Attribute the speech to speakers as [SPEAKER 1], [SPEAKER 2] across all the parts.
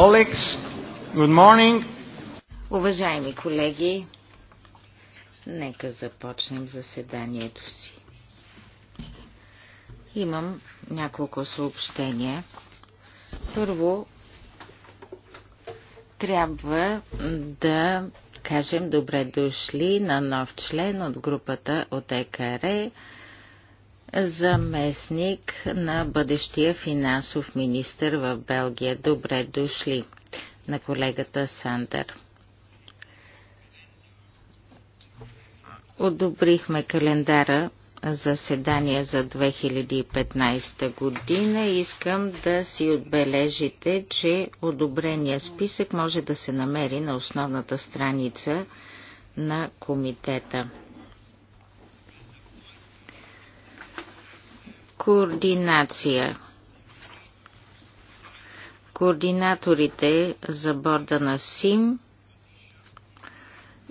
[SPEAKER 1] Colleagues, good morning. Уважаеми колеги, нека започнем заседанието си. Имам няколко съобщения. Първо, трябва да кажем добре дошли на нов член от групата от ЕКР, заместник на бъдещия финансов министр в Белгия. Добре дошли на колегата Сандър. Одобрихме календара заседания за 2015 година. Искам да си отбележите, че одобрения списък може да се намери на основната страница на комитета. Координация. Координаторите за борда на СИМ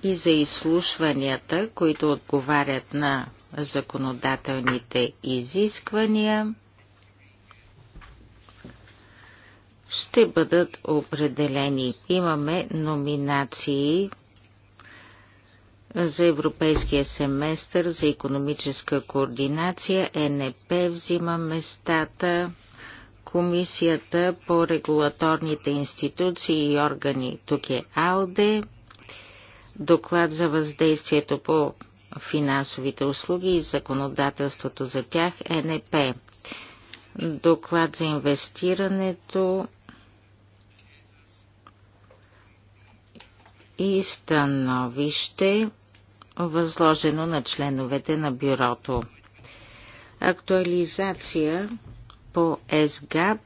[SPEAKER 1] и за изслушванията, които отговарят на законодателните изисквания, ще бъдат определени. Имаме номинации за европейския семестър за економическа координация. ЕНП взима местата. Комисията по регулаторните институции и органи. Тук е АЛДЕ. Доклад за въздействието по финансовите услуги и законодателството за тях ЕНП. Доклад за инвестирането и становище възложено на членовете на бюрото. Актуализация по СГАП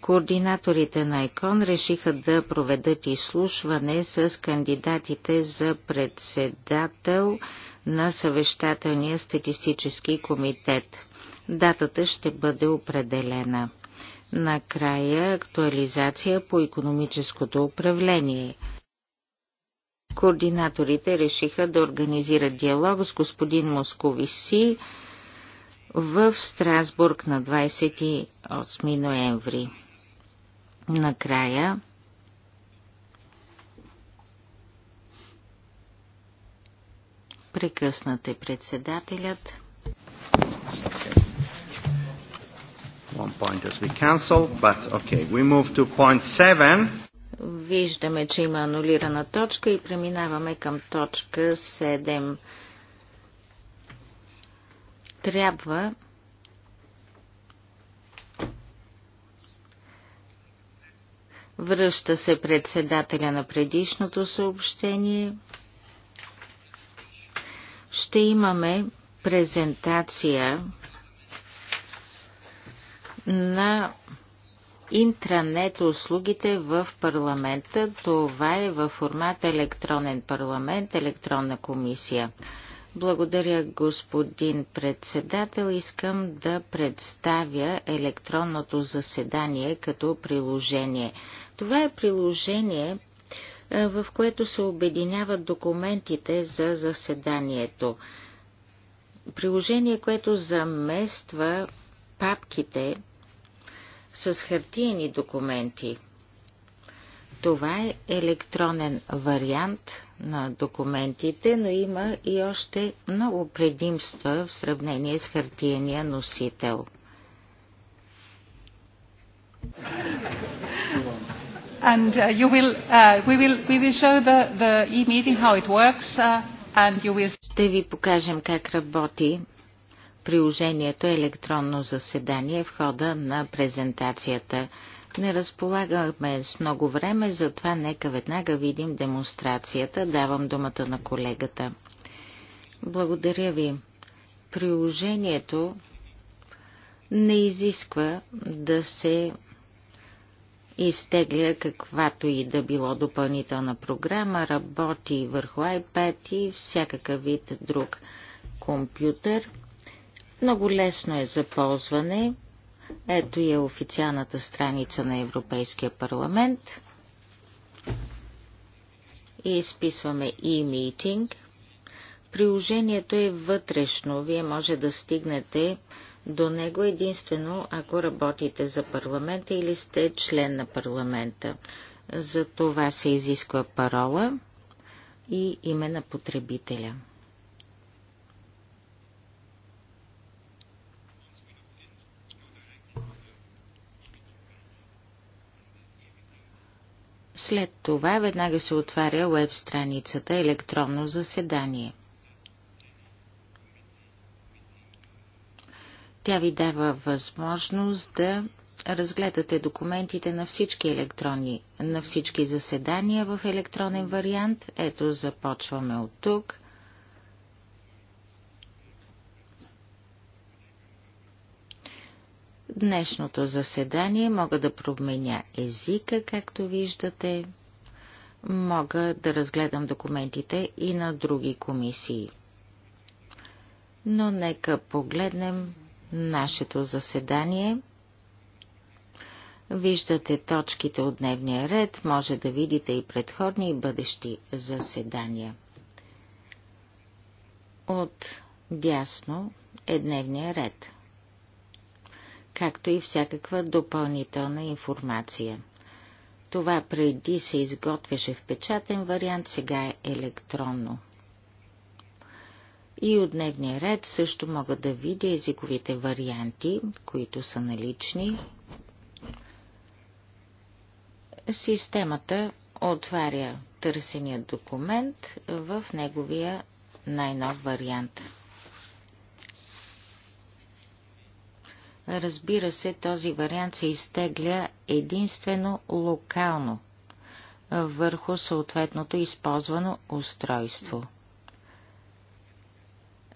[SPEAKER 1] Координаторите на ИКОН решиха да проведат изслушване с кандидатите за председател на съвещателния статистически комитет. Датата ще бъде определена. Накрая актуализация по економическото управление – Координаторите решиха да организират диалог с господин Московиси в Страсбург на 28 ноември. Накрая прекъснате председателят.
[SPEAKER 2] One point has been cancelled, but okay, we move to point seven.
[SPEAKER 1] Виждаме, че има анулирана точка и преминаваме към точка 7. Трябва Връща се председателя на предишното съобщение. Ще имаме презентация на интранет услугите в парламента. Това е във формата електронен парламент, електронна комисия. Благодаря, господин председател. Искам да представя електронното заседание като приложение. Това е приложение, е, в което се обединяват документите за заседанието. Приложение, което замества папките, с хартиени документи. Това е електронен вариант на документите, но има и още много предимства в сравнение с хартиения носител. And uh, you will, uh, we will, we will show the, the e-meeting how it works, uh, and you will. Ще ви покажем как работи приложението електронно заседание в хода на презентацията. Не разполагаме с много време, затова нека веднага видим демонстрацията. Давам думата на колегата. Благодаря ви. Приложението не изисква да се изтегля каквато и да било допълнителна програма, работи върху iPad и всякакъв вид друг компютър – много лесно е за ползване. Ето и е официалната страница на Европейския парламент. И изписваме e-meeting. Приложението е вътрешно. Вие може да стигнете до него единствено, ако работите за парламента или сте член на парламента. За това се изисква парола и име на потребителя. След това веднага се отваря веб страницата електронно заседание. Тя ви дава възможност да разгледате документите на всички електронни, на всички заседания в електронен вариант. Ето започваме от тук. днешното заседание мога да променя езика, както виждате. Мога да разгледам документите и на други комисии. Но нека погледнем нашето заседание. Виждате точките от дневния ред, може да видите и предходни и бъдещи заседания. От дясно е дневния ред както и всякаква допълнителна информация. Това преди се изготвяше в печатен вариант, сега е електронно. И от дневния ред също мога да видя езиковите варианти, които са налични. Системата отваря търсения документ в неговия най-нов вариант. Разбира се, този вариант се изтегля единствено локално върху съответното използвано устройство.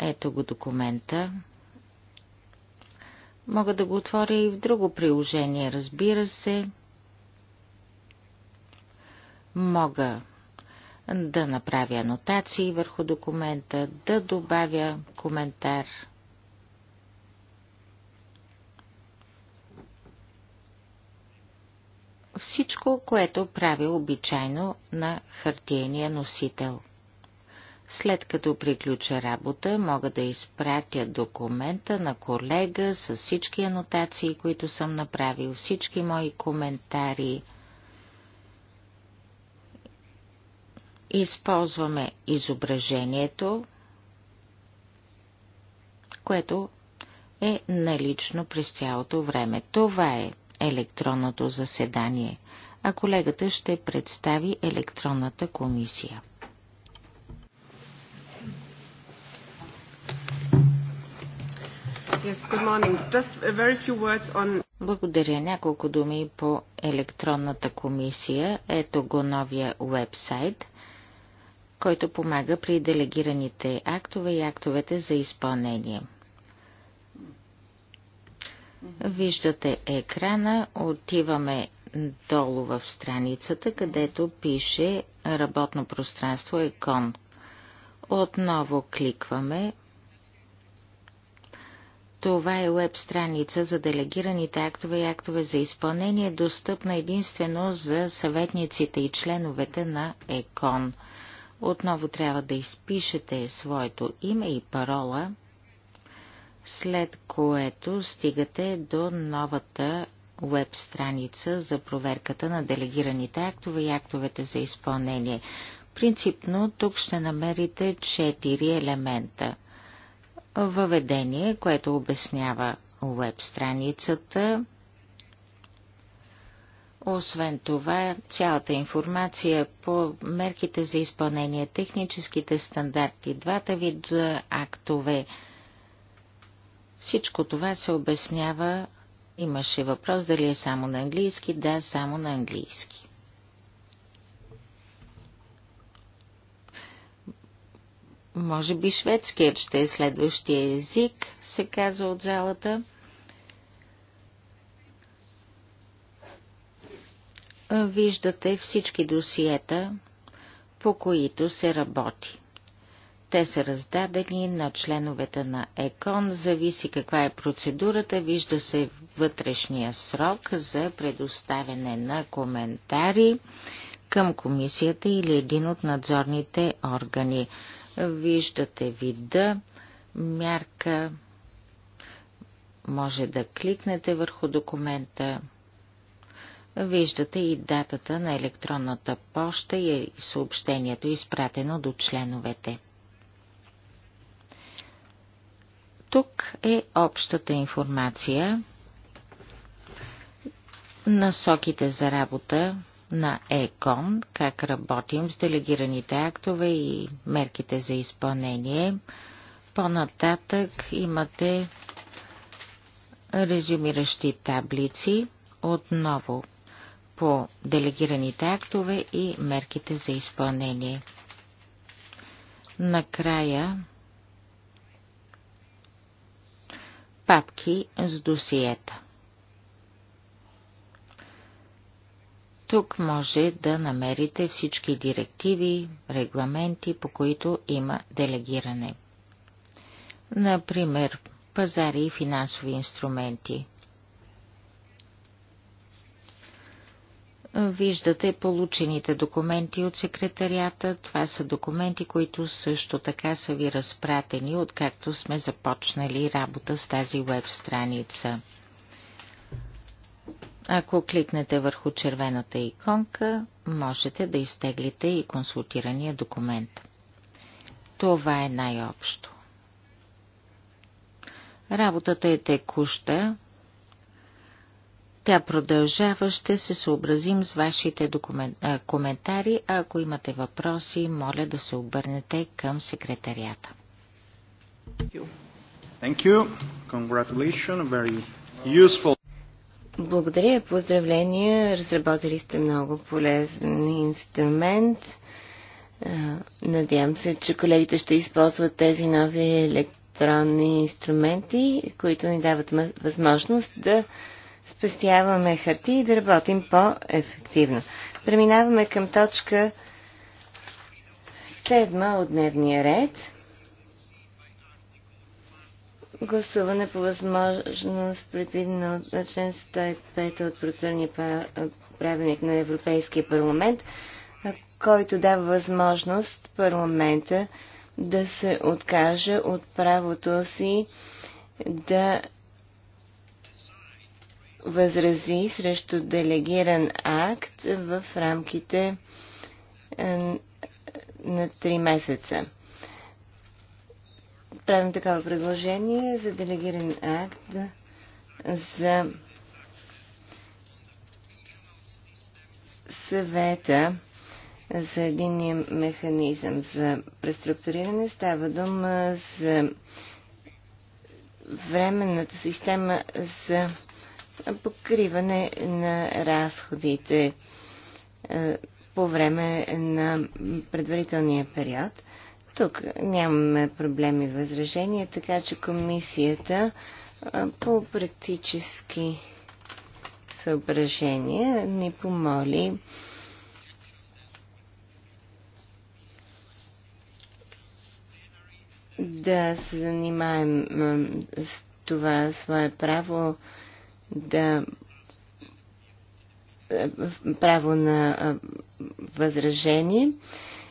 [SPEAKER 1] Ето го документа. Мога да го отворя и в друго приложение, разбира се. Мога да направя анотации върху документа, да добавя коментар – всичко, което прави обичайно на хартиения носител. След като приключа работа, мога да изпратя документа на колега с всички анотации, които съм направил, всички мои коментари. Използваме изображението, което е налично през цялото време. Това е електронното заседание, а колегата ще представи електронната комисия. Yes, good morning. Just a very few words on благодаря. Няколко думи по електронната комисия. Ето го новия уебсайт, който помага при делегираните актове и актовете за изпълнение. Виждате екрана, отиваме долу в страницата, където пише работно пространство икон. Отново кликваме. Това е веб страница за делегираните актове и актове за изпълнение, достъпна единствено за съветниците и членовете на ЕКОН. Отново трябва да изпишете своето име и парола след което стигате до новата веб страница за проверката на делегираните актове и актовете за изпълнение. Принципно тук ще намерите 4 елемента. Въведение, което обяснява веб страницата. Освен това, цялата информация по мерките за изпълнение, техническите стандарти, двата вида актове, всичко това се обяснява. Имаше въпрос дали е само на английски. Да, само на английски. Може би шведският ще е следващия език, се казва от залата. Виждате всички досиета, по които се работи. Те са раздадени на членовете на ЕКОН, зависи каква е процедурата, вижда се вътрешния срок за предоставяне на коментари към комисията или един от надзорните органи. Виждате вида, мярка, може да кликнете върху документа. Виждате и датата на електронната поща и е- съобщението, изпратено до членовете. Тук е общата информация, насоките за работа на ЕКОН, как работим с делегираните актове и мерките за изпълнение. По-нататък имате резюмиращи таблици отново по делегираните актове и мерките за изпълнение. Накрая папки с досиета. Тук може да намерите всички директиви, регламенти, по които има делегиране. Например, пазари и финансови инструменти – Виждате получените документи от секретарията. Това са документи, които също така са ви разпратени, откакто сме започнали работа с тази веб страница. Ако кликнете върху червената иконка, можете да изтеглите и консултирания документ. Това е най-общо. Работата е текуща, тя продължава. Ще се съобразим с вашите документ... коментари. А ако имате въпроси, моля да се обърнете към секретарията. Thank you. Congratulations. Very useful.
[SPEAKER 2] Благодаря. Поздравления. Разработили сте много полезен инструмент. Надявам се, че колегите ще използват тези нови електронни инструменти, които ни дават възможност да спестяваме хати и да работим по-ефективно. Преминаваме към точка седма от дневния ред. Гласуване по възможност, предвидено от член 105 от процедурния правилник на Европейския парламент, който дава възможност парламента да се откаже от правото си да възрази срещу делегиран акт в рамките е, на 3 месеца. Правим такава предложение за делегиран акт за съвета за единния механизъм за преструктуриране. Става дума за временната система за покриване на разходите е, по време на предварителния период. Тук нямаме проблеми и възражения, така че комисията е, по практически съображения ни помоли да се занимаем с това свое право да е, право на е, възражение.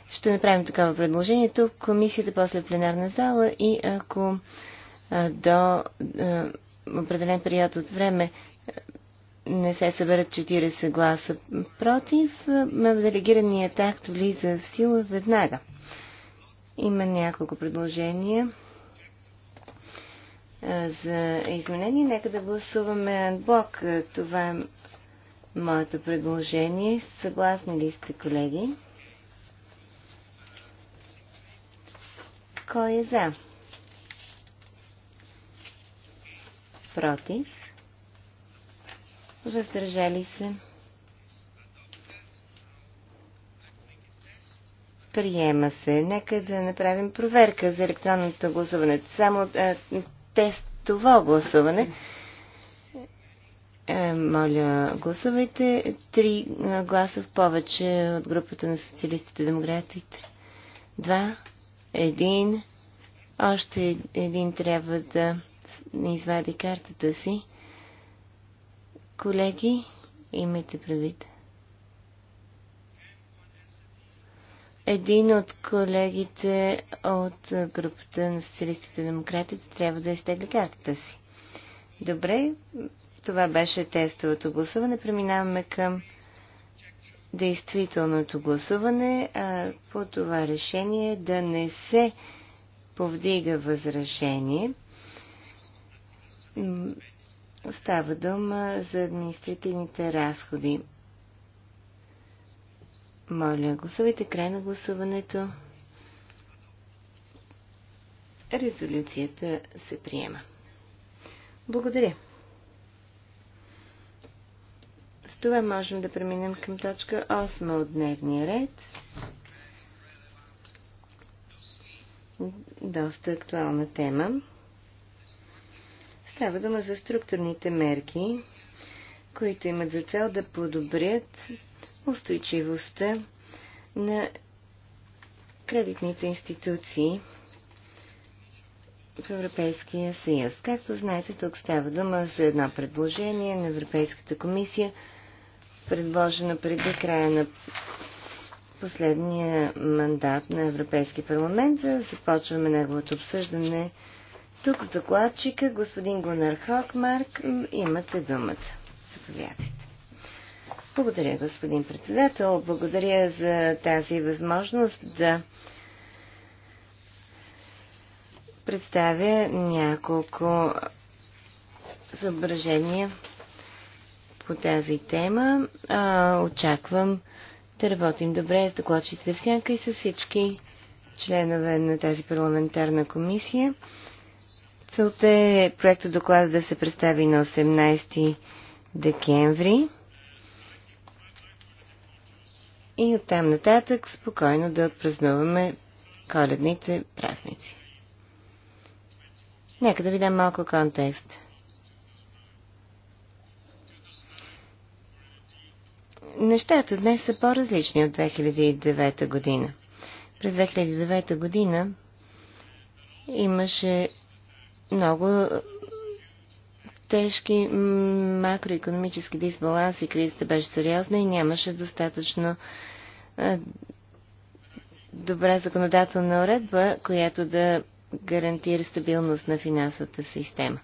[SPEAKER 2] Ще направим такова предложение тук, комисията после пленарна зала и ако е, до определен период от време не се съберат 40 гласа против, делегираният акт влиза в сила веднага. Има няколко предложения за изменение. Нека да гласуваме анблок. Това е моето предложение. Съгласни ли сте, колеги? Кой е за? Против? Въздържали се? Приема се. Нека да направим проверка за електронното гласуване. Само тестово гласуване. Е, моля, гласувайте. Три е, гласа в повече от групата на социалистите демократите. Два, един, още един трябва да не извади картата си. Колеги, имайте правите. един от колегите от групата на социалистите и демократите трябва да изтегли картата си. Добре, това беше тестовото гласуване. Преминаваме към действителното гласуване. А, по това решение да не се повдига възражение. Става дума за административните разходи. Моля, гласувайте край на гласуването. Резолюцията се приема. Благодаря. С това можем да преминем към точка 8 от дневния ред. Доста актуална тема. Става дума за структурните мерки, които имат за цел да подобрят устойчивостта на кредитните институции в Европейския съюз. Както знаете, тук става дума за едно предложение на Европейската комисия, предложено преди края на последния мандат на Европейския парламент. Започваме неговото обсъждане тук с докладчика господин Гунар Хокмарк. Имате думата. Заповядайте. Благодаря, господин председател. Благодаря за тази възможност да представя няколко съображения по тази тема. А, очаквам да работим добре с докладчите в сянка и с всички членове на тази парламентарна комисия. Целта е проекта доклада да се представи на 18 декември и оттам нататък спокойно да отпразнуваме коледните празници. Нека да ви дам малко контекст. Нещата днес са по-различни от 2009 година. През 2009 година имаше много тежки макроекономически дисбаланси кризата беше сериозна и нямаше достатъчно добра законодателна уредба, която да гарантира стабилност на финансовата система.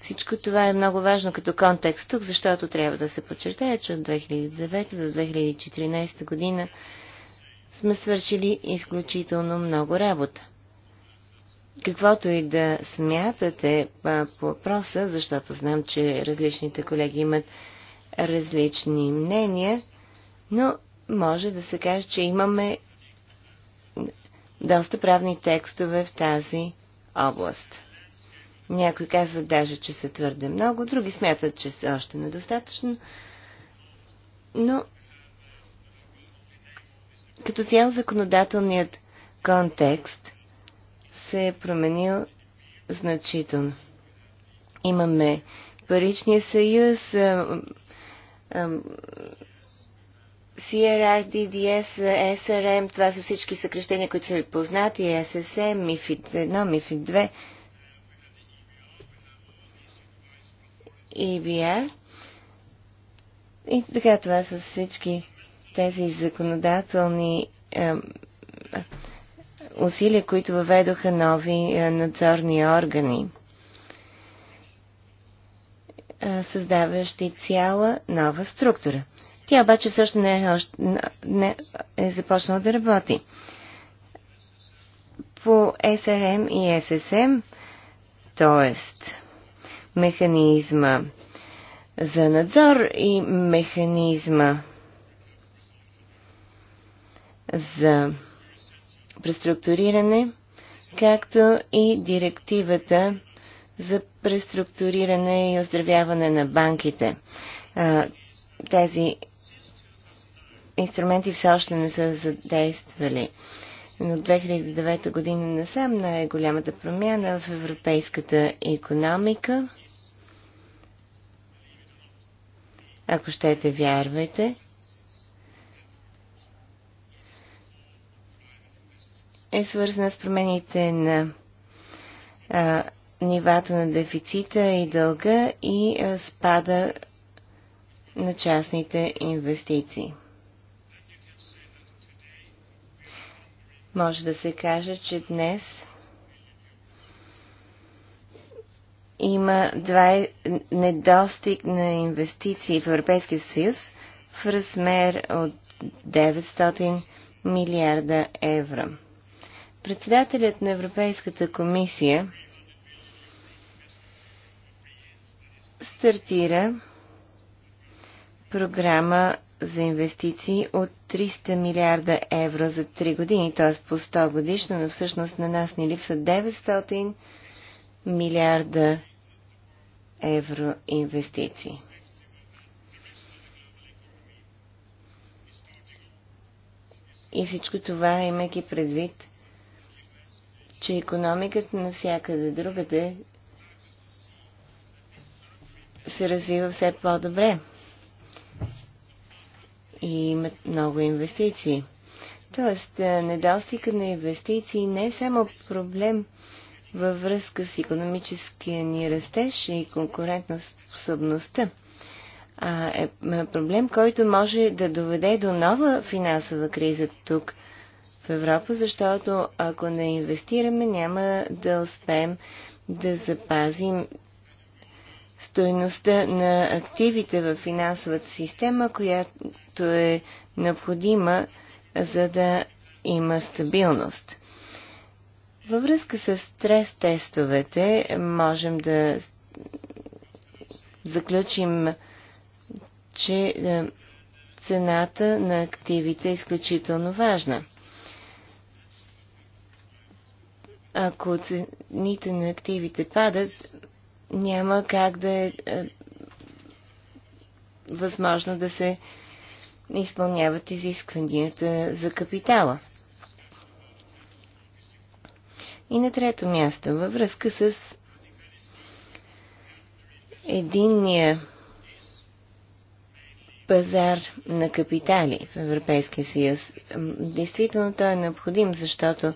[SPEAKER 2] Всичко това е много важно като контекст тук, защото трябва да се подчертая, че от 2009 до 2014 година сме свършили изключително много работа каквото и да смятате по въпроса, защото знам, че различните колеги имат различни мнения, но може да се каже, че имаме доста правни текстове в тази област. Някои казват даже, че са твърде много, други смятат, че са още недостатъчно. Но като цяло законодателният контекст се е променил значително. Имаме Паричния съюз, CRR, DDS, SRM, това са всички съкрещения, които са ви познати, SSM, МИФИД 1, МИФИД 2, EBR. И така, това са всички тези законодателни ам, усилия, които въведоха нови е, надзорни органи, е, създаващи цяла нова структура. Тя обаче всъщност не е, още, не е започнала да работи. По SRM и SSM, т.е. механизма за надзор и механизма за преструктуриране, както и директивата за преструктуриране и оздравяване на банките. Тези инструменти все още не са задействали. Но от 2009 година насам най-голямата промяна в европейската економика. Ако щете, вярвайте, е свързана с промените на а, нивата на дефицита и дълга и а, спада на частните инвестиции. Може да се каже, че днес има два е, недостиг на инвестиции в Европейския съюз в размер от 900 милиарда евро. Председателят на Европейската комисия стартира програма за инвестиции от 300 милиарда евро за 3 години, т.е. по 100 годишно, но всъщност на нас ни липсват 900 милиарда евро инвестиции. И всичко това, имайки предвид че економиката навсякъде другаде се развива все по-добре и имат много инвестиции. Тоест, недостига на инвестиции не е само проблем във връзка с економическия ни растеж и конкурентна способността, а е проблем, който може да доведе до нова финансова криза тук – в Европа, защото ако не инвестираме, няма да успеем да запазим стоеността на активите в финансовата система, която е необходима, за да има стабилност. Във връзка с стрес тестовете можем да заключим, че е, цената на активите е изключително важна – Ако цените на активите падат, няма как да е, е възможно да се изпълняват изискванията за капитала. И на трето място, във връзка с единния пазар на капитали в Европейския съюз. Действително той е необходим, защото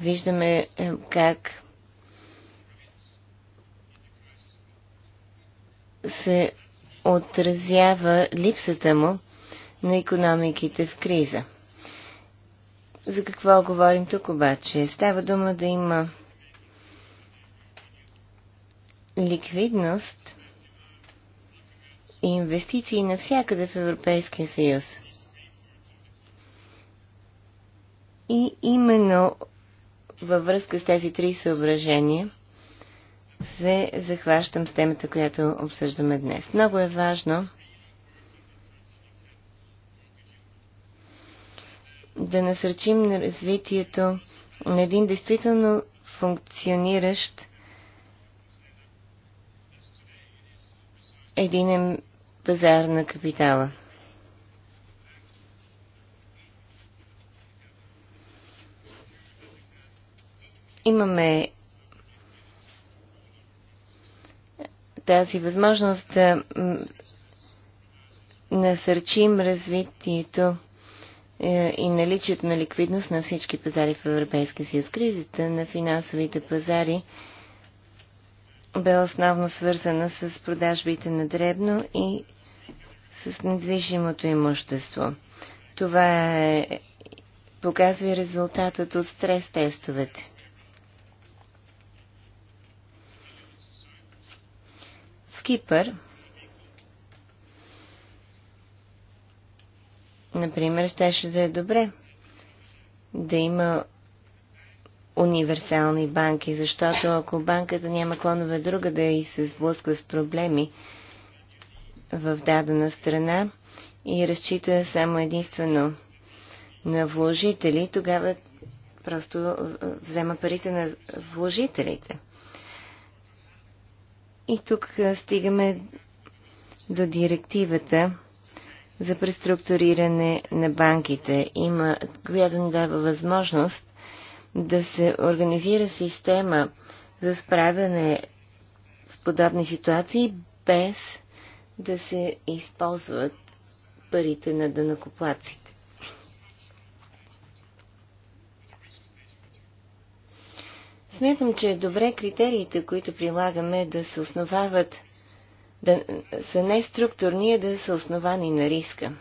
[SPEAKER 2] Виждаме е, как се отразява липсата му на економиките в криза. За какво говорим тук обаче? Става дума да има ликвидност и инвестиции навсякъде в Европейския съюз. И именно във връзка с тези три съображения се захващам с темата, която обсъждаме днес. Много е важно да насърчим на развитието на един действително функциониращ единен пазар на капитала. имаме тази възможност да насърчим развитието е, и наличието на ликвидност на всички пазари в Европейския съюз. Кризата на финансовите пазари бе основно свързана с продажбите на дребно и с недвижимото имущество. Това е, показва и резултатът от стрес-тестовете. Кипър, например, щеше да е добре да има универсални банки, защото ако банката няма клонове друга да и се сблъсква с проблеми в дадена страна и разчита само единствено на вложители, тогава просто взема парите на вложителите. И тук стигаме до директивата за преструктуриране на банките, има, която ни дава възможност да се организира система за справяне с подобни ситуации, без да се използват парите на дънокоплаците. Смятам, че е добре критериите, които прилагаме да се основават, да са не структурни, а да са основани на риска.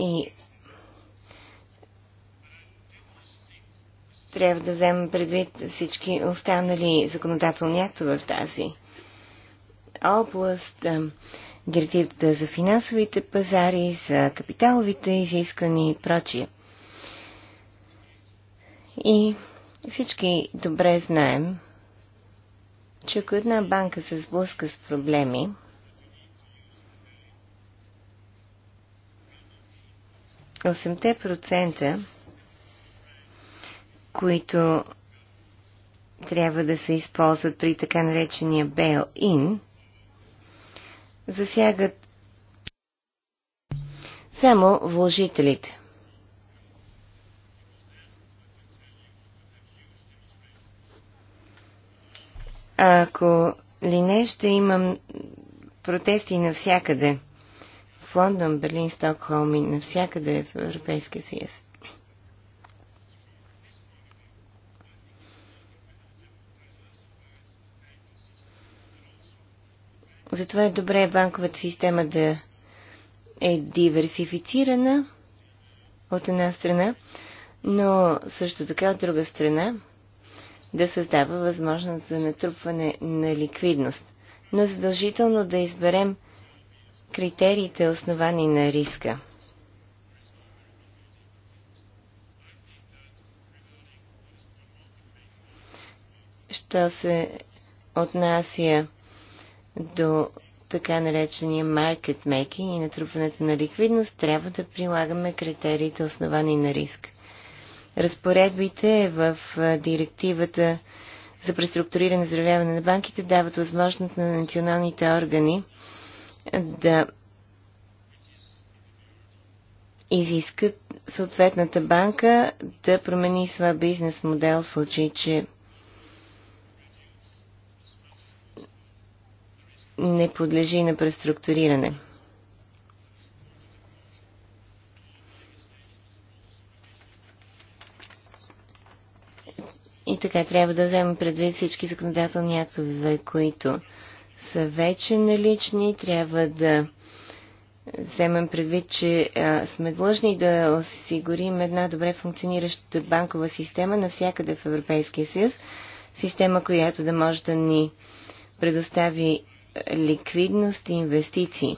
[SPEAKER 2] И трябва да вземем предвид всички останали законодателни актове в тази област директивата за финансовите пазари, за капиталовите изисквания и прочие. И всички добре знаем, че ако една банка се сблъска с проблеми, Осемте процента, които трябва да се използват при така наречения bail-in, засягат само вложителите. А ако ли не, ще имам протести навсякъде. В Лондон, Берлин, Стокхолм и навсякъде в Европейския съюз. Затова е добре банковата система да е диверсифицирана от една страна, но също така от друга страна да създава възможност за натрупване на ликвидност. Но задължително да изберем критериите, основани на риска. Що се отнася до така наречения market making и натрупването на ликвидност, трябва да прилагаме критериите основани на риск. Разпоредбите в директивата за преструктуриране и заравяване на банките дават възможност на националните органи да изискат съответната банка да промени своя бизнес модел в случай, че не подлежи на преструктуриране. И така трябва да вземем предвид всички законодателни актове, които са вече налични. Трябва да вземем предвид, че а, сме длъжни да осигурим една добре функционираща банкова система навсякъде в Европейския съюз. Система, която да може да ни предостави ликвидност и инвестиции.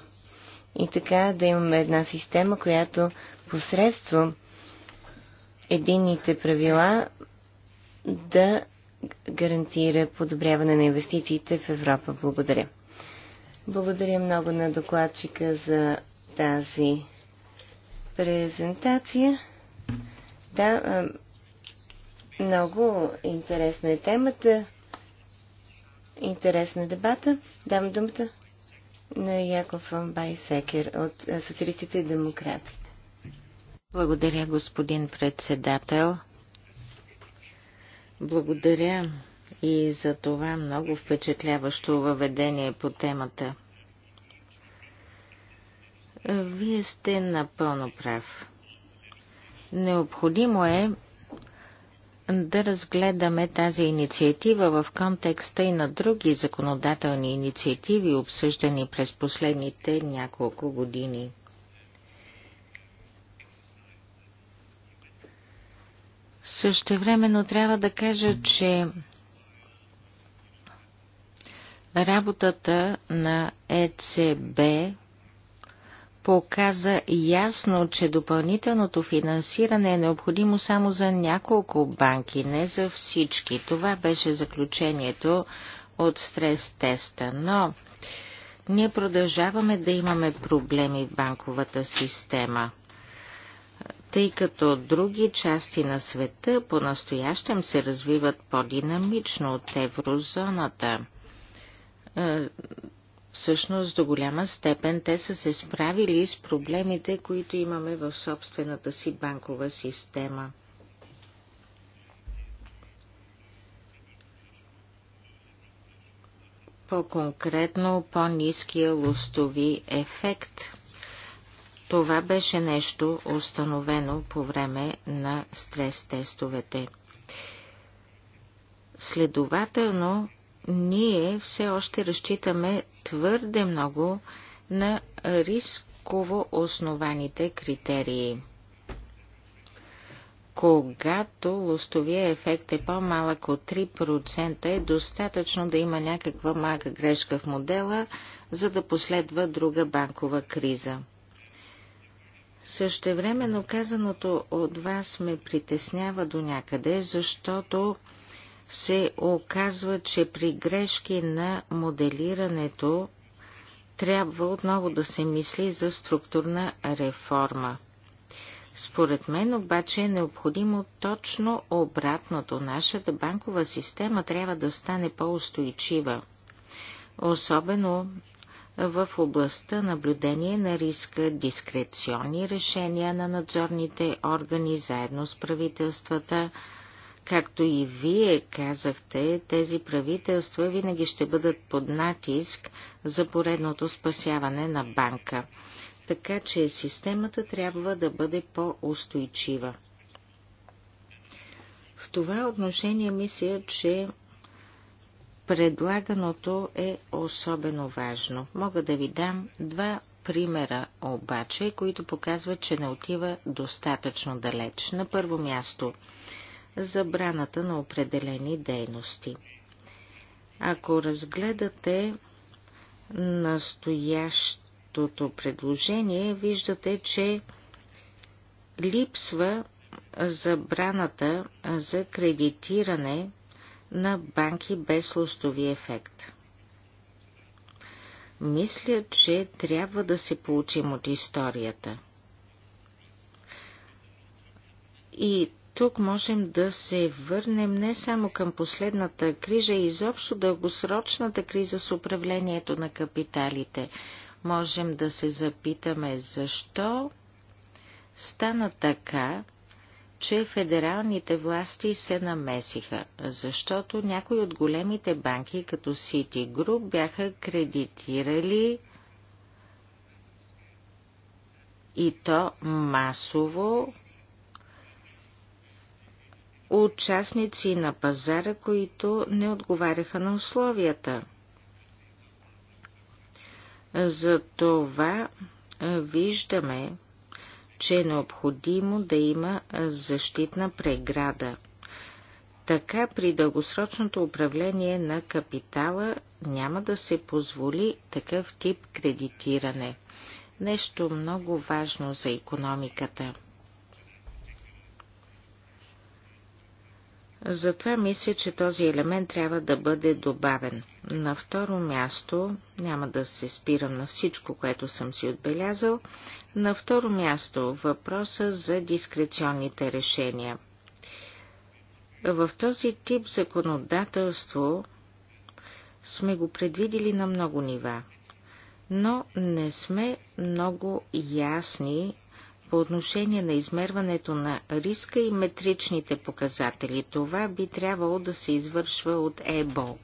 [SPEAKER 2] И така да имаме една система, която посредством единните правила да гарантира подобряване на инвестициите в Европа. Благодаря. Благодаря много на докладчика за тази презентация. Да, много интересна е темата интерес на дебата. Давам думата на Яков Байсекер от Социалистите и демократите. Благодаря, господин председател.
[SPEAKER 1] Благодаря и за това много впечатляващо въведение по темата. Вие сте напълно прав. Необходимо е да разгледаме тази инициатива в контекста и на други законодателни инициативи, обсъждани през последните няколко години. Същевременно трябва да кажа, че работата на ЕЦБ показа ясно, че допълнителното финансиране е необходимо само за няколко банки, не за всички. Това беше заключението от стрес-теста. Но ние продължаваме да имаме проблеми в банковата система, тъй като други части на света по-настоящем се развиват по-динамично от еврозоната е, Всъщност до голяма степен те са се справили с проблемите, които имаме в собствената си банкова система. По-конкретно по-низкия лостови ефект. Това беше нещо установено по време на стрес-тестовете. Следователно, ние все още разчитаме твърде много на рисково основаните критерии. Когато лостовия ефект е по-малък от 3%, е достатъчно да има някаква малка грешка в модела, за да последва друга банкова криза. Същевременно казаното от вас ме притеснява до някъде, защото се оказва, че при грешки на моделирането трябва отново да се мисли за структурна реформа. Според мен обаче е необходимо точно обратното. Нашата банкова система трябва да стане по-устойчива, особено в областта наблюдение на риска, дискреционни решения на надзорните органи заедно с правителствата, Както и вие казахте, тези правителства винаги ще бъдат под натиск за поредното спасяване на банка. Така че системата трябва да бъде по-устойчива. В това отношение мисля, че предлаганото е особено важно. Мога да ви дам два примера обаче, които показват, че не отива достатъчно далеч. На първо място забраната на определени дейности. Ако разгледате настоящото предложение, виждате, че липсва забраната за кредитиране на банки без лостови ефект. Мисля, че трябва да се получим от историята. И тук можем да се върнем не само към последната криза, и изобщо дългосрочната криза с управлението на капиталите. Можем да се запитаме защо стана така, че федералните власти се намесиха, защото някои от големите банки, като Citigroup, бяха кредитирали и то масово участници на пазара, които не отговаряха на условията. Затова виждаме, че е необходимо да има защитна преграда. Така при дългосрочното управление на капитала няма да се позволи такъв тип кредитиране. Нещо много важно за економиката – Затова мисля, че този елемент трябва да бъде добавен. На второ място, няма да се спирам на всичко, което съм си отбелязал, на второ място въпроса за дискреционните решения. В този тип законодателство сме го предвидили на много нива, но не сме много ясни по отношение на измерването на риска и метричните показатели, това би трябвало да се извършва от ЕБО.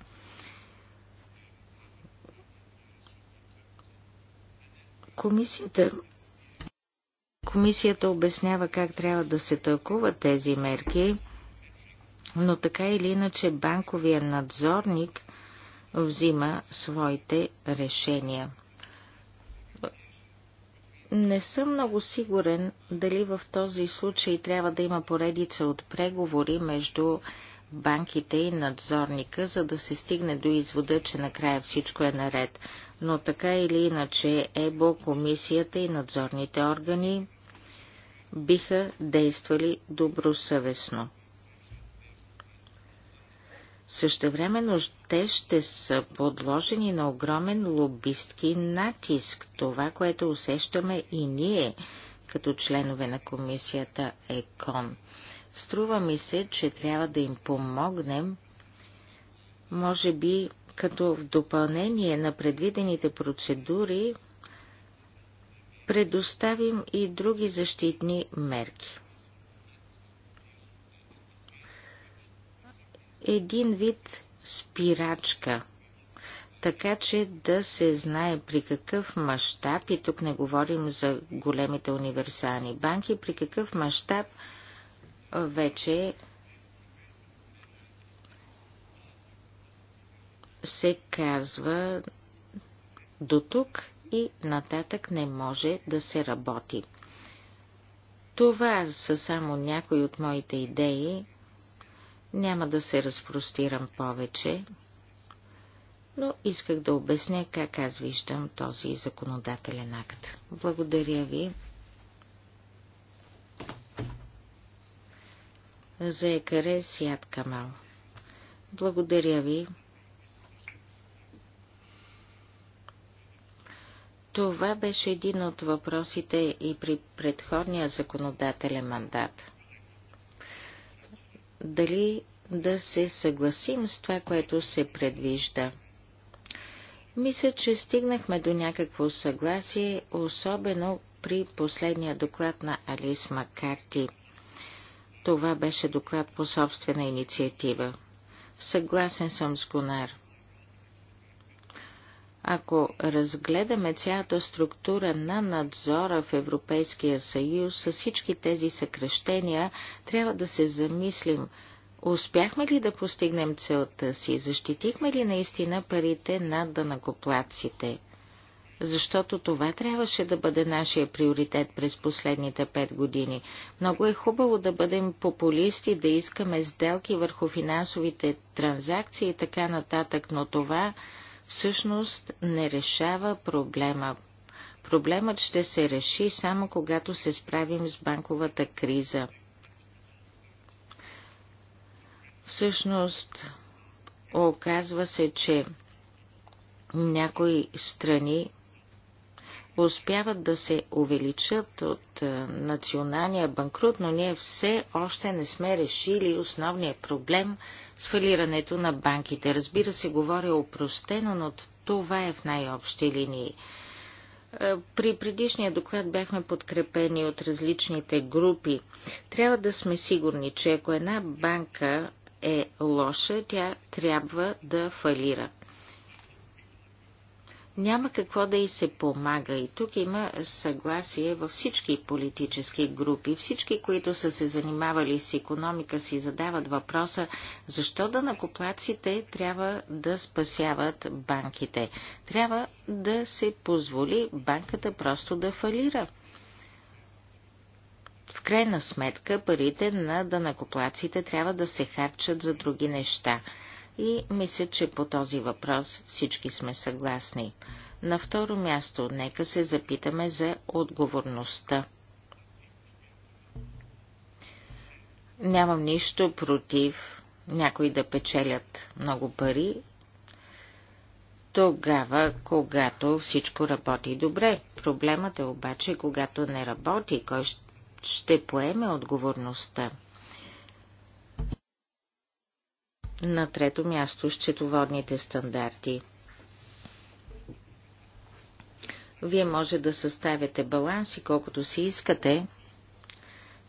[SPEAKER 1] Комисията Комисията обяснява как трябва да се тълкуват тези мерки, но така или иначе банковия надзорник взима своите решения. Не съм много сигурен дали в този случай трябва да има поредица от преговори между банките и надзорника, за да се стигне до извода, че накрая всичко е наред. Но така или иначе ЕБО, комисията и надзорните органи биха действали добросъвестно. Същевременно те ще са подложени на огромен лобистки натиск. Това, което усещаме и ние, като членове на комисията ЕКОН. Струва ми се, че трябва да им помогнем, може би като в допълнение на предвидените процедури, предоставим и други защитни мерки. един вид спирачка, така че да се знае при какъв мащаб, и тук не говорим за големите универсални банки, при какъв мащаб вече се казва до тук и нататък не може да се работи. Това са само някои от моите идеи няма да се разпростирам повече, но исках да обясня как аз виждам този законодателен акт. Благодаря ви за екаре Сият Камал. Благодаря ви. Това беше един от въпросите и при предходния законодателен мандат – дали да се съгласим с това, което се предвижда. Мисля, че стигнахме до някакво съгласие, особено при последния доклад на Алис Макарти. Това беше доклад по собствена инициатива. Съгласен съм с Гонар. Ако разгледаме цялата структура на надзора в Европейския съюз с всички тези съкрещения, трябва да се замислим Успяхме ли да постигнем целта си? Защитихме ли наистина парите на данакоплаците? Защото това трябваше да бъде нашия приоритет през последните пет години. Много е хубаво да бъдем популисти, да искаме сделки върху финансовите транзакции и така нататък, но това всъщност не решава проблема. Проблемът ще се реши само когато се справим с банковата криза. Всъщност, оказва се, че някои страни успяват да се увеличат от е, националния банкрут, но ние все още не сме решили основния проблем с фалирането на банките. Разбира се, говоря опростено, но това е в най-общи линии. Е, при предишния доклад бяхме подкрепени от различните групи. Трябва да сме сигурни, че ако една банка е лоша, тя трябва да фалира няма какво да й се помага. И тук има съгласие във всички политически групи. Всички, които са се занимавали с економика, си задават въпроса, защо да накоплаците трябва да спасяват банките. Трябва да се позволи банката просто да фалира. В крайна сметка парите на данакоплаците трябва да се харчат за други неща – и мисля, че по този въпрос всички сме съгласни. На второ място, нека се запитаме за отговорността. Нямам нищо против някои да печелят много пари, тогава, когато всичко работи добре. Проблемът е обаче, когато не работи, кой ще поеме отговорността. На трето място счетоводните стандарти. Вие може да съставяте баланси колкото си искате,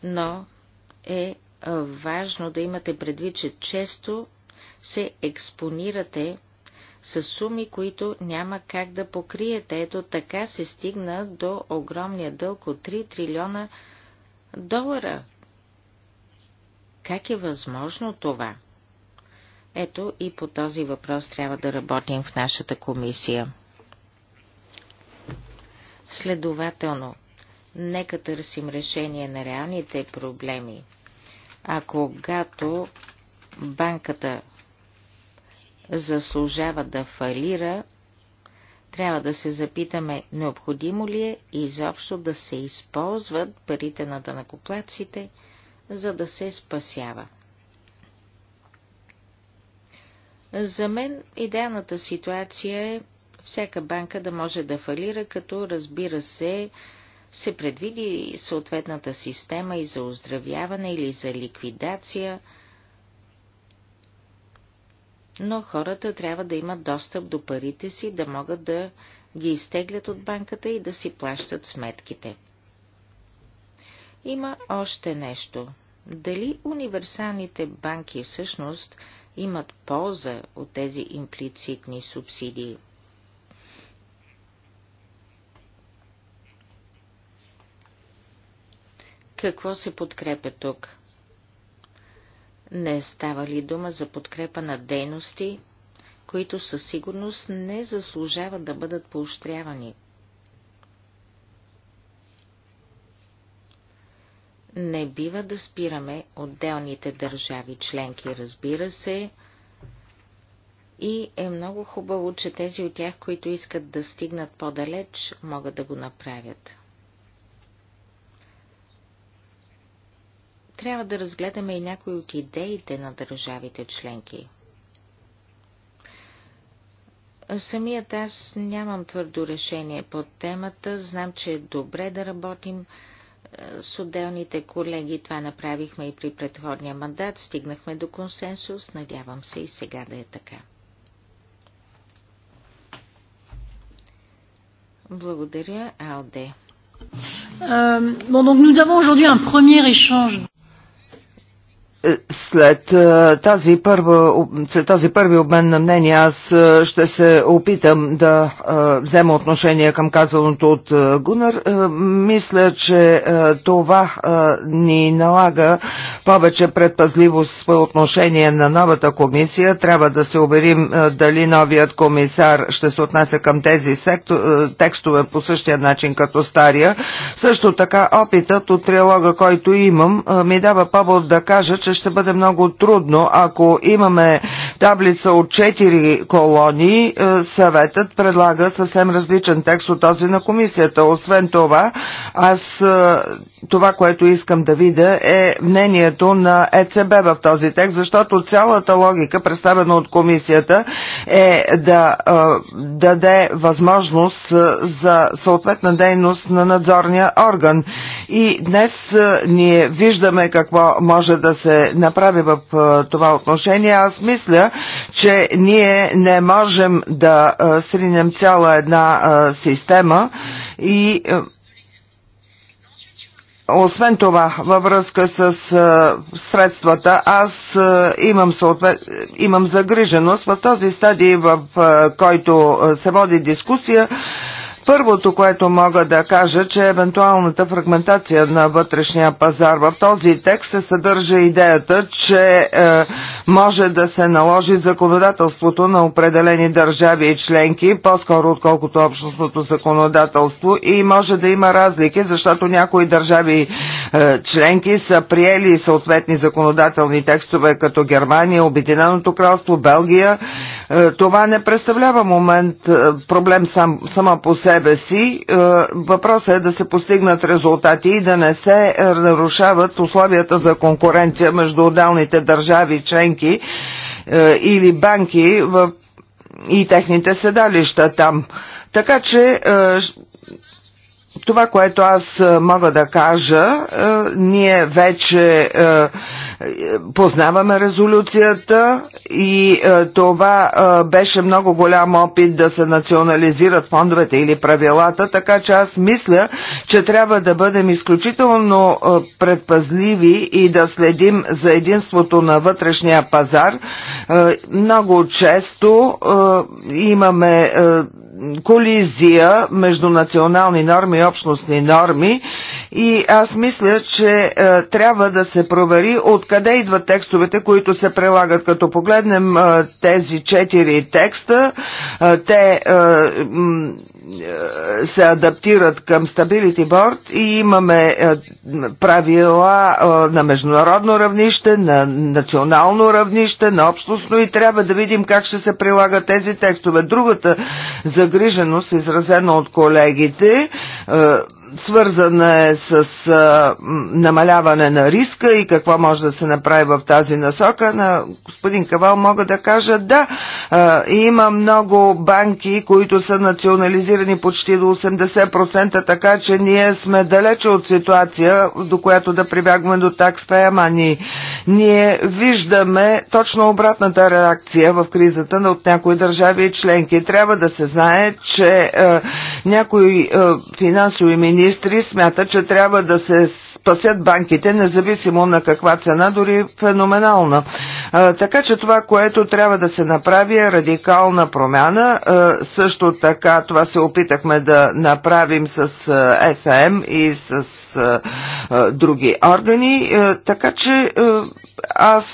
[SPEAKER 1] но е важно да имате предвид, че често се експонирате с суми, които няма как да покриете. Ето така се стигна до огромния дълг от 3 трилиона долара. Как е възможно това? Ето и по този въпрос трябва да работим в нашата комисия. Следователно, нека търсим решение на реалните проблеми. А когато банката заслужава да фалира, трябва да се запитаме, необходимо ли е изобщо да се използват парите на данакоплаците, за да се спасява. За мен идеалната ситуация е всяка банка да може да фалира, като разбира се, се предвиди съответната система и за оздравяване или за ликвидация, но хората трябва да имат достъп до парите си, да могат да ги изтеглят от банката и да си плащат сметките. Има още нещо. Дали универсалните банки всъщност – имат полза от тези имплицитни субсидии. Какво се подкрепя тук? Не става ли дума за подкрепа на дейности, които със сигурност не заслужават да бъдат поощрявани – Не бива да спираме отделните държави членки, разбира се, и е много хубаво, че тези от тях, които искат да стигнат по-далеч, могат да го направят. Трябва да разгледаме и някои от идеите на държавите членки. Самият аз нямам твърдо решение по темата. Знам, че е добре да работим с отделните колеги. Това направихме и при предходния мандат. Стигнахме до консенсус. Надявам се и сега да е така. Благодаря, Алде. Euh, Bon, donc nous avons aujourd'hui un premier échange
[SPEAKER 3] е, след е, тази, първа, след тази първи обмен на мнение аз е, ще се опитам да взема отношение към казаното от Гунар. Мисля, че това ни налага повече предпазливост по отношение на новата комисия. Трябва да се уверим дали новият комисар ще се отнася към тези текстове по същия начин като стария. Също така опитът от триалога, който имам, ми дава повод да кажа, че че ще бъде много трудно, ако имаме таблица от 4 колонии, е, съветът предлага съвсем различен текст от този на комисията. Освен това, аз е, това, което искам да видя е мнението на ЕЦБ в този текст, защото цялата логика, представена от комисията, е да е, даде възможност за съответна дейност на надзорния орган. И днес ние виждаме какво може да се направи в това отношение. Аз мисля, че ние не можем да сринем цяла една система и освен това, във връзка с а, средствата, аз а, имам, съответ... имам загриженост в този стадий, в а, който а, се води дискусия. Първото, което мога да кажа, че евентуалната фрагментация на вътрешния пазар в този текст се съдържа идеята, че е, може да се наложи законодателството на определени държави и членки, по-скоро отколкото общностното законодателство и може да има разлики, защото някои държави е, членки са приели съответни законодателни текстове, като Германия, Обединеното кралство, Белгия е, това не представлява момент е, проблем сам, сама по себе си. Е, въпросът е да се постигнат резултати и да не се нарушават условията за конкуренция между отделните държави членки или банки в и техните седалища там. Така че това, което аз е, мога да кажа, е, ние вече е, познаваме резолюцията и това беше много голям опит да се национализират фондовете или правилата, така че аз мисля, че трябва да бъдем изключително предпазливи и да следим за единството на вътрешния пазар. Много често имаме колизия между национални норми и общностни норми и аз мисля, че е, трябва да се провери откъде идват текстовете, които се прилагат. Като погледнем е, тези четири текста, е, те е, е, се адаптират към Stability Board и имаме е, правила е, на международно равнище, на национално равнище, на общностно и трябва да видим как ще се прилагат тези текстове. Другата за загриженост, изразена от колегите, е, свързана е с а, намаляване на риска и какво може да се направи в тази насока. На господин Кавал мога да кажа да, а, има много банки, които са национализирани почти до 80%, така че ние сме далече от ситуация, до която да прибягваме до такспея мани. Ние виждаме точно обратната реакция в кризата на от някои държави и членки. Трябва да се знае, че а, някои а, финансови министри министри смятат, че трябва да се спасят банките, независимо на каква цена, дори феноменална. Така че това, което трябва да се направи е радикална промяна. Също така това се опитахме да направим с СМ и с други органи. Така че аз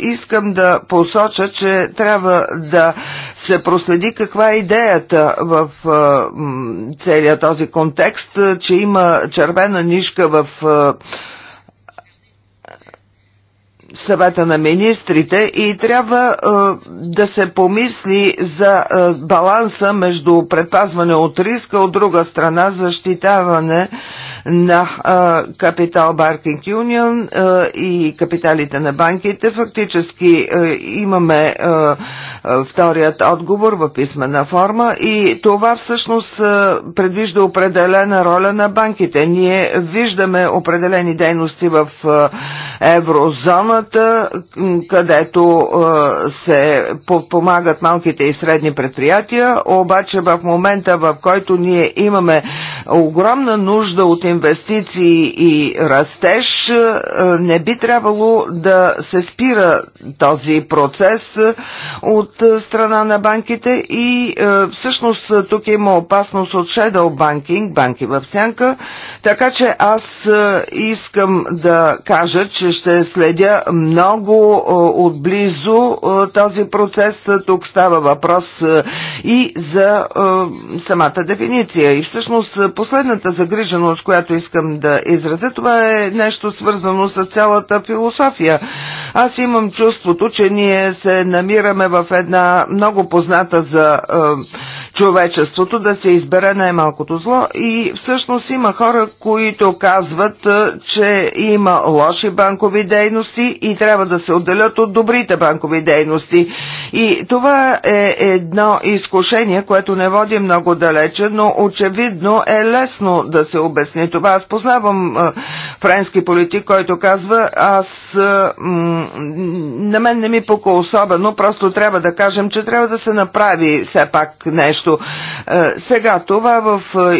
[SPEAKER 3] искам да посоча, че трябва да се проследи каква е идеята в целия този контекст, че има червена нишка в съвета на министрите и трябва е, да се помисли за е, баланса между предпазване от риска, от друга страна защитаване на е, Капитал Баркинг Юнион и капиталите на банките. Фактически е, имаме е, е, вторият отговор в писмена форма и това всъщност предвижда определена роля на банките. Ние виждаме определени дейности в еврозона, хората, където се помагат малките и средни предприятия, обаче в момента, в който ние имаме огромна нужда от инвестиции и растеж, не би трябвало да се спира този процес от страна на банките и всъщност тук има опасност от shadow banking, банки в сянка, така че аз искам да кажа, че ще следя много отблизо този процес. Тук става въпрос и за самата дефиниция. И всъщност последната загриженост, която искам да изразя, това е нещо свързано с цялата философия. Аз имам чувството, че ние се намираме в една много позната за човечеството да се избере най-малкото зло и всъщност има хора, които казват, че има лоши банкови дейности и трябва да се отделят от добрите банкови дейности. И това е едно изкушение, което не води много далече, но очевидно е лесно да се обясни това. Аз познавам френски политик, който казва, аз на мен не ми пука особено, просто трябва да кажем, че трябва да се направи все пак нещо нещо. Е, сега това в е,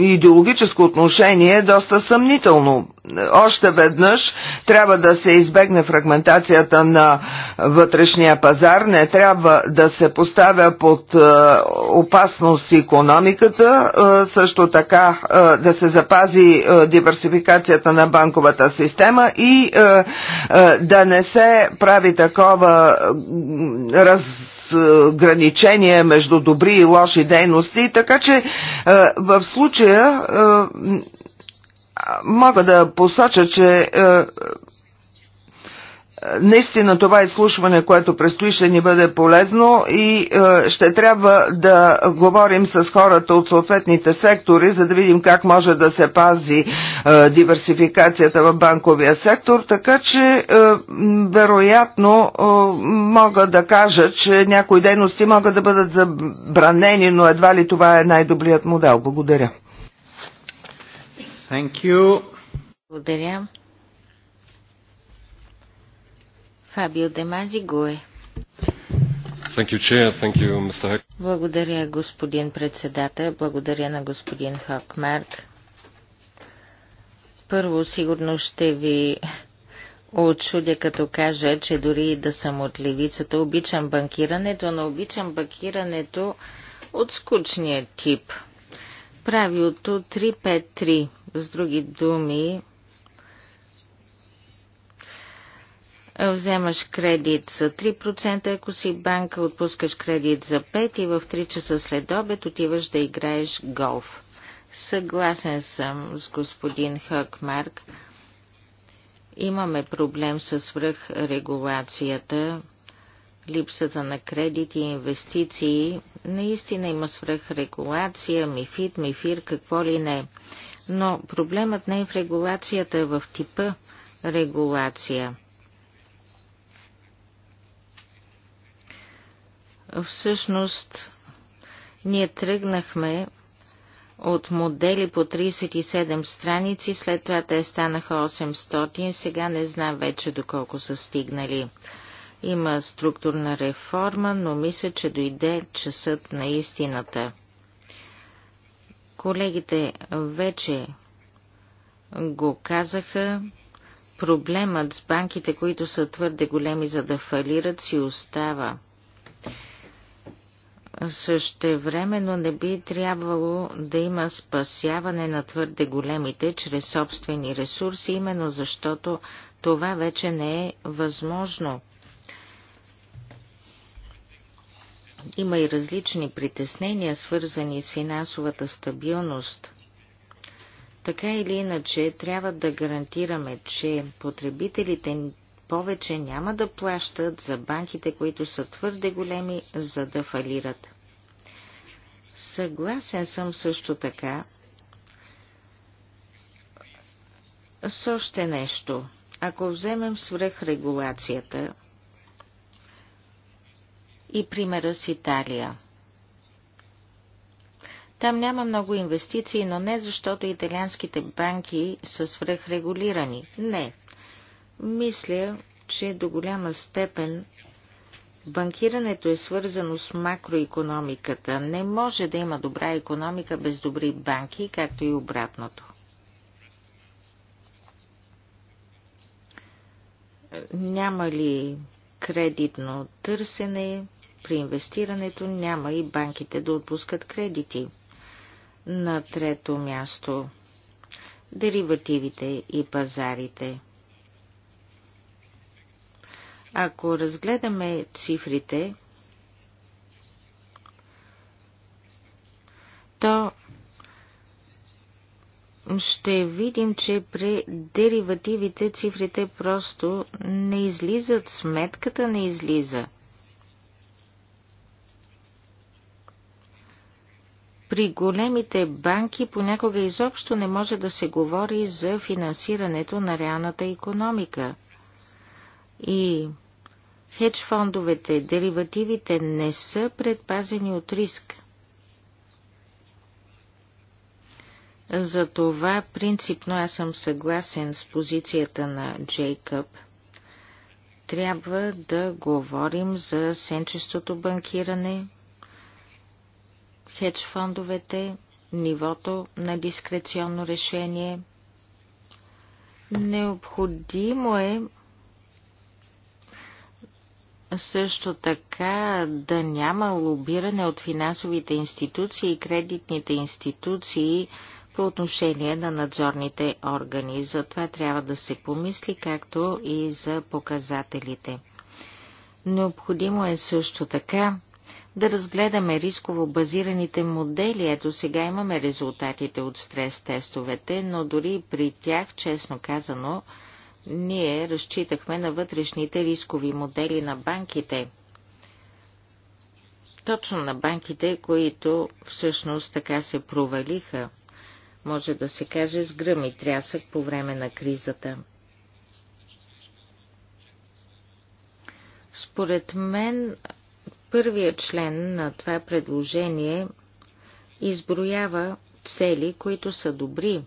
[SPEAKER 3] идеологическо отношение е доста съмнително. Още веднъж трябва да се избегне фрагментацията на вътрешния пазар, не трябва да се поставя под е, опасност економиката, също така да се запази диверсификацията на банковата система и да не се прави такова раз разграничение между добри и лоши дейности, така че е, в случая е, мога да посоча, че е, наистина това изслушване, което предстои, ще ни бъде полезно и е, ще трябва да говорим с хората от съответните сектори, за да видим как може да се пази е, диверсификацията в банковия сектор. Така че, е, вероятно, е, мога да кажа, че някои дейности могат да бъдат забранени, но едва ли това е най-добрият модел. Благодаря. Thank you.
[SPEAKER 1] Благодаря. Фабио Демази Гуе. Благодаря, господин председател. Благодаря на господин Хокмарк. Първо, сигурно ще ви Очудя като кажа, че дори и да съм от левицата, обичам банкирането, но обичам банкирането от скучния тип. Правилото 353, с други думи, Е, вземаш кредит за 3%, ако си банка, отпускаш кредит за 5% и в 3 часа след обед отиваш да играеш голф. Съгласен съм с господин Хъкмарк. Имаме проблем с свръхрегулацията, липсата на кредити и инвестиции. Наистина има свръхрегулация, мифит, мифир, какво ли не. Но проблемът не е в регулацията, а в типа регулация. Всъщност, ние тръгнахме от модели по 37 страници, след това те станаха 800, сега не знам вече доколко са стигнали. Има структурна реформа, но мисля, че дойде часът на истината. Колегите вече го казаха. Проблемът с банките, които са твърде големи за да фалират, си остава но не би трябвало да има спасяване на твърде големите чрез собствени ресурси, именно защото това вече не е възможно. Има и различни притеснения, свързани с финансовата стабилност. Така или иначе, трябва да гарантираме, че потребителите повече няма да плащат за банките, които са твърде големи, за да фалират. Съгласен съм също така с още нещо. Ако вземем свръхрегулацията и примера с Италия, там няма много инвестиции, но не защото италианските банки са свръхрегулирани. Не, мисля, че до голяма степен банкирането е свързано с макроекономиката. Не може да има добра економика без добри банки, както и обратното. Няма ли кредитно търсене при инвестирането, няма и банките да отпускат кредити. На трето място деривативите и пазарите – ако разгледаме цифрите, то ще видим, че при деривативите цифрите просто не излизат, сметката не излиза. При големите банки понякога изобщо не може да се говори за финансирането на реалната економика. И Хедж фондовете, деривативите не са предпазени от риск. Затова принципно аз съм съгласен с позицията на Джейкъб. Трябва да говорим за сенчестото банкиране, хедж фондовете, нивото на дискреционно решение. Необходимо е също така да няма лобиране от финансовите институции и кредитните институции по отношение на надзорните органи. За това трябва да се помисли, както и за показателите. Необходимо е също така да разгледаме рисково базираните модели. Ето сега имаме резултатите от стрес тестовете, но дори при тях, честно казано, ние разчитахме на вътрешните рискови модели на банките. Точно на банките, които всъщност така се провалиха, може да се каже с гръм и трясък по време на кризата. Според мен, първият член на това предложение изброява цели, които са добри,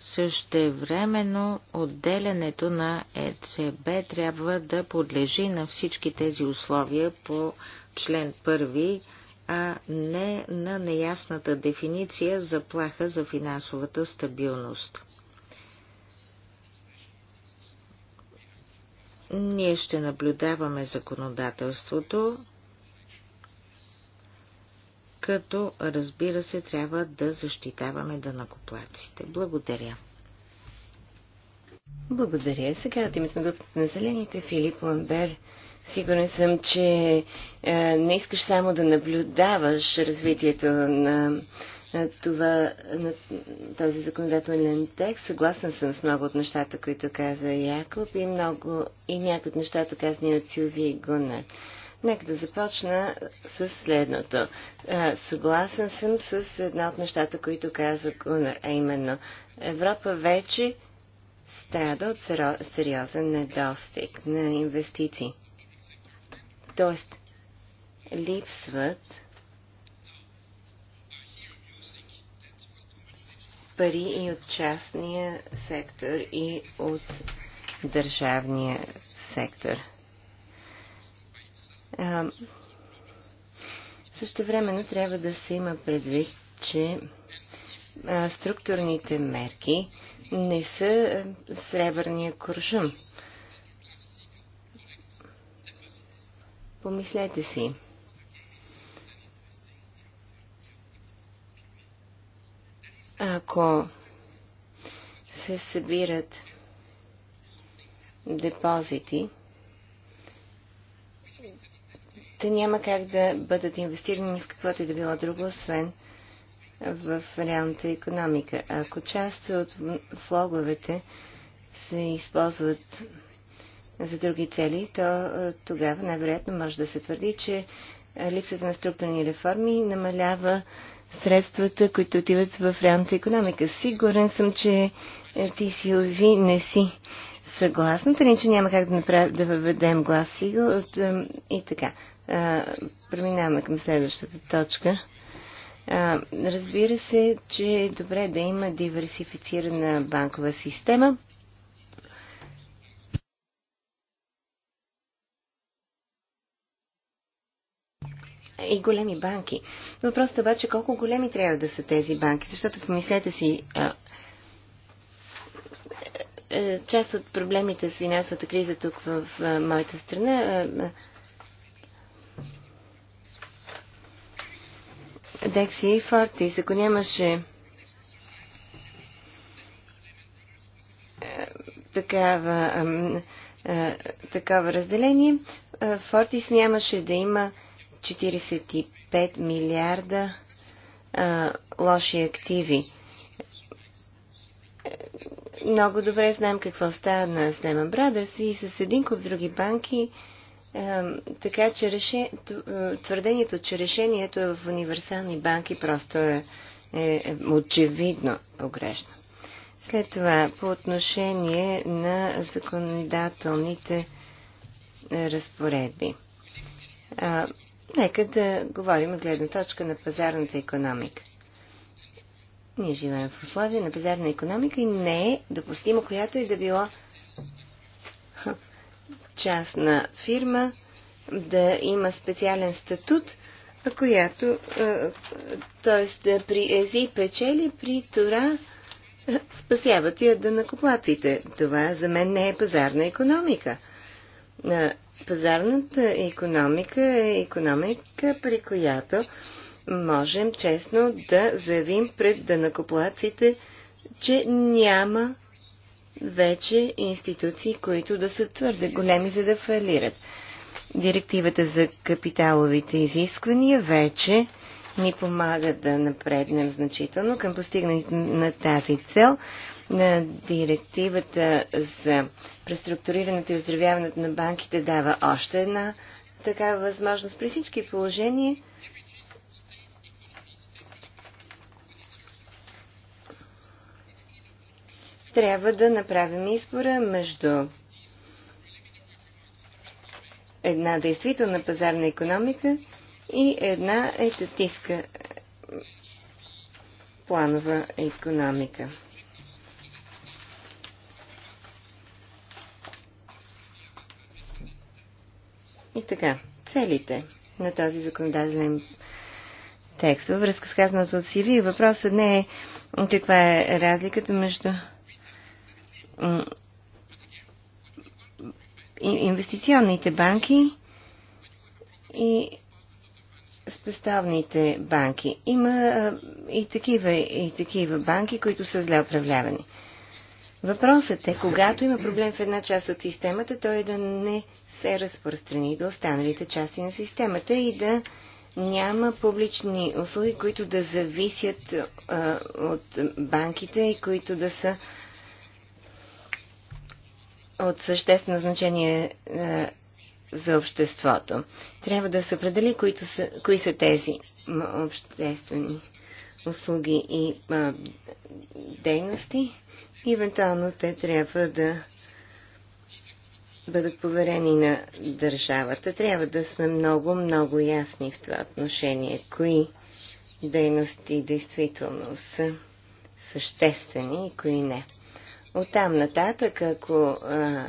[SPEAKER 1] Същевременно отделянето на ЕЦБ трябва да подлежи на всички тези условия по член 1, а не на неясната дефиниция заплаха за финансовата стабилност. Ние ще наблюдаваме законодателството, като разбира се трябва да защитаваме дънакоплаците. Благодаря.
[SPEAKER 2] Благодаря. Сега от името на групата на зелените Филип Ламбер. Сигурен съм, че е, не искаш само да наблюдаваш развитието на, на, е, това, на този законодателен текст. Съгласна съм с много от нещата, които каза Якоб и, много, и някои от нещата казани от Силвия Гунар. Нека да започна с следното. Съгласен съм с една от нещата, които каза Гунар, а именно Европа вече страда от сериозен недостиг на инвестиции. Тоест, липсват пари и от частния сектор, и от държавния сектор. Също времено трябва да се има предвид, че структурните мерки не са сребърния куршум. Помислете си. Ако се събират депозити, те няма как да бъдат инвестирани в каквото и да било друго, освен в реалната економика. Ако част от влоговете се използват за други цели, то тогава най-вероятно може да се твърди, че липсата на структурни реформи намалява средствата, които отиват в реалната економика. Сигурен съм, че ти, Силви, не си съгласна, тъй че няма как да, направ... да въведем глас сигъл и така. преминаваме към следващата точка. разбира се, че е добре да има диверсифицирана банкова система. И големи банки. Въпросът е обаче колко големи трябва да са тези банки, защото помислете си, е, част от проблемите с финансовата криза тук в е, моята страна. Е, Декси и Фортис, ако нямаше такава, такова разделение, Фортис нямаше да има 45 милиарда лоши активи много добре знам какво става на Слеман Брадърс и с един куп други банки, така че реше... твърдението, че решението е в универсални банки просто е, е, е очевидно погрешно. След това, по отношение на законодателните е, разпоредби. А, нека да говорим от гледна точка на пазарната економика. Ние живеем в условия на пазарна економика и не е допустимо която и да била частна фирма да има специален статут, която, т.е. при ези печели, при тора спасяват я да накоплатите. Това за мен не е пазарна економика. Пазарната економика е економика, при която можем честно да заявим пред данакоплатците, че няма вече институции, които да са твърде големи, за да фалират. Директивата за капиталовите изисквания вече ни помага да напреднем значително към постигането на тази цел. На директивата за преструктурирането и оздравяването на банките дава още една такава възможност при всички положения – трябва да направим избора между една действителна пазарна економика и една етатистка е, планова економика. И така, целите на този законодателен текст във връзка с казаното от Сиви, въпросът не е каква е разликата между инвестиционните банки и спеставните банки. Има и такива, и такива банки, които са зле управлявани. Въпросът е, когато има проблем в една част от системата, той да не се разпространи до останалите части на системата и да няма публични услуги, които да зависят а, от банките и които да са от съществено значение е, за обществото. Трябва да се определи които са, кои са тези обществени услуги и а, дейности. И евентуално те трябва да бъдат поверени на държавата. Трябва да сме много, много ясни в това отношение. Кои дейности действително са съществени и кои не. Оттам нататък, ако а,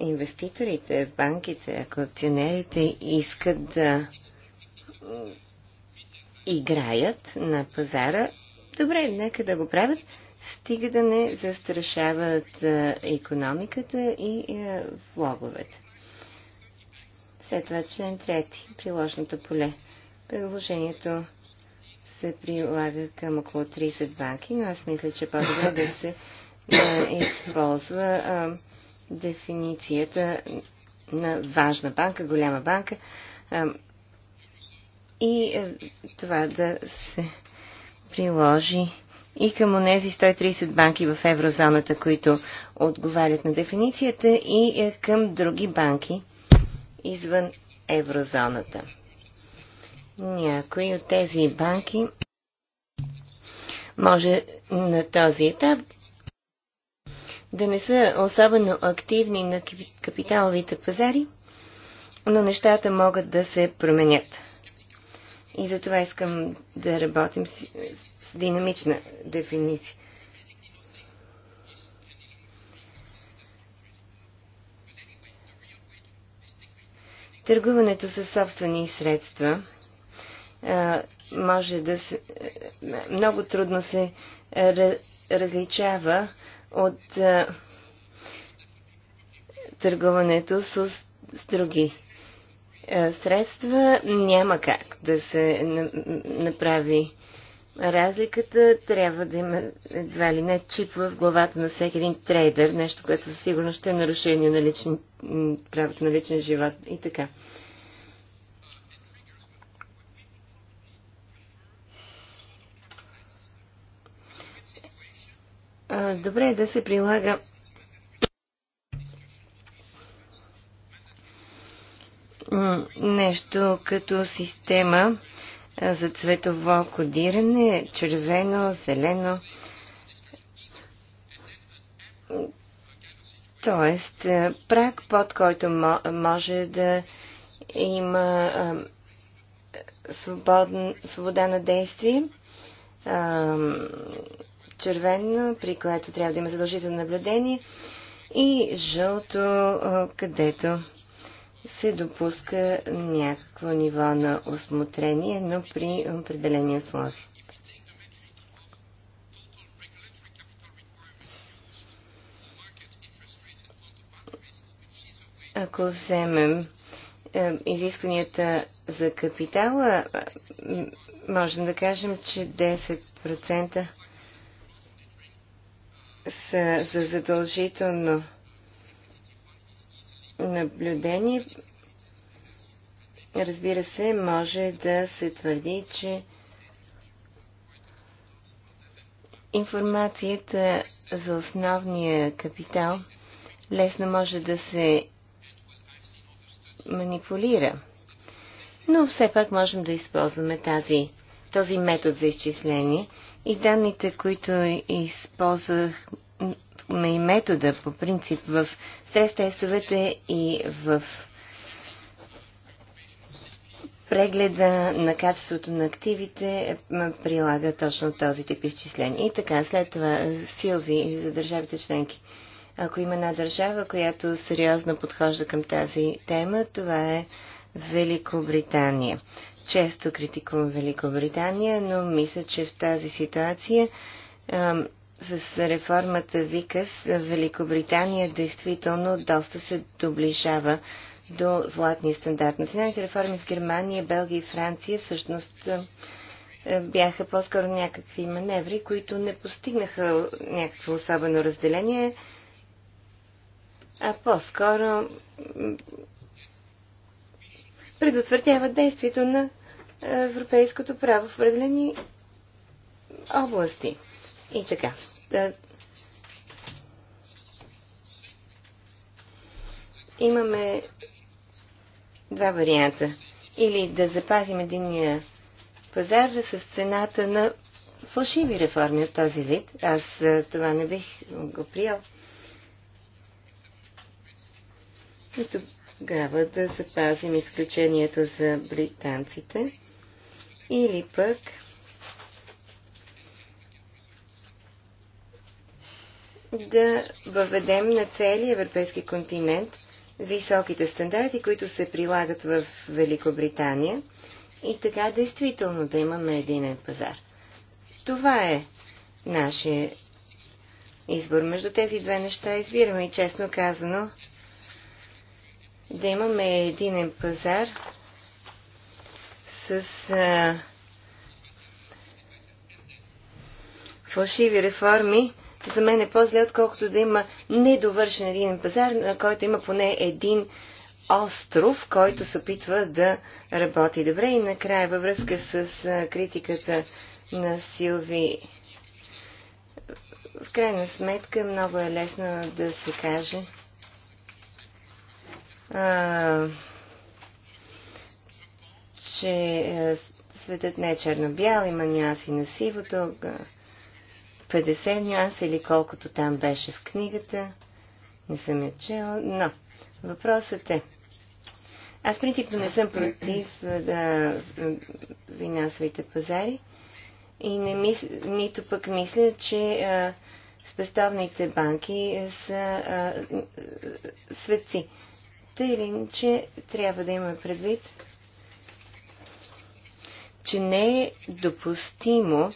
[SPEAKER 2] инвеститорите, банките, ако акционерите искат да играят на пазара, добре, нека да го правят, стига да не застрашават економиката и влоговете. След това член 3, приложното поле. Приложението се прилага към около 30 банки, но аз мисля, че по-добре да се използва а, дефиницията на важна банка, голяма банка а, и а, това да се приложи и към онези 130 банки в еврозоната, които отговарят на дефиницията и към други банки извън еврозоната. Някои от тези банки може на този етап да не са особено активни на капиталовите пазари, но нещата могат да се променят. И за това искам да работим с, динамична дефиниция. Търгуването със собствени средства е, може да се, е, много трудно се различава от е, търгуването с, с други средства. Няма как да се направи разликата. Трябва да има едва ли не чип в главата на всеки един трейдер, нещо, което сигурно ще е нарушение на личен, правото на личен живот и така. добре е да се прилага нещо като система за цветово кодиране, червено, зелено. Тоест, прак, под който може да има свобода на действие, червено, при което трябва да има задължително наблюдение, и жълто, където се допуска някакво ниво на осмотрение, но при определени условия. Ако вземем изискванията за капитала, можем да кажем, че 10% са за задължително наблюдение, разбира се, може да се твърди, че информацията за основния капитал лесно може да се манипулира. Но все пак можем да използваме тази, този метод за изчисление – и данните, които използвахме и метода по принцип в стрес-тестовете и в прегледа на качеството на активите прилага точно този тип изчисления. И така, след това Силви за държавите членки. Ако има една държава, която сериозно подхожда към тази тема, това е Великобритания често критикувам Великобритания, но мисля, че в тази ситуация а, с реформата ВИКАС Великобритания действително доста се доближава до златния стандарт. Националните реформи в Германия, Белгия и Франция всъщност е, бяха по-скоро някакви маневри, които не постигнаха някакво особено разделение, а по-скоро предотвратяват действието на европейското право в определени области. И така. Имаме два варианта. Или да запазим единия пазар с цената на фалшиви реформи от този вид. Аз това не бих го приел. Тогава да запазим изключението за британците или пък да въведем на целия европейски континент високите стандарти, които се прилагат в Великобритания и така действително да имаме единен пазар. Това е нашия избор. Между тези две неща избираме и честно казано да имаме единен пазар с а, фалшиви реформи, за мен е по-зле, отколкото да има недовършен един пазар, на който има поне един остров, който се опитва да работи добре. И накрая, във връзка с критиката на Силви, в крайна сметка много е лесно да се каже, а, че е, светът не е черно-бял, има нюанси на сивото, 50 нюанса или колкото там беше в книгата. Не съм я чела, но въпросът е. Аз принципно не съм против е, да, е, финансовите пазари и не мис... нито пък мисля, че а, спестовните банки са а, светци. Тъй или иначе трябва да имаме предвид, че не е допустимо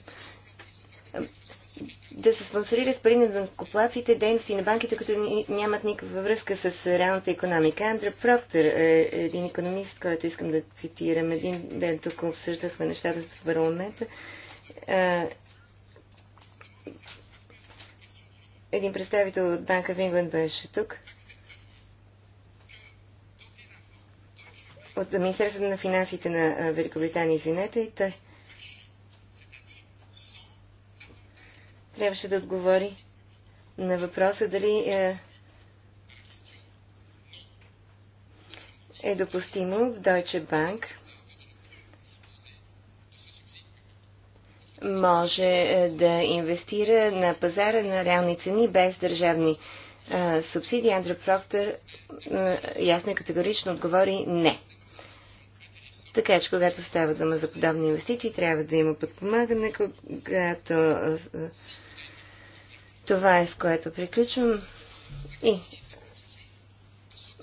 [SPEAKER 2] да се спонсорира с пари на банкоплаците дейности на банките, които нямат никаква връзка с реалната економика. Андра Проктер е, е един економист, който искам да цитирам. Един ден тук обсъждахме нещата в парламента. Един представител от Банка в Ингланд беше тук. от Министерството на финансите на Великобритания, извинете, и той трябваше да отговори на въпроса дали е, е допустимо в Deutsche Bank може е, да инвестира на пазара на реални цени без държавни е, субсидии. Андрю Проктер ясно и категорично отговори не. Така че, когато става дума за подобни инвестиции, трябва да има подпомагане, когато това е с което приключвам и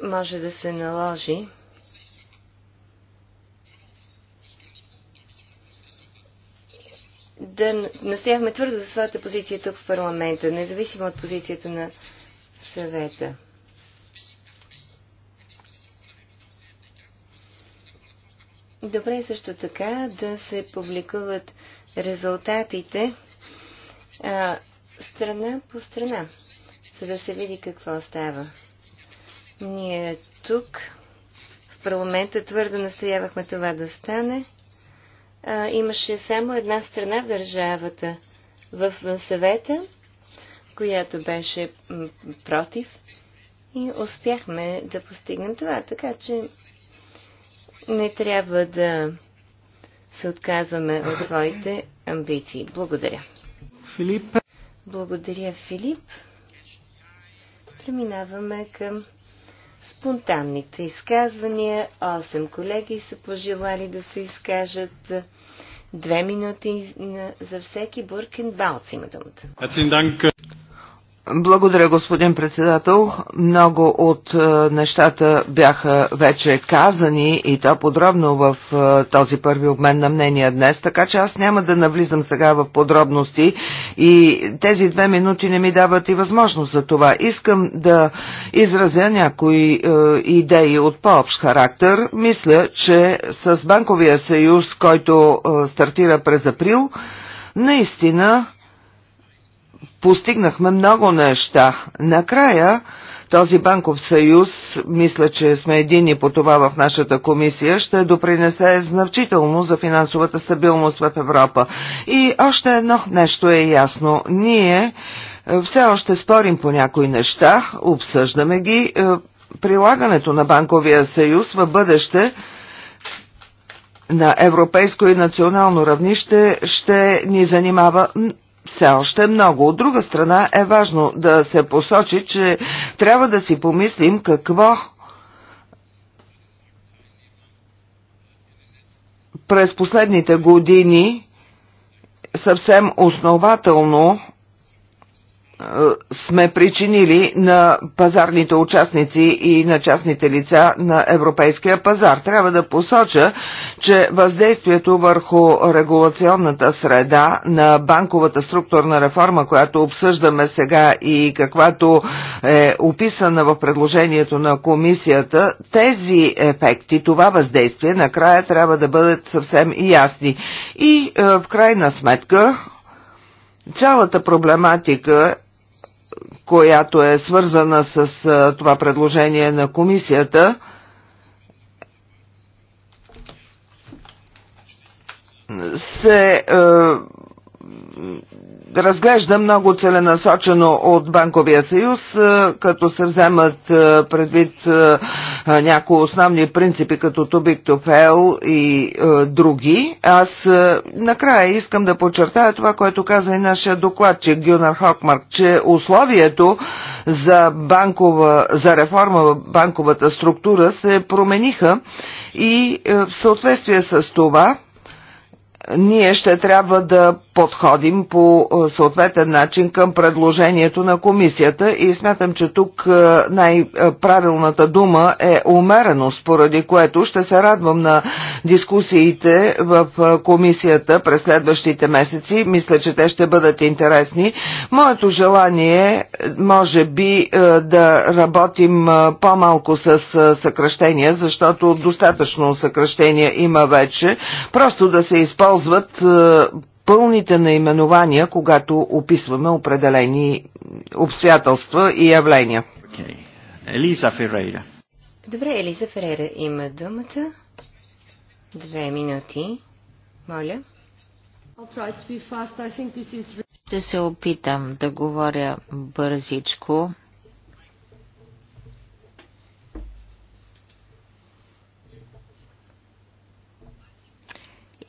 [SPEAKER 2] може да се наложи да настояваме твърдо за своята позиция тук в парламента, независимо от позицията на съвета. Добре е също така да се публикуват резултатите а, страна по страна, за да се види какво става. Ние тук в парламента твърдо настоявахме това да стане. А, имаше само една страна в държавата, в съвета, която беше против и успяхме да постигнем това. Така че не трябва да се отказваме от своите амбиции. Благодаря. Филип. Благодаря, Филип. Преминаваме към спонтанните изказвания. Осем колеги са пожелали да се изкажат. Две минути за всеки Буркен Балц има думата.
[SPEAKER 3] Благодаря, господин председател. Много от е, нещата бяха вече казани и то подробно в е, този първи обмен на мнения днес, така че аз няма да навлизам сега в подробности и тези две минути не ми дават и възможност за това. Искам да изразя някои е, идеи от по-общ характер. Мисля, че с Банковия съюз, който стартира през април, наистина постигнахме много неща. Накрая този банков съюз, мисля, че сме едини по това в нашата комисия, ще допринесе значително за финансовата стабилност в Европа. И още едно нещо е ясно. Ние е, все още спорим по някои неща, обсъждаме ги. Е, прилагането на банковия съюз в бъдеще на европейско и национално равнище ще ни занимава все още много. От друга страна е важно да се посочи, че трябва да си помислим какво през последните години съвсем основателно е, сме причинили на пазарните участници и на частните лица на европейския пазар. Трябва да посоча, че въздействието върху регулационната среда на банковата структурна реформа, която обсъждаме сега и каквато е описана в предложението на комисията, тези ефекти, това въздействие накрая трябва да бъдат съвсем ясни. И е, в крайна сметка Цялата проблематика която е свързана с това предложение на комисията. се разглежда много целенасочено от Банковия съюз, е, като се вземат е, предвид е, някои основни принципи, като Тубик big to fail и други. Аз накрая искам да подчертая това, което каза и нашия докладчик Гюнар Хокмарк, че условието за, банкова, за реформа в банковата структура се промениха и в съответствие с това ние ще трябва да подходим по е, съответен начин към предложението на комисията и смятам, че тук е, най-правилната дума е умереност, поради което ще се радвам на дискусиите в е, комисията през следващите месеци. Мисля, че те ще бъдат интересни. Моето желание може би да работим по-малко с съкръщения, защото достатъчно съкръщения има вече. Просто да се използва използват е, пълните наименования, когато описваме определени обстоятелства и явления. Okay. Елиза Ферейра.
[SPEAKER 2] Добре, Елиза Ферейра има думата. Две минути. Моля. Ще is... се опитам да говоря
[SPEAKER 1] бързичко.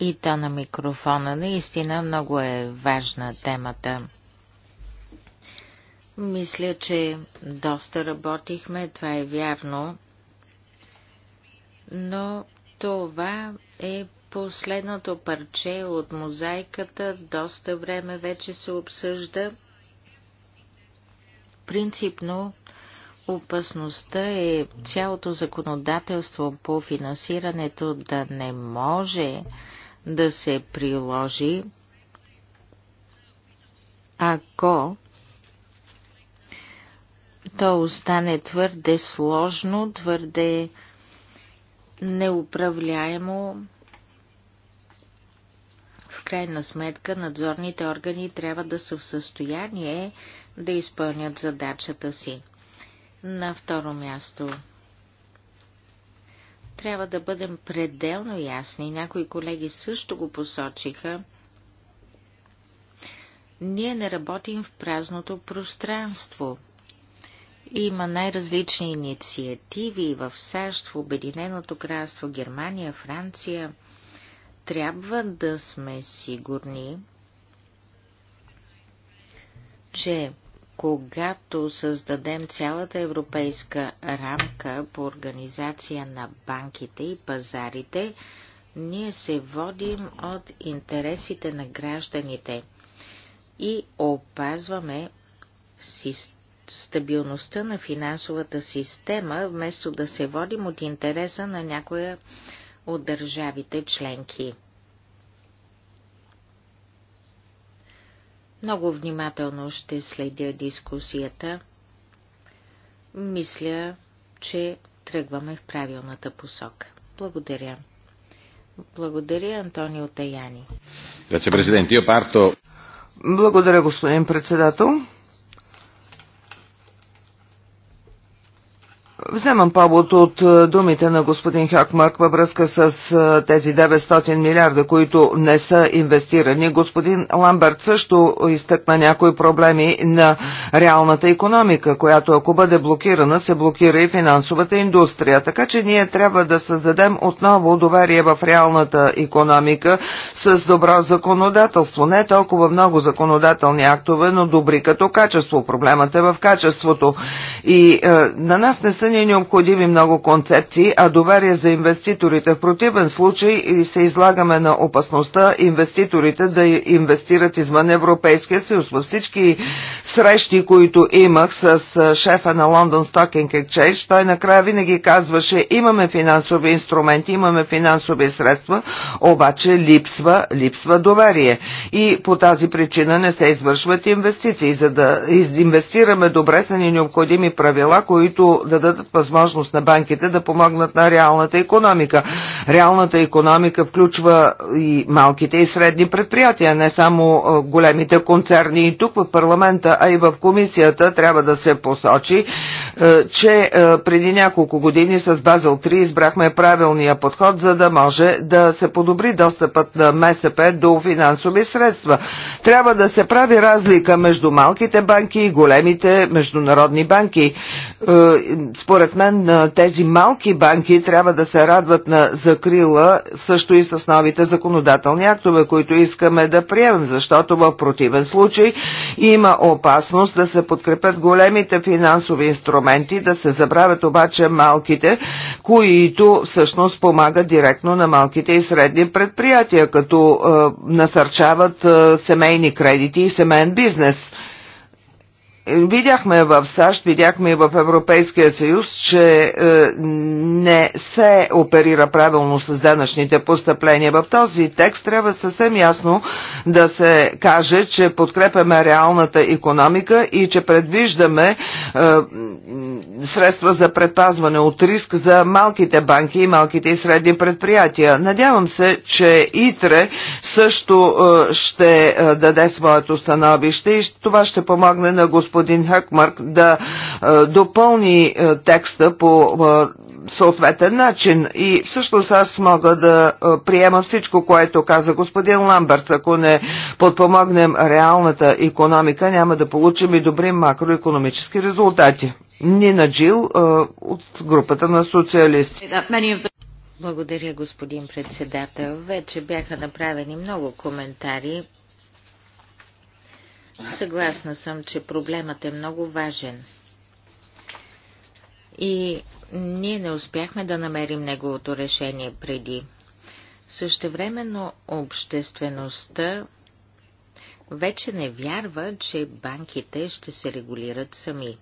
[SPEAKER 1] и то на микрофона. Наистина много е важна темата. Мисля, че доста работихме, това е вярно, но това е последното парче от мозайката, доста време вече се обсъжда. Принципно опасността е цялото законодателство по финансирането да не може да се приложи, ако то остане твърде сложно, твърде неуправляемо. В крайна сметка надзорните органи трябва да са в състояние да изпълнят задачата си. На второ място трябва да бъдем пределно ясни. Някои колеги също го посочиха. Ние не работим в празното пространство. Има най-различни инициативи в САЩ, в Обединеното кралство, Германия, Франция. Трябва да сме сигурни, че когато създадем цялата европейска рамка по организация на банките и пазарите, ние се водим от интересите на гражданите и опазваме стабилността на финансовата система, вместо да се водим от интереса на някоя от държавите членки. Много внимателно ще следя дискусията. Мисля, че тръгваме в правилната посока. Благодаря. Благодаря, Антонио Таяни.
[SPEAKER 3] Благодаря, господин председател. Вземам повод от е, думите на господин Хакмарк във връзка с е, тези 900 милиарда, които не са инвестирани. Господин Ламберт също изтъкна някои проблеми на реалната економика, която ако бъде блокирана, се блокира и финансовата индустрия. Така че ние трябва да създадем отново доверие в реалната економика с добро законодателство. Не толкова много законодателни актове, но добри като качество. Проблемът е в качеството. И е, на нас не се са ни необходими много концепции, а доверие за инвеститорите. В противен случай се излагаме на опасността инвеститорите да инвестират извън Европейския съюз. Във всички срещи, които имах с шефа на London Stock Exchange, той накрая винаги казваше, имаме финансови инструменти, имаме финансови средства, обаче липсва, липсва доверие. И по тази причина не се извършват инвестиции. За да инвестираме добре са ни необходими правила, които да дадат дадат възможност на банките да помогнат на реалната економика. Реалната економика включва и малките и средни предприятия, не само големите концерни. И тук в парламента, а и в комисията трябва да се посочи, че преди няколко години с Базел 3 избрахме правилния подход, за да може да се подобри достъпът на МСП до финансови средства. Трябва да се прави разлика между малките банки и големите международни банки. Според мен тези малки банки трябва да се радват на закрила също и с новите законодателни актове, които искаме да приемем, защото в противен случай има опасност да се подкрепят големите финансови инструменти, да се забравят обаче малките, които всъщност помагат директно на малките и средни предприятия, като е, насърчават е, семейни кредити и семейен бизнес. Видяхме в САЩ, видяхме и в Европейския съюз, че е, не се оперира правилно с данъчните постъпления. В този текст трябва съвсем ясно да се каже, че подкрепяме реалната економика и че предвиждаме е, средства за предпазване от риск за малките банки и малките и средни предприятия. Надявам се, че ИТРЕ също е, ще е, даде своето становище и това ще помогне на господин господин Хъкмарк да допълни текста по съответен начин. И всъщност аз мога да приема всичко, което каза господин Ламбърц. Ако не подпомогнем реалната економика, няма да получим и добри макроекономически резултати. Нина Джил от групата на социалисти.
[SPEAKER 1] Благодаря, господин председател. Вече бяха направени много коментари Съгласна съм, че проблемът е много важен. И ние не успяхме да намерим неговото решение преди. Същевременно обществеността вече не вярва, че банките ще се регулират сами.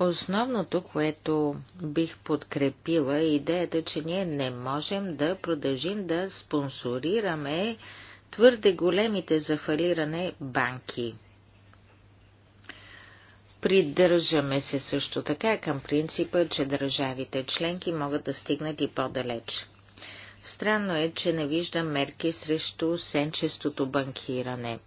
[SPEAKER 1] Основното, което бих подкрепила е идеята, че ние не можем да продължим да спонсорираме твърде големите за фалиране банки. Придържаме се също така към принципа, че държавите членки могат да стигнат и по-далеч. Странно е, че не виждам мерки срещу сенчестото банкиране.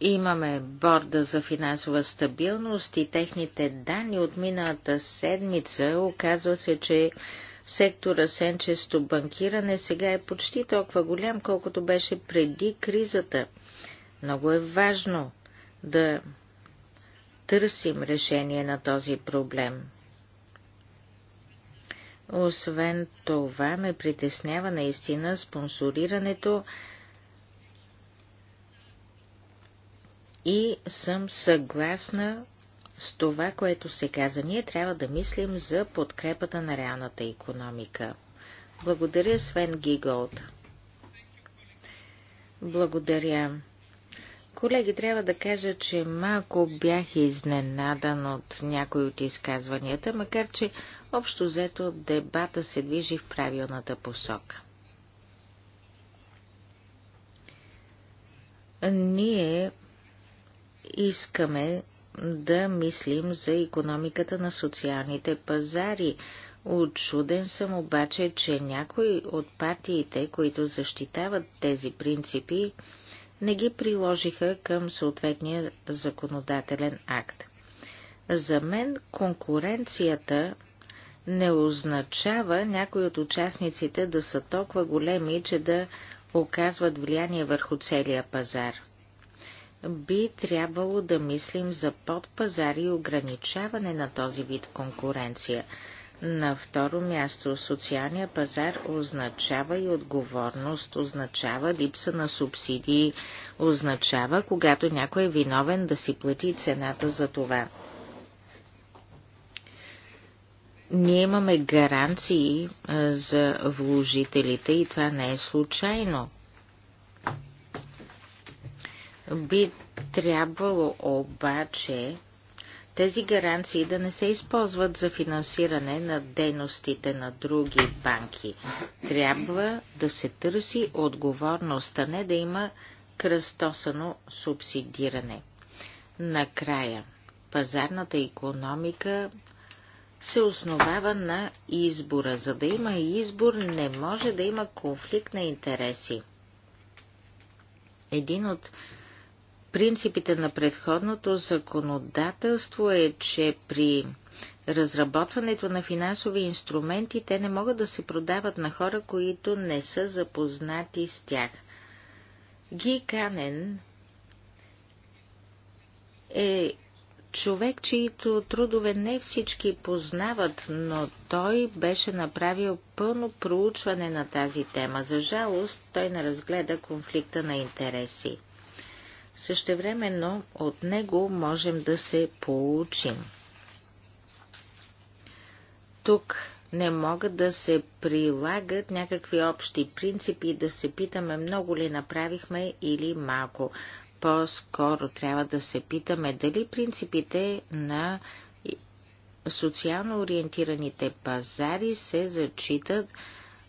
[SPEAKER 1] Имаме борда за финансова стабилност и техните данни от миналата седмица. Оказва се, че Сектора сенчесто банкиране сега е почти толкова голям, колкото беше преди кризата. Много е важно да търсим решение на този проблем. Освен това, ме притеснява наистина спонсорирането и съм съгласна с това, което се каза. Ние трябва да мислим за подкрепата на реалната економика. Благодаря, Свен Гиголд. Благодаря. Колеги, трябва да кажа, че малко бях изненадан от някои от изказванията, макар че общо взето дебата се движи в правилната посока. Ние искаме да мислим за економиката на социалните пазари. Отчуден съм обаче, че някои от партиите, които защитават тези принципи, не ги приложиха към съответния законодателен акт. За мен конкуренцията не означава някои от участниците да са толкова големи, че да оказват влияние върху целия пазар – би трябвало да мислим за подпазар и ограничаване на този вид конкуренция. На второ място, социалния пазар означава и отговорност, означава липса на субсидии, означава, когато някой е виновен да си плати цената за това. Ние имаме гаранции за вложителите и това не е случайно. Би трябвало обаче тези гаранции да не се използват за финансиране на дейностите на други банки. Трябва да се търси отговорност, а не да има кръстосано субсидиране. Накрая, пазарната економика се основава на избора. За да има избор, не може да има конфликт на интереси. Един от принципите на предходното законодателство е, че при разработването на финансови инструменти те не могат да се продават на хора, които не са запознати с тях. Ги Канен е човек, чието трудове не всички познават, но той беше направил пълно проучване на тази тема. За жалост, той не разгледа конфликта на интереси. Същевременно от него можем да се получим. Тук не могат да се прилагат някакви общи принципи да се питаме много ли направихме или малко. По-скоро трябва да се питаме дали принципите на социално ориентираните пазари се зачитат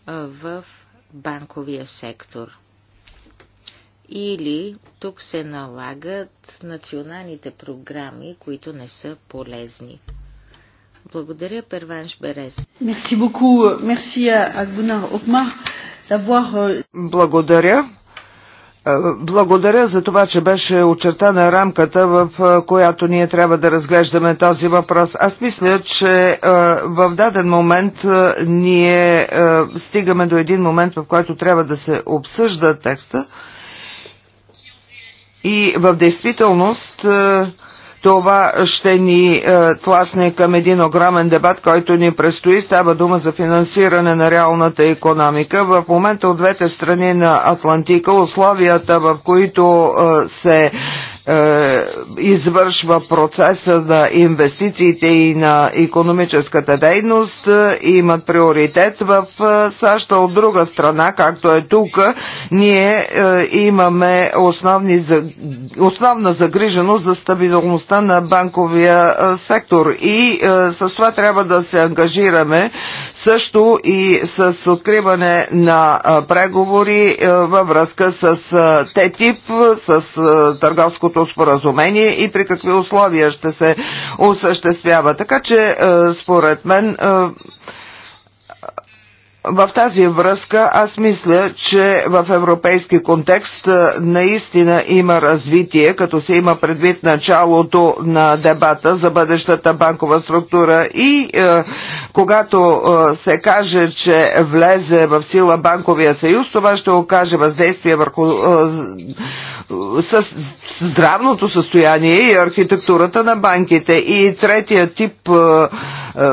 [SPEAKER 1] в банковия сектор или тук се налагат националните програми, които не са полезни. Благодаря, Перванш Берес.
[SPEAKER 3] Мерси боку, мерси Агунар Окмар. Благодаря. Е, благодаря за това, че беше очертана рамката, в е, която ние трябва да разглеждаме този въпрос. Аз мисля, че е, в даден момент ние стигаме до един момент, в който трябва да се обсъжда текста. И в действителност е, това ще ни е, тласне към един огромен дебат, който ни предстои. Става дума за финансиране на реалната економика. В момента от двете страни на Атлантика условията, в които е, се е, извършва процеса на инвестициите и на економическата дейност е, имат приоритет в е, САЩ, от друга страна, както е тук, ние имаме основни, основна загриженост за стабилността на банковия сектор и с това трябва да се ангажираме също и с откриване на преговори във връзка с ТЕТИП, с търговското бъдещо споразумение и при какви условия ще се осъществява. Така че, е, според мен, е, в тази връзка аз мисля, че в европейски контекст наистина има развитие, като се има предвид началото на дебата за бъдещата банкова структура и е, когато е, се каже, че влезе в сила банковия съюз, това ще окаже въздействие върху е, с, здравното състояние и архитектурата на банките. И третия тип е, е,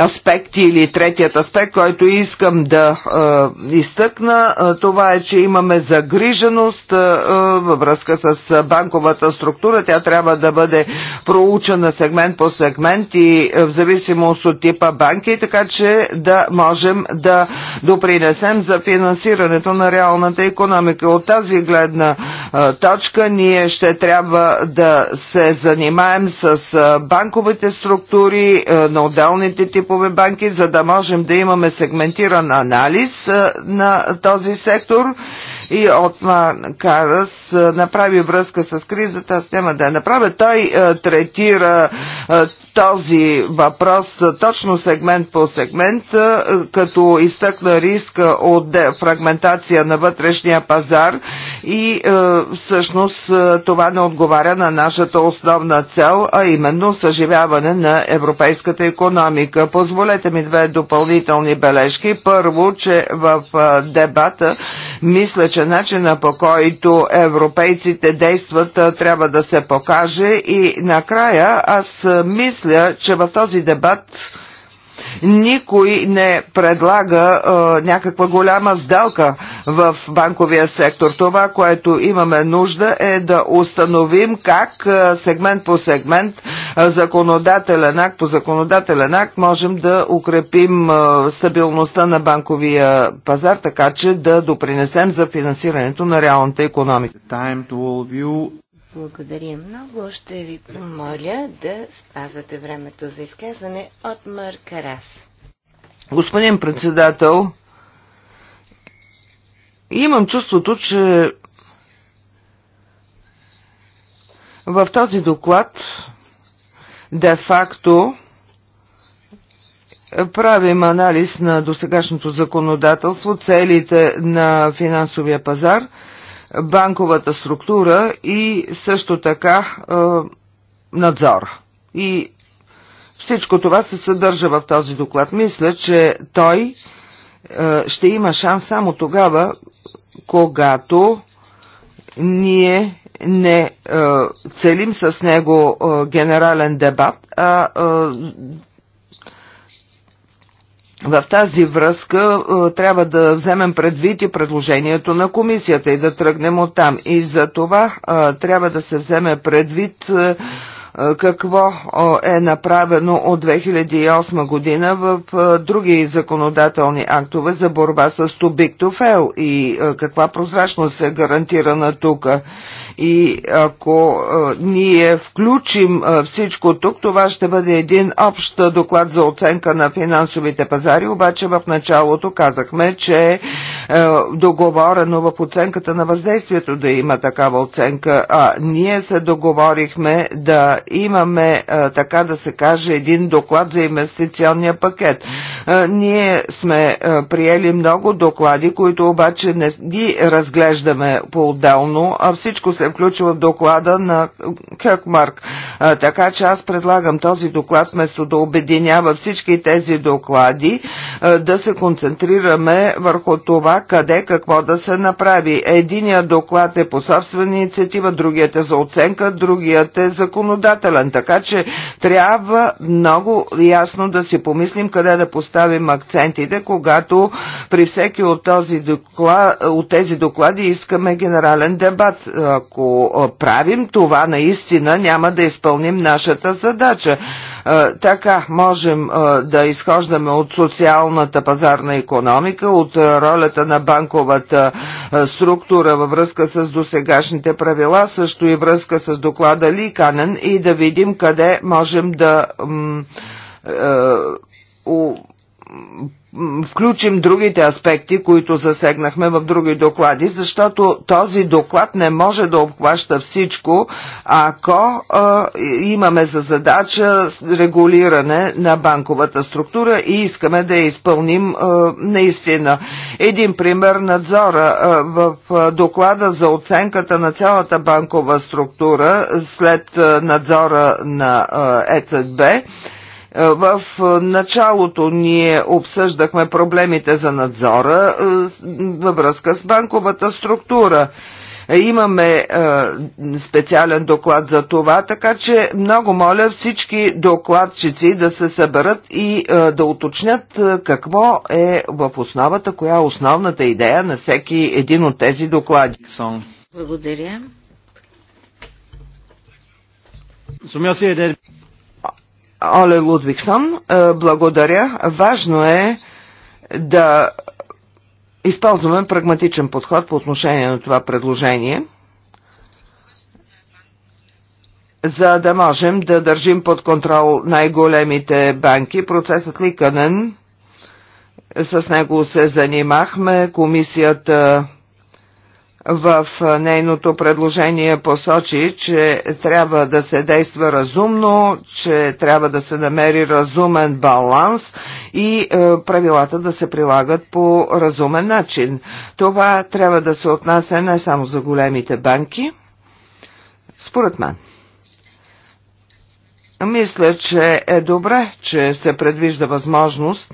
[SPEAKER 3] аспекти или третият аспект, който искам да е, изтъкна, е, това е, че имаме загриженост във връзка с банковата структура. Тя трябва да бъде проучена сегмент по сегмент и в зависимост от типа банки, така че да можем да допринесем за финансирането на реалната економика. От тази гледна точка ние ще трябва да се занимаем с банковите отделните структури, е, на отделните типове банки, за да можем да имаме сегментиран анализ е, на този сектор и отман Карас направи връзка с кризата, аз няма да я направя. Той третира този въпрос точно сегмент по сегмент, като изтъкна риска от фрагментация на вътрешния пазар и всъщност това не отговаря на нашата основна цел, а именно съживяване на европейската економика. Позволете ми две допълнителни бележки. Първо, че в дебата мисля, че че начина по който европейците действат трябва да се покаже и накрая аз мисля, че в този дебат никой не предлага а, някаква голяма сделка в банковия сектор. Това, което имаме нужда е да установим как а, сегмент по сегмент, законодателен акт по законодателен акт можем да укрепим а, стабилността на банковия пазар, така че да допринесем за финансирането на реалната економика.
[SPEAKER 2] Благодаря много. Ще ви помоля да спазвате времето за изказване от Маркарас.
[SPEAKER 3] Господин председател, имам чувството, че в този доклад де-факто правим анализ на досегашното законодателство, целите на финансовия пазар – банковата структура и също така е, надзора. И всичко това се съдържа в този доклад. Мисля, че той е, ще има шанс само тогава, когато ние не е, целим с него е, генерален дебат, а е, в тази връзка е, трябва да вземем предвид и предложението на комисията и да тръгнем от там. И за това е, трябва да се вземе предвид е, какво е направено от 2008 година в други законодателни актове за борба с too и каква прозрачност е гарантирана тук. И ако ние включим всичко тук, това ще бъде един общ доклад за оценка на финансовите пазари, обаче в началото казахме, че е договорено в оценката на въздействието да има такава оценка, а ние се договорихме да имаме, така да се каже, един доклад за инвестиционния пакет. Ние сме приели много доклади, които обаче не ги разглеждаме по-отделно, а всичко се се включва в доклада на Къркмарк. Така че аз предлагам този доклад, вместо да обединява всички тези доклади, да се концентрираме върху това къде какво да се направи. Единият доклад е по собствена инициатива, другият е за оценка, другият е законодателен. Така че трябва много ясно да си помислим къде да поставим акцентите, когато при всеки от, този доклад, от тези доклади искаме генерален дебат ако правим това, наистина няма да изпълним нашата задача. Така можем да изхождаме от социалната пазарна економика, от ролята на банковата структура във връзка с досегашните правила, също и връзка с доклада Ли Канен и да видим къде можем да включим другите аспекти, които засегнахме в други доклади, защото този доклад не може да обхваща всичко, ако а, имаме за задача регулиране на банковата структура и искаме да я изпълним а, наистина. Един пример надзора а, в а, доклада за оценката на цялата банкова структура след а, надзора на а, ЕЦБ. Е, в е, началото ние обсъждахме проблемите за надзора е, във връзка с банковата структура. Имаме специален доклад за това, така че много моля всички докладчици да се съберат и да уточнят какво е в основата, коя е основната идея на всеки един от тези доклади.
[SPEAKER 1] Благодаря.
[SPEAKER 3] Оле Лудвиксон. Е, благодаря. Важно е да използваме прагматичен подход по отношение на това предложение, за да можем да държим под контрол най-големите банки. Процесът Ликанен, с него се занимахме, комисията в нейното предложение посочи, че трябва да се действа разумно, че трябва да се намери разумен баланс и е, правилата да се прилагат по разумен начин. Това трябва да се отнася не само за големите банки, според мен. Мисля, че е добре, че се предвижда възможност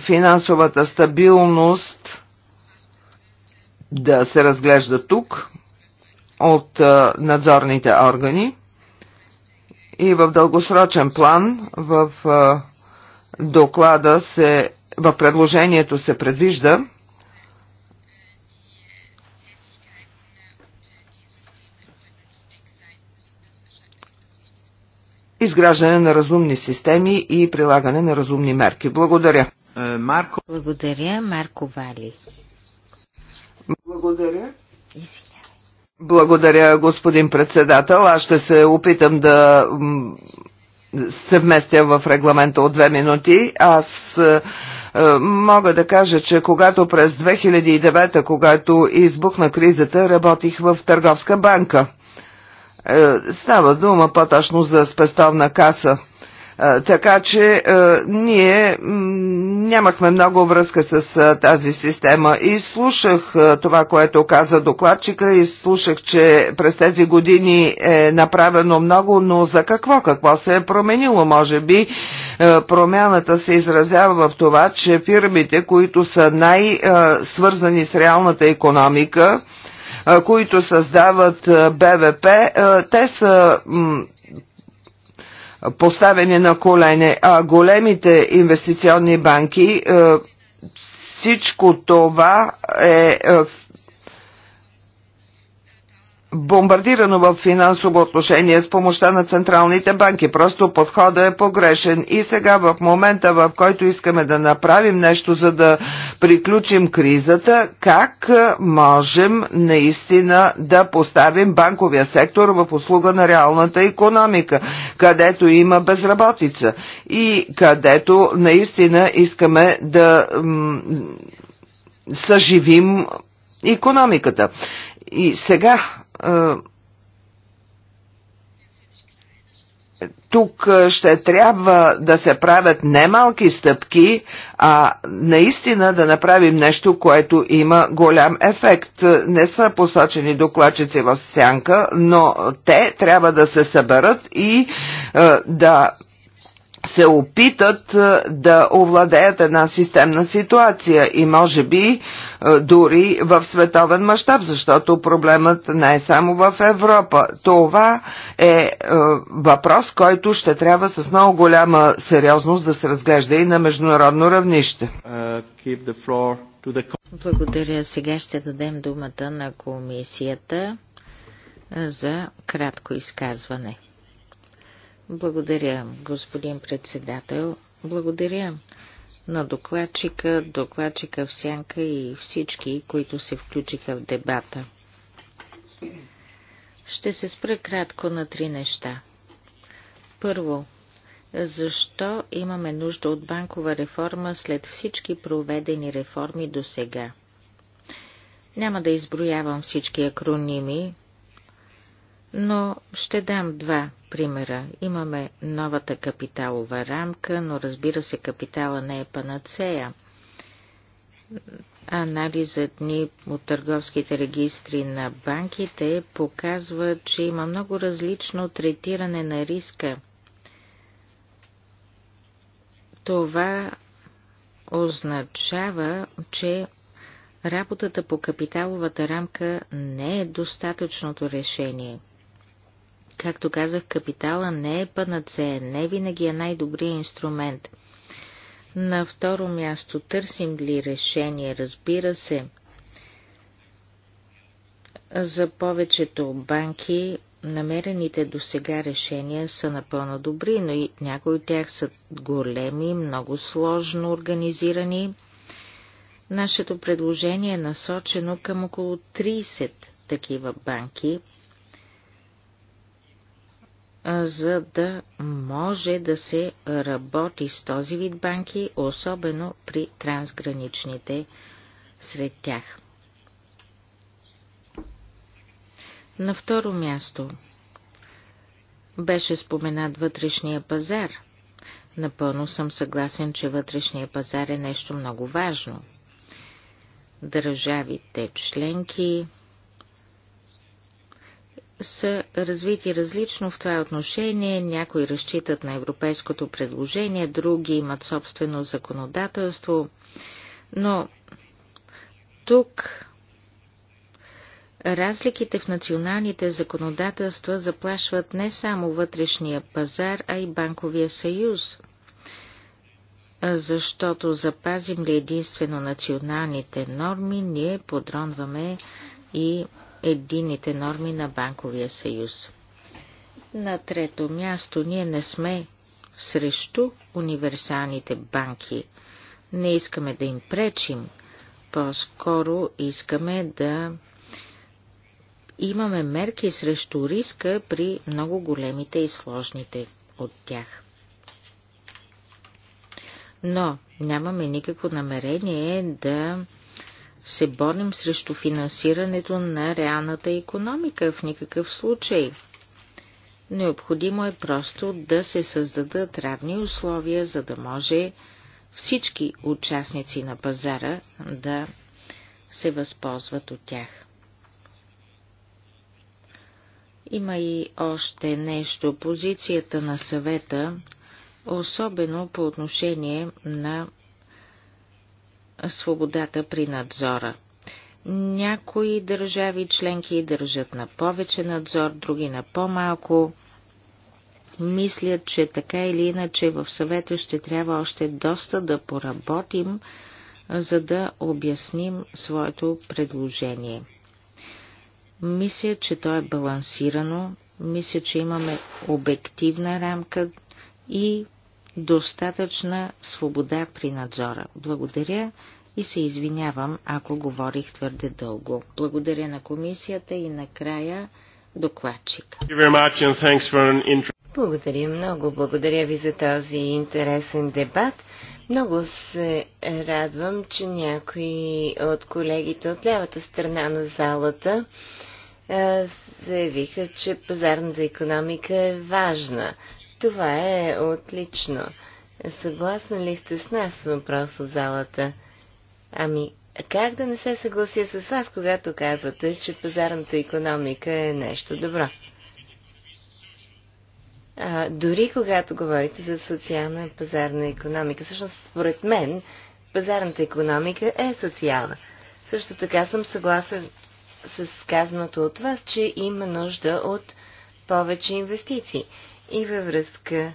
[SPEAKER 3] финансовата стабилност – да се разглежда тук от надзорните органи и в дългосрочен план в доклада се, в предложението се предвижда изграждане на разумни системи и прилагане на разумни мерки. Благодаря. Е, Марко...
[SPEAKER 1] Благодаря, Марко
[SPEAKER 3] Вали. Благодаря. Извинявай. Благодаря, господин председател. Аз ще се опитам да се вместя в регламента от две минути. Аз е, е, мога да кажа, че когато през 2009, когато избухна кризата, работих в Търговска банка. Е, става дума по-точно за спестовна каса. Така че ние нямахме много връзка с тази система и слушах това, което каза докладчика и слушах, че през тези години е направено много, но за какво? Какво се е променило? Може би промяната се изразява в това, че фирмите, които са най-свързани с реалната економика, които създават БВП, те са поставени на колене, а големите инвестиционни банки, е, всичко това е в. Е, бомбардирано в финансово отношение с помощта на централните банки. Просто подходът е погрешен. И сега в момента, в който искаме да направим нещо, за да приключим кризата, как можем наистина да поставим банковия сектор в услуга на реалната економика, където има безработица и където наистина искаме да съживим економиката. И сега тук ще трябва да се правят немалки стъпки, а наистина да направим нещо, което има голям ефект. Не са посочени докладчици в сянка, но те трябва да се съберат и да се опитат е, да овладеят една системна ситуация и може би е, дори в световен мащаб, защото проблемът не е само в Европа. Това е, е въпрос, който ще трябва с много голяма сериозност да се разглежда и на международно равнище.
[SPEAKER 1] Благодаря. Сега ще дадем думата на комисията за кратко изказване. Благодаря, господин председател. Благодаря на докладчика, докладчика в сянка и всички, които се включиха в дебата. Ще се спра кратко на три неща. Първо, защо имаме нужда от банкова реформа след всички проведени реформи до сега? Няма да изброявам всички акроними, но ще дам два примера. Имаме новата капиталова рамка, но разбира се, капитала не е панацея. Анализът ни от търговските регистри на банките показва, че има много различно третиране на риска. Това означава, че работата по капиталовата рамка не е достатъчното решение – Както казах, капитала не е панацея, не винаги е най-добрият инструмент. На второ място, търсим ли решение, разбира се, за повечето банки намерените до сега решения са напълно добри, но и някои от тях са големи, много сложно организирани. Нашето предложение е насочено към около 30 такива банки – за да може да се работи с този вид банки, особено при трансграничните сред тях. На второ място беше споменат вътрешния пазар. Напълно съм съгласен, че вътрешния пазар е нещо много важно. Държавите членки са развити различно в това отношение. Някои разчитат на европейското предложение, други имат собствено законодателство. Но тук разликите в националните законодателства заплашват не само вътрешния пазар, а и банковия съюз. Защото запазим ли единствено националните норми, ние подронваме и единните норми на Банковия съюз. На трето място ние не сме срещу универсалните банки. Не искаме да им пречим, по-скоро искаме да имаме мерки срещу риска при много големите и сложните от тях. Но нямаме никакво намерение да се борим срещу финансирането на реалната економика в никакъв случай. Необходимо е просто да се създадат равни условия, за да може всички участници на пазара да се възползват от тях. Има и още нещо. Позицията на съвета, особено по отношение на свободата при надзора. Някои държави членки държат на повече надзор, други на по-малко. Мислят, че така или иначе в съвета ще трябва още доста да поработим, за да обясним своето предложение. Мисля, че то е балансирано, мисля, че имаме обективна рамка и достатъчна свобода при надзора. Благодаря и се извинявам, ако говорих твърде дълго. Благодаря на комисията и накрая докладчик.
[SPEAKER 2] Благодаря много. Благодаря ви за този интересен дебат. Много се радвам, че някои от колегите от лявата страна на залата заявиха, че пазарната економика е важна това е отлично. Съгласна ли сте с нас, въпрос от залата? Ами, как да не се съглася с вас, когато казвате, че пазарната економика е нещо добро? А, дори когато говорите за социална пазарна економика, всъщност според мен пазарната економика е социална. Също така съм съгласен с казаното от вас, че има нужда от повече инвестиции и във връзка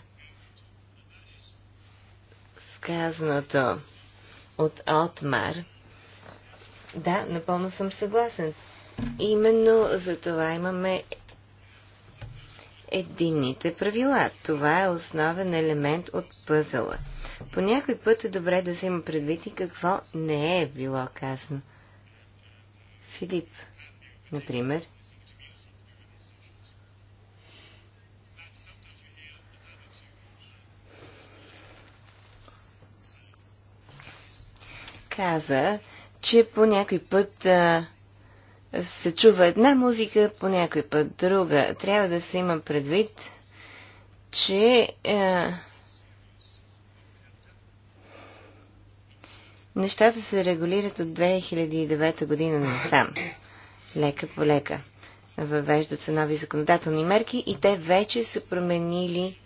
[SPEAKER 2] с казаното от Отмар. Да, напълно съм съгласен. Именно за това имаме единните правила. Това е основен елемент от пъзела. По някой път е добре да се има предвид и какво не е било казано. Филип, например, каза, че по някой път а, се чува една музика, по някой път друга. Трябва да се има предвид, че а, нещата се регулират от 2009 година насам. Лека по лека. Въвеждат се нови законодателни мерки и те вече са променили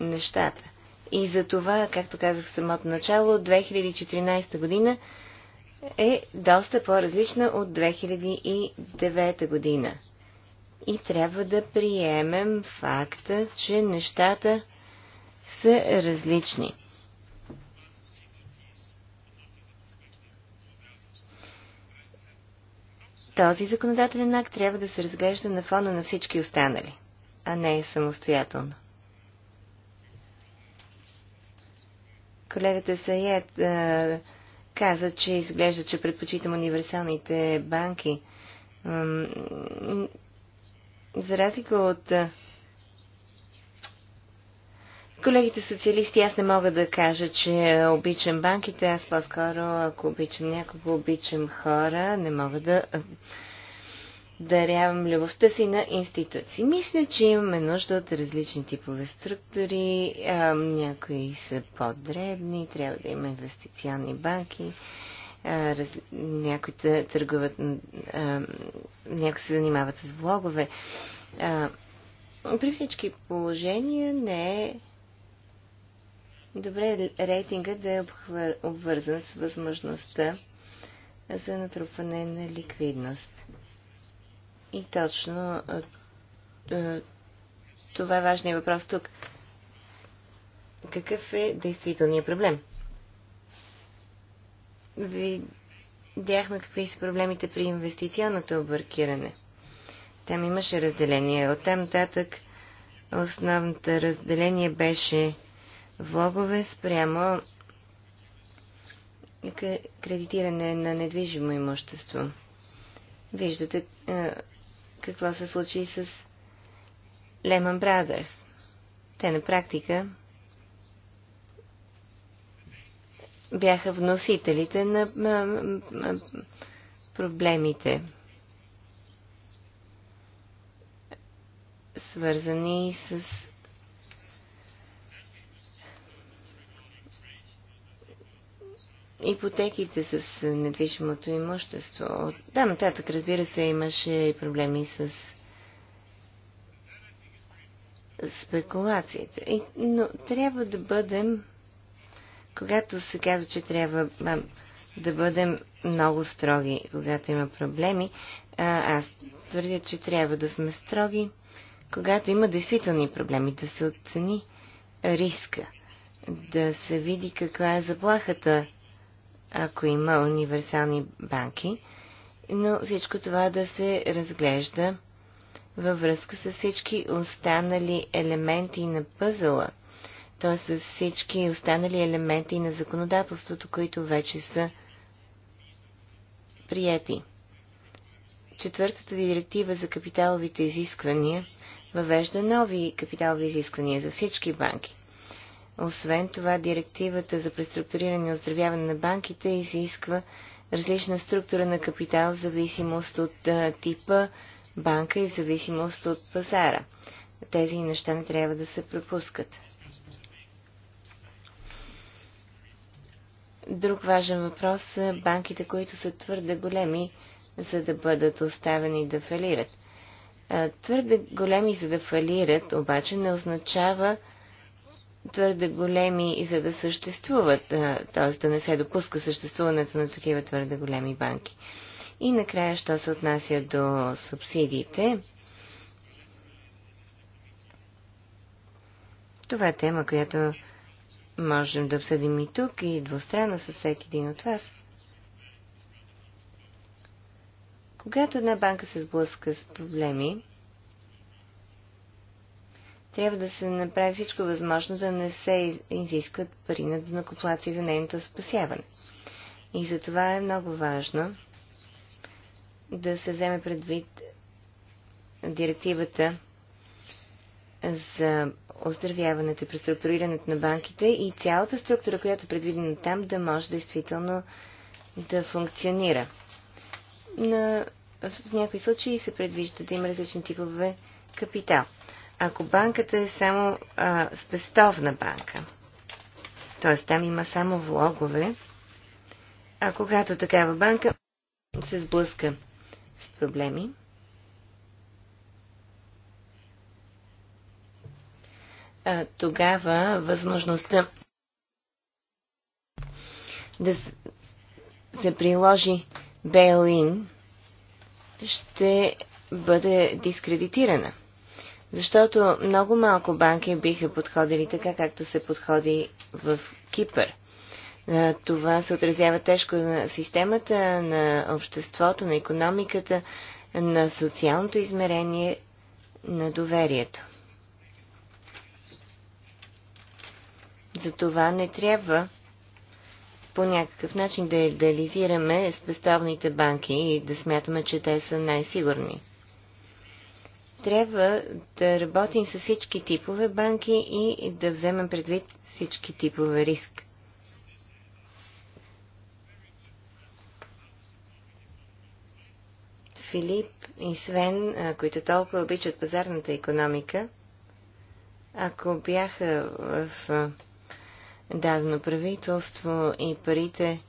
[SPEAKER 2] нещата. И за това, както казах в самото начало, 2014 година е доста по-различна от 2009 година. И трябва да приемем факта, че нещата са различни. Този законодателен акт трябва да се разглежда на фона на всички останали, а не е самостоятелно. Колегата Саят а, каза, че изглежда, че предпочитам универсалните банки. За разлика от колегите социалисти, аз не мога да кажа, че обичам банките. Аз по-скоро, ако обичам някого, обичам хора. Не мога да дарявам любовта си на институции. Мисля, че имаме нужда от различни типове структури. А, някои са по-дребни, трябва да има инвестиционни банки. раз... Някои търгуват, а, някои се занимават с влогове. А, при всички положения не е добре рейтинга да е обвързан с възможността за натрупване на ликвидност. И точно това е важният въпрос тук. Какъв е действителният проблем? Видяхме какви са проблемите при инвестиционното объркиране. Там имаше разделение. От там нататък основната разделение беше влогове спрямо кредитиране на недвижимо имущество. Виждате какво се случи с Lehman Brothers. Те на практика бяха вносителите на, проблемите, свързани с ипотеките с недвижимото имущество. От да, нататък, разбира се, имаше и проблеми с спекулациите. И, но трябва да бъдем, когато се казва, че трябва а, да бъдем много строги, когато има проблеми, а, аз твърдя, че трябва да сме строги, когато има действителни проблеми, да се оцени риска, да се види каква е заплахата ако има универсални банки, но всичко това да се разглежда във връзка с всички останали елементи на пъзела, т.е. с всички останали елементи на законодателството, които вече са прияти. Четвъртата директива за капиталовите изисквания въвежда нови капиталови изисквания за всички банки. Освен това, директивата за преструктуриране и оздравяване на банките изисква различна структура на капитал в зависимост от а, типа банка и в зависимост от пазара. Тези неща не трябва да се пропускат. Друг важен въпрос са банките, които са твърде големи, за да бъдат оставени да фалират. Твърде големи за да фалират обаче не означава, твърде големи, за да съществуват, т.е. да не се допуска съществуването на такива твърде големи банки. И накрая, що се отнася до субсидиите, това е тема, която можем да обсъдим и тук, и двустранно с всеки един от вас. Когато една банка се сблъска с проблеми, трябва да се направи всичко възможно да не се изискват пари на накоплаци за нейното спасяване. И за това е много важно да се вземе предвид директивата за оздравяването и преструктурирането на банките и цялата структура, която е предвидена там, да може действително да функционира. На, в някои случаи се предвижда да има различни типове капитал – ако банката е само а, спестовна банка, т.е. там има само влогове, а когато такава банка се сблъска с проблеми, а, тогава възможността да се приложи Бейлин ще бъде дискредитирана. Защото много малко банки биха подходили така, както се подходи в Кипър. Това се отразява тежко на системата, на обществото, на економиката, на социалното измерение, на доверието. Затова не трябва по някакъв начин да идеализираме спестовните банки и да смятаме, че те са най-сигурни трябва да работим с всички типове банки и да вземем предвид всички типове риск. Филип и Свен, които толкова обичат пазарната економика, ако бяха в дадено правителство и парите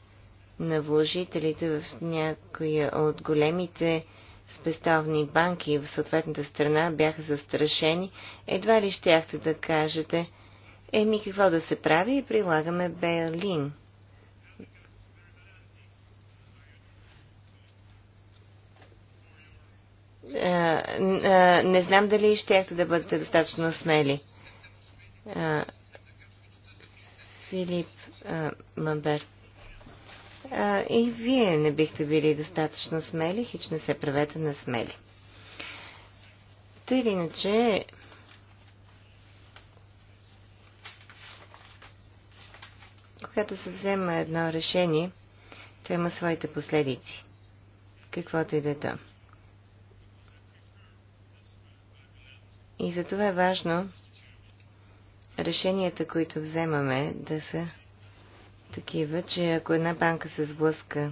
[SPEAKER 2] на вложителите в някоя от големите спестовни банки в съответната страна бяха застрашени, едва ли щяхте да кажете, еми какво да се прави и прилагаме Берлин. не знам дали щяхте да бъдете достатъчно смели. Филип Ламберт а, и вие не бихте били достатъчно смели, хич не се правете на смели. Тъй иначе, когато се взема едно решение, то има своите последици. Каквото и да е то. И затова е важно решенията, които вземаме, да са такива, че ако една банка се сблъска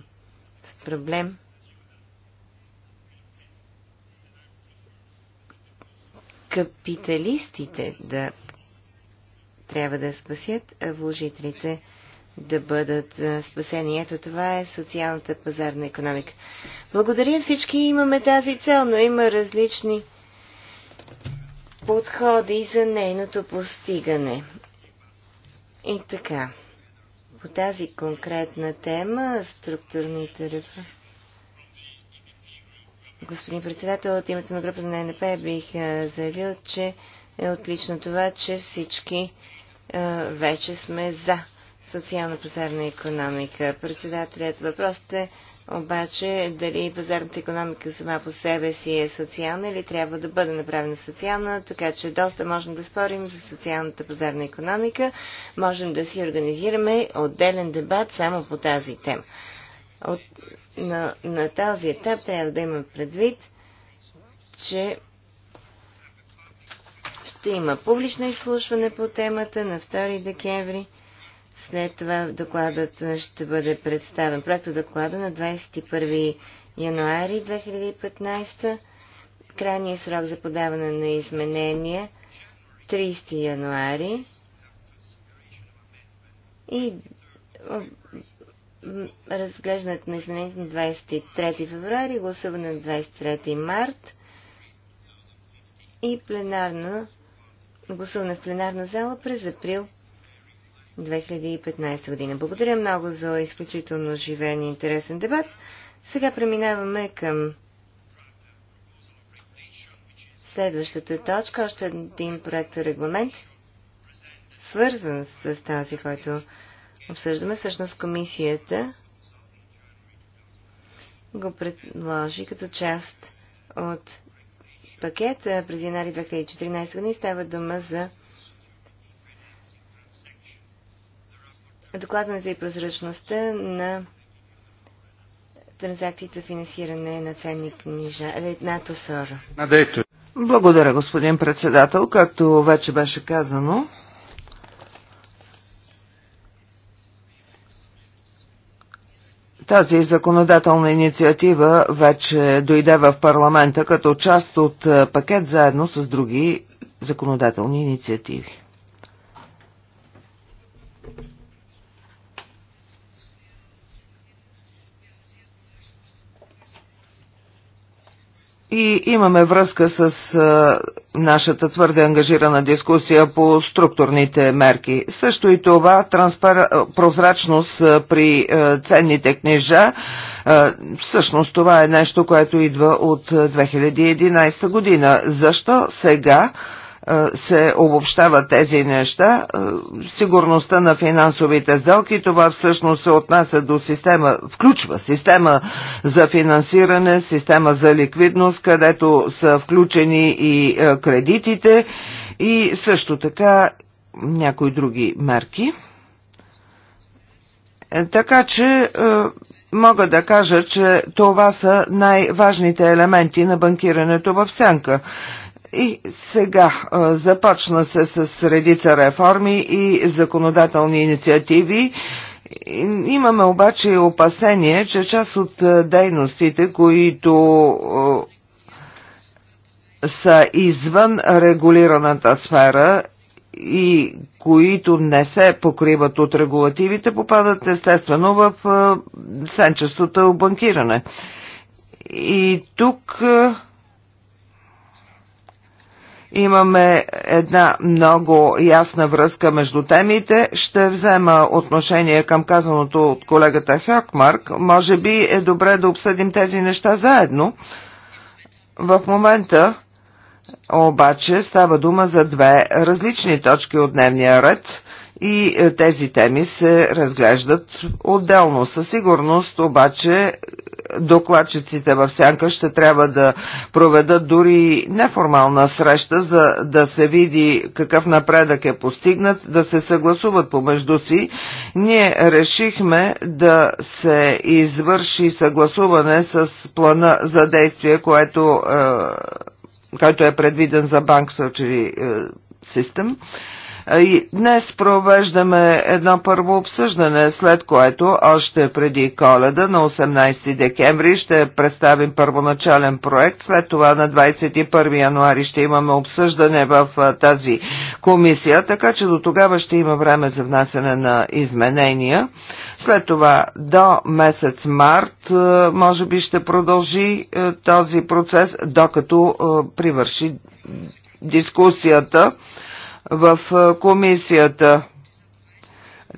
[SPEAKER 2] с проблем, капиталистите да трябва да спасят, а вложителите да бъдат спасени. Ето това е социалната пазарна економика. Благодаря всички, имаме тази цел, но има различни подходи за нейното постигане. И така по тази конкретна тема, структурните реформи. Господин председател, от името на групата на НП бих заявил, че е отлично това, че всички вече сме за социално-пазарна економика. Председателят въпросът е обаче дали пазарната економика сама по себе си е социална или трябва да бъде направена социална, така че доста можем да спорим за социалната пазарна економика. Можем да си организираме отделен дебат само по тази тема. От, на, на този етап трябва да има предвид, че ще има публично изслушване по темата на 2 декември след това докладът ще бъде представен. Проектът доклада на 21 януари 2015. Крайният срок за подаване на изменения 30 януари. И разглеждането на изменението на 23 февруари, гласуване на 23 март и пленарно, гласуване в пленарна зала през април 2015 година. Благодаря много за изключително живен и интересен дебат. Сега преминаваме към следващата точка, още един проект регламент, свързан с тази, който обсъждаме. Всъщност комисията го предложи като част от пакета през януари 2014 година става дума за докладването и прозрачността на транзакциите финансиране на ценни книжа, на сор.
[SPEAKER 3] Благодаря, господин председател. Както вече беше казано, Тази законодателна инициатива вече дойде в парламента като част от е, пакет заедно с други законодателни инициативи. и имаме връзка с а, нашата твърде ангажирана дискусия по структурните мерки. Също и това транспар... прозрачност а, при а, ценните книжа. А, всъщност това е нещо, което идва от 2011 година. Защо сега? се обобщават тези неща. Сигурността на финансовите сделки, това всъщност се отнася до система, включва система за финансиране, система за ликвидност, където са включени и кредитите и също така някои други мерки. Е, така че Мога да кажа, че това са най-важните елементи на банкирането в сянка. И сега започна се с редица реформи и законодателни инициативи. Имаме обаче опасение, че част от дейностите, които са извън регулираната сфера и които не се покриват от регулативите, попадат естествено в сенчестото банкиране. И тук Имаме една много ясна връзка между темите. Ще взема отношение към казаното от колегата Хьокмарк. Може би е добре да обсъдим тези неща заедно. В момента обаче става дума за две различни точки от дневния ред и тези теми се разглеждат отделно. Със сигурност обаче докладчиците в Сянка ще трябва да проведат дори неформална среща, за да се види какъв напредък е постигнат, да се съгласуват помежду си. Ние решихме да се извърши съгласуване с плана за действие, което, е, който е предвиден за Банк Surgery е, System. И днес провеждаме едно първо обсъждане, след което още преди коледа на 18 декември ще представим първоначален проект, след това на 21 януари ще имаме обсъждане в тази комисия, така че до тогава ще има време за внасяне на изменения. След това до месец март може би ще продължи този процес, докато привърши дискусията в е, комисията.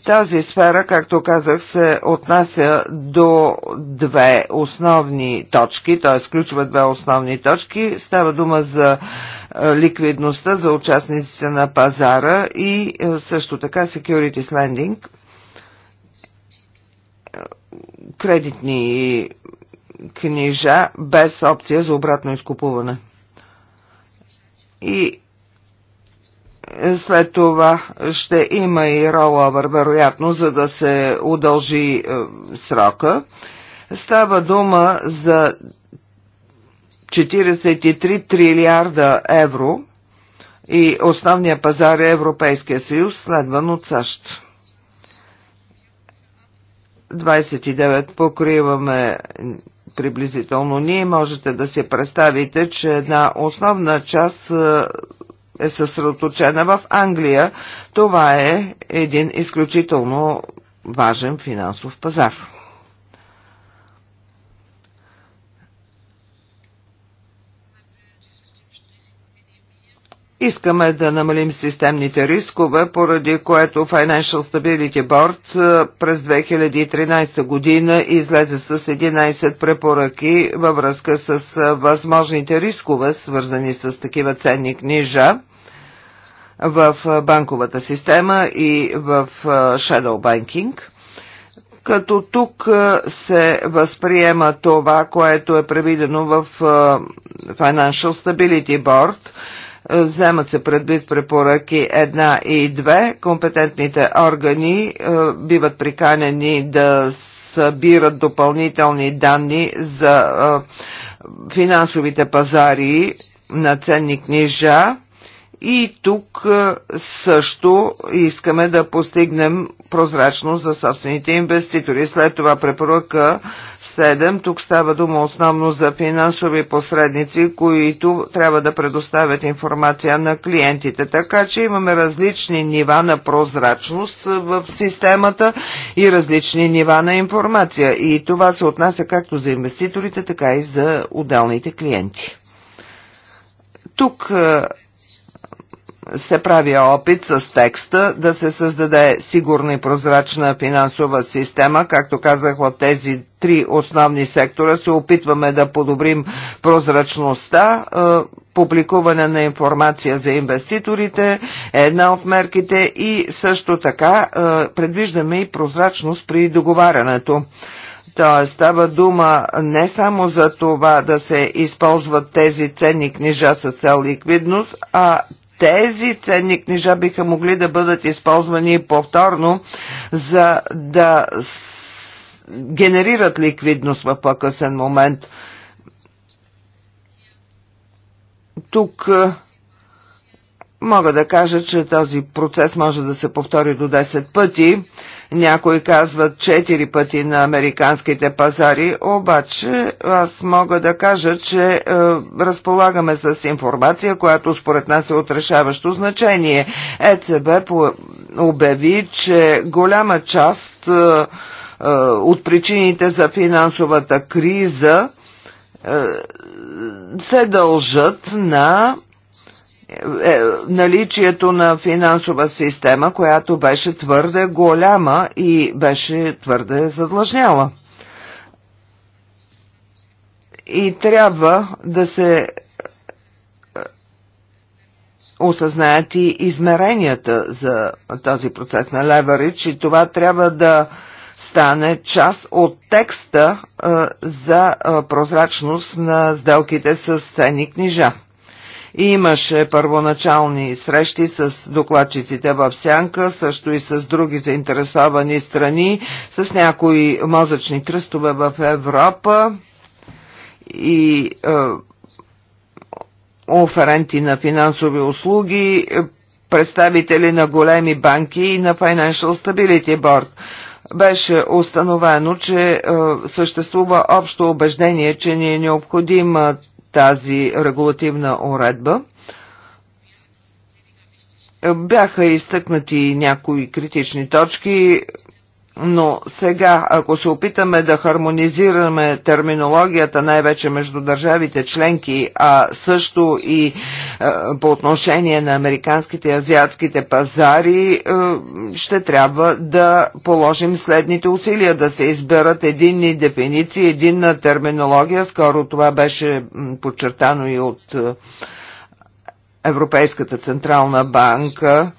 [SPEAKER 3] Тази сфера, както казах, се отнася до две основни точки, т.е. включва две основни точки. Става дума за е, ликвидността за участниците на пазара и е, също така Securities Lending, кредитни книжа без опция за обратно изкупуване. И след това ще има и ролавър, вероятно, за да се удължи е, срока. Става дума за 43 трилиарда евро и основния пазар е Европейския съюз, следван от САЩ. 29 покриваме приблизително ние. Можете да си представите, че една основна част е, е съсредоточена в Англия. Това е един изключително важен финансов пазар. Искаме да намалим системните рискове, поради което Financial Stability Board е, през 2013 година излезе с 11 препоръки във връзка с е, възможните рискове, свързани с такива ценни книжа в банковата система и в shadow banking като тук се възприема това, което е превидено в Financial Stability Board. Вземат се предвид препоръки една и две. Компетентните органи биват приканени да събират допълнителни данни за финансовите пазари на ценни книжа и тук също искаме да постигнем прозрачност за собствените инвеститори. След това препоръка 7. Тук става дума основно за финансови посредници, които трябва да предоставят информация на клиентите. Така че имаме различни нива на прозрачност в системата и различни нива на информация. И това се отнася както за инвеститорите, така и за отделните клиенти. Тук се прави опит с текста да се създаде сигурна и прозрачна финансова система. Както казах, в тези три основни сектора се опитваме да подобрим прозрачността. Е, публикуване на информация за инвеститорите е една от мерките и също така е, предвиждаме и прозрачност при договарянето. Тоест става дума не само за това да се използват тези ценни книжа с цел ликвидност, а тези ценни книжа биха могли да бъдат използвани повторно, за да генерират ликвидност в по-късен момент. Тук мога да кажа, че този процес може да се повтори до 10 пъти някои казват четири пъти на американските пазари, обаче аз мога да кажа, че е, разполагаме с информация, която според нас е отрешаващо значение. ЕЦБ по обяви, че голяма част е, е, от причините за финансовата криза е, се дължат на е, наличието на финансова система, която беше твърде голяма и беше твърде задлъжняла. И трябва да се е, осъзнаят и измеренията за този процес на леверидж и това трябва да стане част от текста е, за прозрачност на сделките с ценни книжа. Имаше първоначални срещи с докладчиците в Сянка, също и с други заинтересовани страни, с някои мозъчни кръстове в Европа и е, оференти на финансови услуги, представители на големи банки и на Financial Stability Board беше установено, че е, съществува общо убеждение, че ни е необходима тази регулативна уредба. Бяха изтъкнати някои критични точки, но сега, ако се опитаме да хармонизираме терминологията най-вече между държавите членки, а също и е, по отношение на американските и азиатските пазари, е, ще трябва да положим следните усилия да се изберат единни дефиниции, единна терминология. Скоро това беше подчертано и от е, Европейската централна банка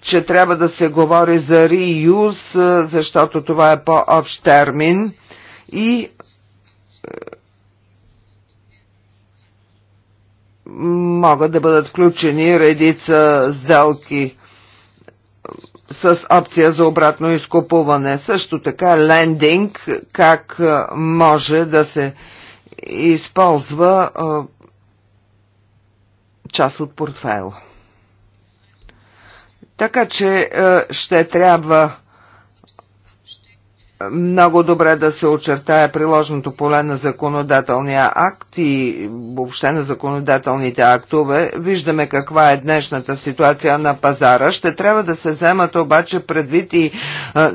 [SPEAKER 3] че трябва да се говори за реюз, защото това е по-общ термин и е, могат да бъдат включени редица сделки е, с опция за обратно изкупуване. Също така лендинг, как е, може да се използва част от портфейла. Така че е, ще трябва много добре да се очертае приложното поле на законодателния акт и въобще на законодателните актове. Виждаме каква е днешната ситуация на пазара. Ще трябва да се вземат обаче предвид и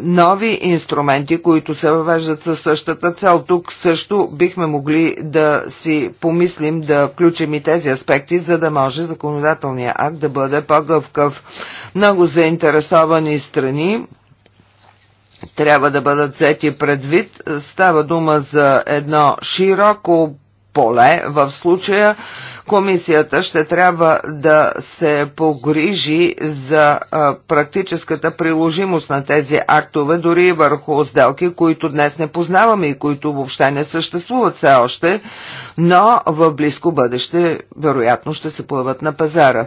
[SPEAKER 3] нови инструменти, които се въвеждат със същата цел. Тук също бихме могли да си помислим да включим и тези аспекти, за да може законодателния акт да бъде по-гъвкав. Много заинтересовани страни трябва да бъдат взети предвид. Става дума за едно широко поле. В случая комисията ще трябва да се погрижи за практическата приложимост на тези актове, дори върху сделки, които днес не познаваме и които въобще не съществуват все още, но в близко бъдеще вероятно ще се появат на пазара.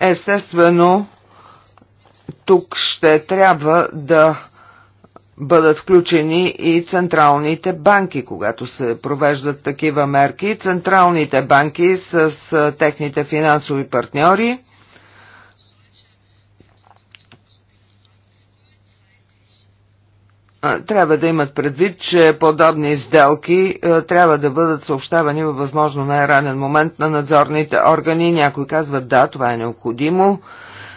[SPEAKER 3] Естествено, тук ще трябва да бъдат включени и централните банки, когато се провеждат такива мерки. Централните банки с техните финансови партньори – трябва да имат предвид, че подобни сделки трябва да бъдат съобщавани във възможно най-ранен момент на надзорните органи. Някой казват да, това е необходимо,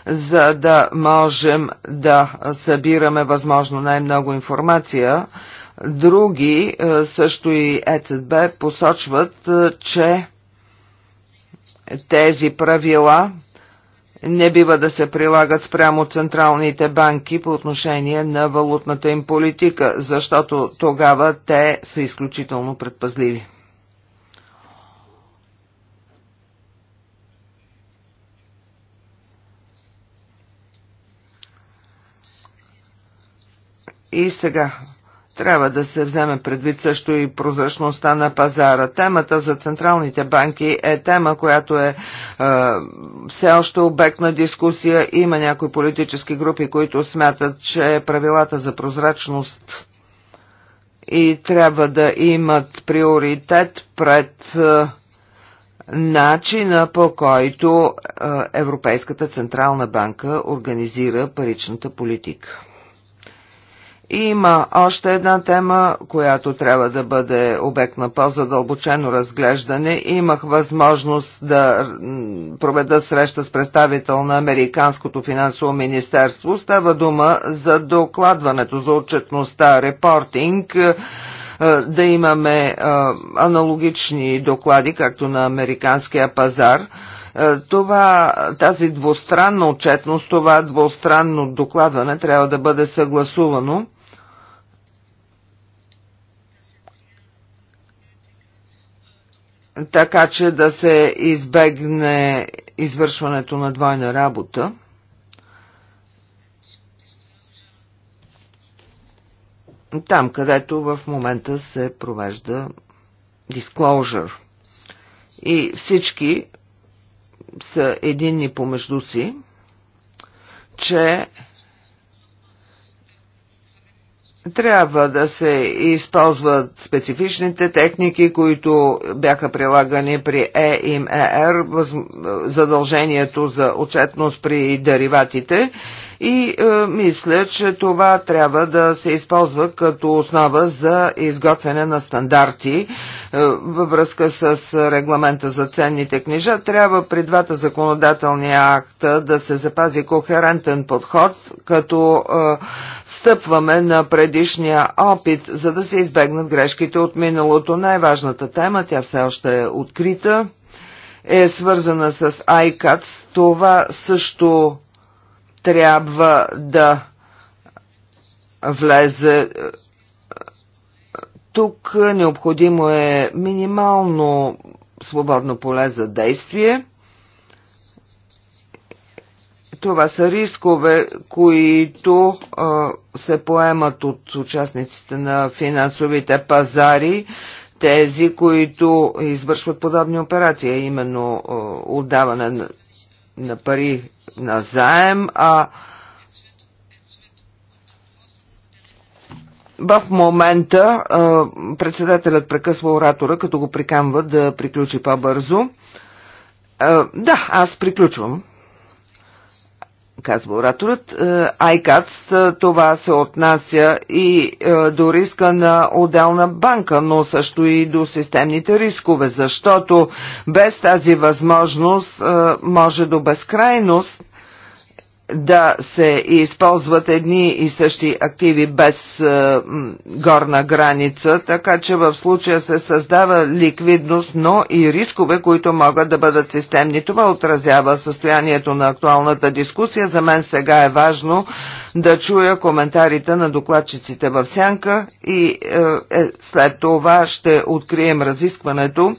[SPEAKER 3] за да можем да събираме възможно най-много информация. Други, също и ЕЦБ, посочват, че тези правила не бива да се прилагат спрямо централните банки по отношение на валутната им политика, защото тогава те са изключително предпазливи. И сега трябва да се вземе предвид също и прозрачността на пазара. Темата за централните банки е тема, която е, е все още обект на дискусия. Има някои политически групи, които смятат, че правилата за прозрачност и трябва да имат приоритет пред е, начина по който е, Европейската Централна банка организира паричната политика. Има още една тема, която трябва да бъде обект на по-задълбочено разглеждане. Имах възможност да проведа среща с представител на Американското финансово министерство. Става дума за докладването, за отчетността, репортинг, е, да имаме е, аналогични доклади, както на американския пазар е, това, тази двустранна отчетност, това двустранно докладване трябва да бъде съгласувано така че да се избегне извършването на двойна работа. Там, където в момента се провежда дисклоужър. И всички са единни помежду си, че трябва да се използват специфичните техники, които бяха прилагани при еим е задължението за отчетност при дериватите и е, мисля, че това трябва да се използва като основа за изготвяне на стандарти е, във връзка с регламента за ценните книжа. Трябва при двата законодателни акта да се запази кохерентен подход, като е, стъпваме на предишния опит, за да се избегнат грешките от миналото. Най-важната тема, тя все още е открита, е свързана с ICATS. Това също трябва да влезе. Тук необходимо е минимално свободно поле за действие. Това са рискове, които а, се поемат от участниците на финансовите пазари, тези, които извършват подобни операции, именно а, отдаване на на пари на заем, а В момента председателят прекъсва оратора, като го прикамва да приключи по-бързо. Да, аз приключвам казва ораторът. Айкац е, е, това се отнася и е, до риска на отделна банка, но също и до системните рискове, защото без тази възможност може до безкрайност да се използват едни и същи активи без е, горна граница, така че в случая се създава ликвидност, но и рискове, които могат да бъдат системни. Това отразява състоянието на актуалната дискусия. За мен сега е важно да чуя коментарите на докладчиците в сянка и е, е, след това ще открием разискването.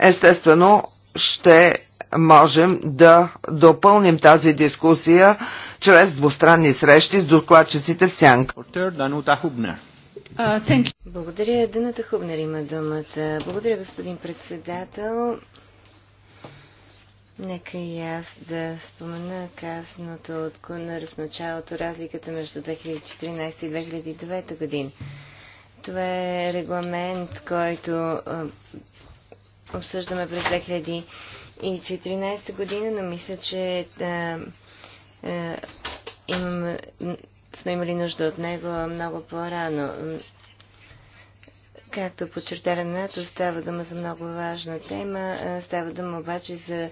[SPEAKER 3] Естествено, ще можем да допълним тази дискусия чрез двустранни срещи с докладчиците в Сянка.
[SPEAKER 2] Благодаря. Даната Хубнер има думата. Благодаря, господин председател. Нека и аз да спомена казаното от Кунър в началото разликата между 2014 и 2009 година. Това е регламент, който обсъждаме през 2000 2014 година, но мисля, че да, имам, сме имали нужда от него много по-рано. Както подчерта Ренато, става дума за много важна тема. Става дума обаче за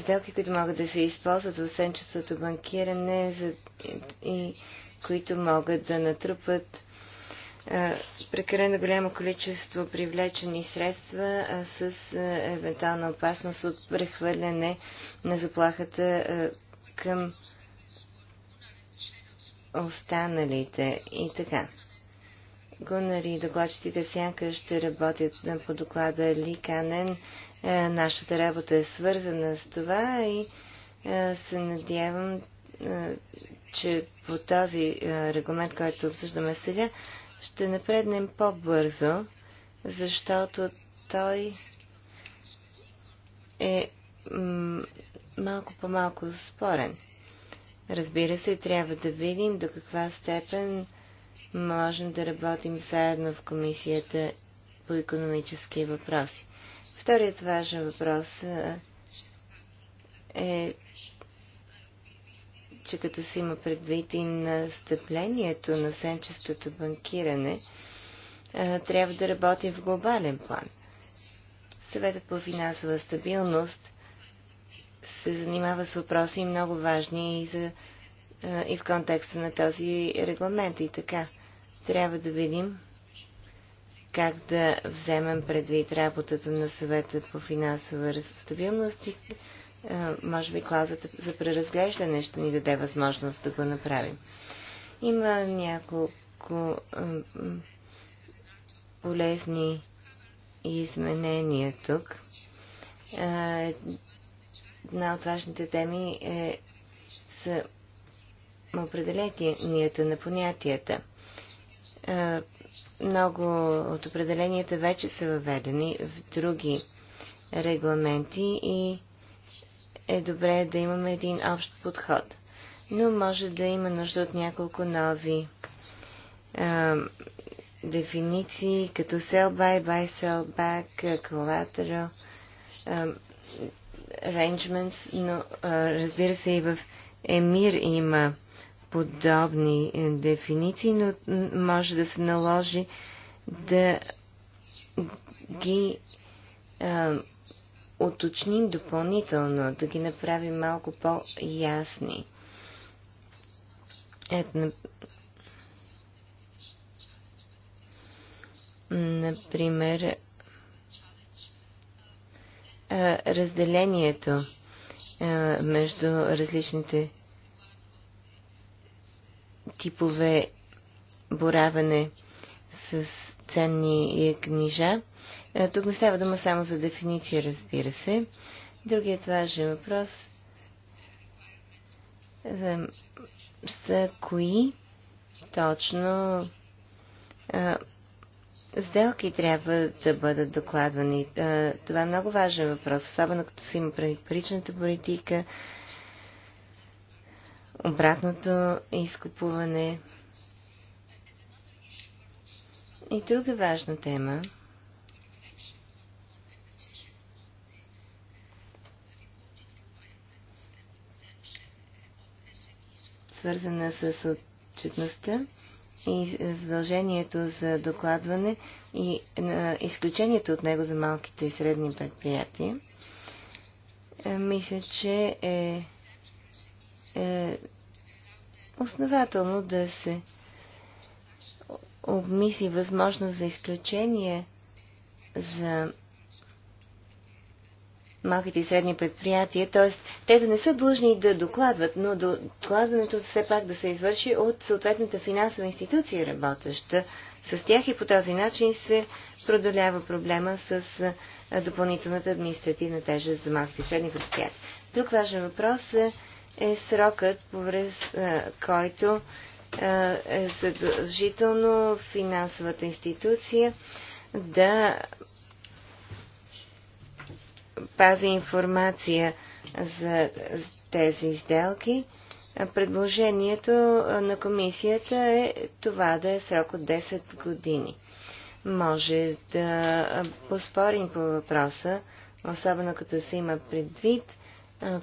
[SPEAKER 2] сделки, които могат да се използват в сенчеството банкиране за, и които могат да натрупат е, прекалено голямо количество привлечени средства с е, евентуална опасност от прехвърляне на заплахата е, към останалите и така. Гунари и докладчетите сянка ще работят по доклада Ли Канен. Нашата работа е свързана с това и се надявам, че по този регламент, който обсъждаме сега, ще напреднем по-бързо, защото той е малко по-малко спорен. Разбира се, трябва да видим до каква степен можем да работим заедно в комисията по економически въпроси. Вторият важен въпрос е че като се има предвид и настъплението на сенчестото банкиране, трябва да работим в глобален план. Съветът по финансова стабилност се занимава с въпроси много важни и, за, и в контекста на този регламент. И така, трябва да видим как да вземем предвид работата на съвета по финансова стабилност и е, може би клаузата за преразглеждане ще ни даде възможност да го направим. Има няколко е, полезни изменения тук. Е, една от важните теми е са определенията на понятията. Много от определенията вече са въведени в други регламенти и е добре да имаме един общ подход. Но може да има нужда от няколко нови а, дефиниции, като sell-by, buy-sell-back, collateral, а, arrangements, но а, разбира се и в Емир има подобни е, дефиниции, но може да се наложи да ги а, уточним допълнително, да ги направим малко по-ясни. Ето, например, разделението между различните типове бораване с ценни книжа – е, тук не става дума само за дефиниция, разбира се. Другият важен въпрос за, е, за кои точно а, е, сделки трябва да бъдат докладвани. А, това е много важен въпрос, особено като се има паричната политика, обратното изкупуване. И друга важна тема – свързана с отчетността и задължението за докладване и изключението от него за малките и средни предприятия. Е, мисля, че е, е основателно да се обмисли възможност за изключение за малките и средни предприятия, т.е. те да не са длъжни да докладват, но докладването все пак да се извърши от съответната финансова институция, работеща с тях и по този начин се продолява проблема с допълнителната административна тежест за малките и средни предприятия. Друг важен въпрос е, е срокът, порез който е задължително финансовата институция да пази информация за тези изделки. Предложението на комисията е това да е срок от 10 години. Може да поспорим по въпроса, особено като се има предвид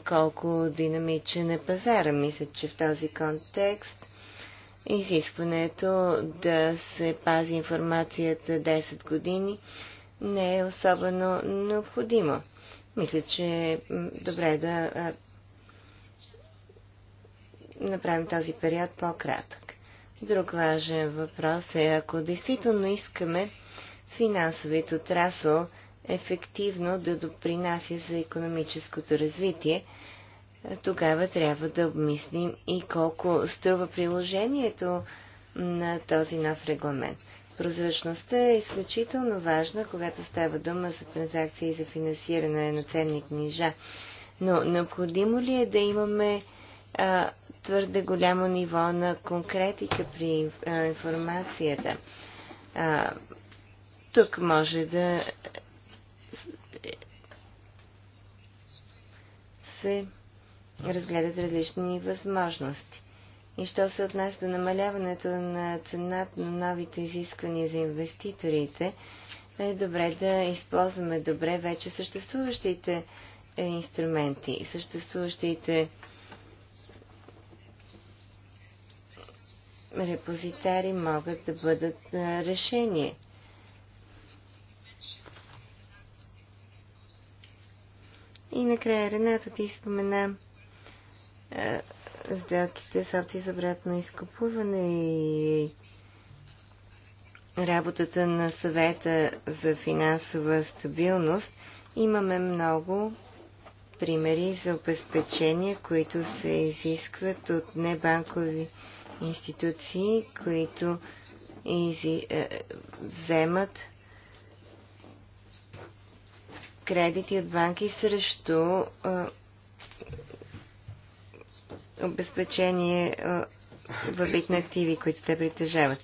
[SPEAKER 2] колко динамичен е пазара. Мисля, че в този контекст изискването да се пази информацията 10 години не е особено необходимо. Мисля, че е добре да направим този период по-кратък. Друг важен въпрос е, ако действително искаме финансовият отрасъл ефективно да допринася за економическото развитие, тогава трябва да обмислим и колко струва приложението на този нов регламент. Прозрачността е изключително важна, когато става дума за транзакции за финансиране на ценни книжа. Но необходимо ли е да имаме а, твърде голямо ниво на конкретика при а, информацията? А, тук може да се разгледат различни възможности. И що се отнася до намаляването на цената на новите изисквания за инвеститорите, е добре да използваме добре вече съществуващите е, инструменти, съществуващите репозитари могат да бъдат е, решение. И накрая Ренато ти спомена е, сделките с опции за обратно изкупуване и работата на съвета за финансова стабилност, имаме много примери за обезпечения, които се изискват от небанкови институции, които изи, е, вземат кредити от банки срещу е, обезпечение във вид на активи, които те притежават.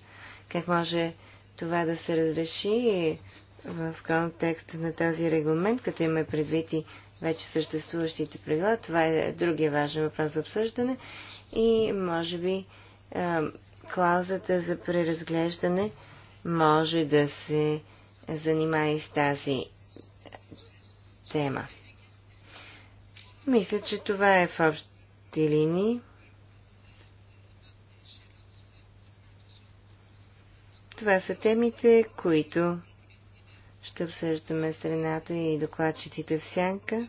[SPEAKER 2] Как може това да се разреши в контекста на този регламент, като имаме предвид и вече съществуващите правила? Това е другия важен въпрос за обсъждане. И може би клаузата за преразглеждане може да се занимава и с тази тема. Мисля, че това е в общ общите линии това са темите, които ще обсъждаме страната и докладчетите в сянка.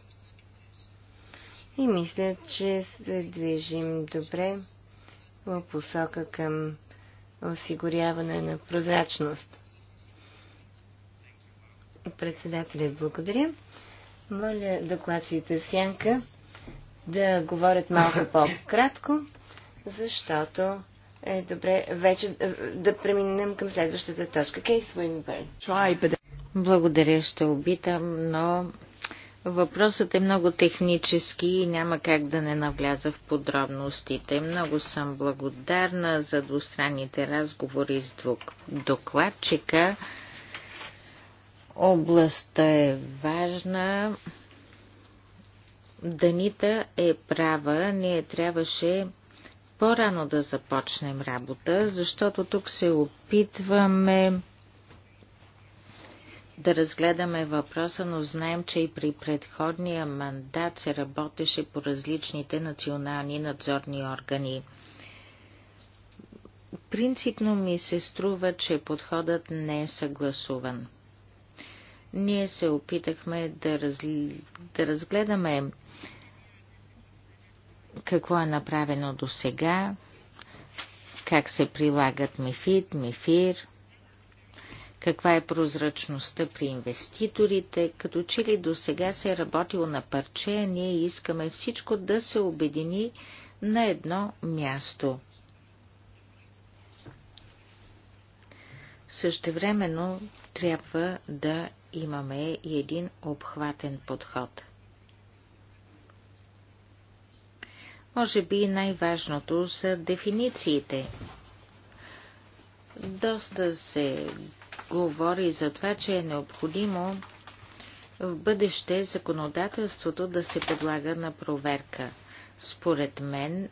[SPEAKER 2] И мисля, че се движим добре в посока към осигуряване на прозрачност. Председателят благодаря. Моля докладчите в сянка да говорят малко по-кратко, защото е добре вече да преминем към следващата точка. Кейс Уинбърн. Благодаря,
[SPEAKER 1] ще обитам, но Въпросът е много технически и няма как да не навляза в подробностите. Много съм благодарна за двустранните разговори с докладчика. Областта е важна. Данита е права, ние трябваше по-рано да започнем работа, защото тук се опитваме да разгледаме въпроса, но знаем, че и при предходния мандат се работеше по различните национални надзорни органи. Принципно ми се струва, че подходът не е съгласуван. Ние се опитахме да, разли... да разгледаме какво е направено до сега, как се прилагат мефит, МИФИР, каква е прозрачността при инвеститорите, като че ли до сега се е работил на парче, а ние искаме всичко да се обедини на едно място. Същевременно трябва да имаме и един обхватен подход – Може би най-важното са дефинициите. Доста се говори за това, че е необходимо в бъдеще законодателството да се подлага на проверка. Според мен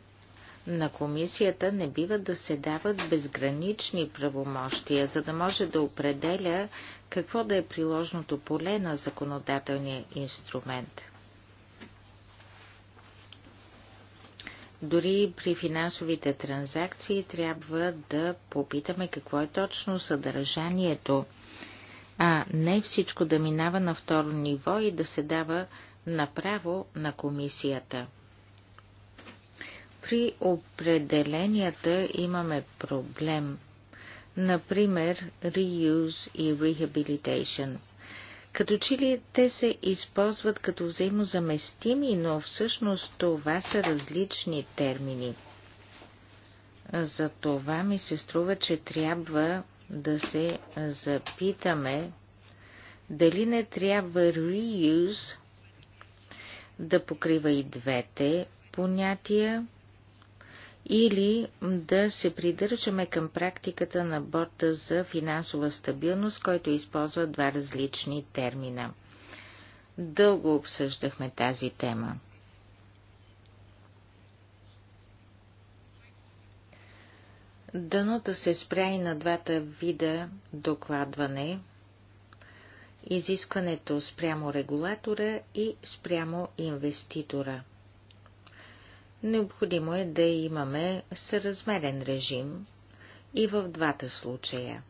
[SPEAKER 1] на комисията не бива да се дават безгранични правомощия, за да може да определя какво да е приложното поле на законодателния инструмент. Дори при финансовите транзакции трябва да попитаме какво е точно съдържанието, а не всичко да минава на второ ниво и да се дава направо на комисията. При определенията имаме проблем. Например, reuse и rehabilitation – като че ли те се използват като взаимозаместими, но всъщност това са различни термини. За това ми се струва, че трябва да се запитаме дали не трябва reuse да покрива и двете понятия или да се придържаме към практиката на борта за финансова стабилност, който използва два различни термина. Дълго обсъждахме тази тема. Дано да се спря и на двата вида докладване, изискването спрямо регулатора и спрямо инвеститора. Необходимо е да имаме съразмерен режим и в двата случая.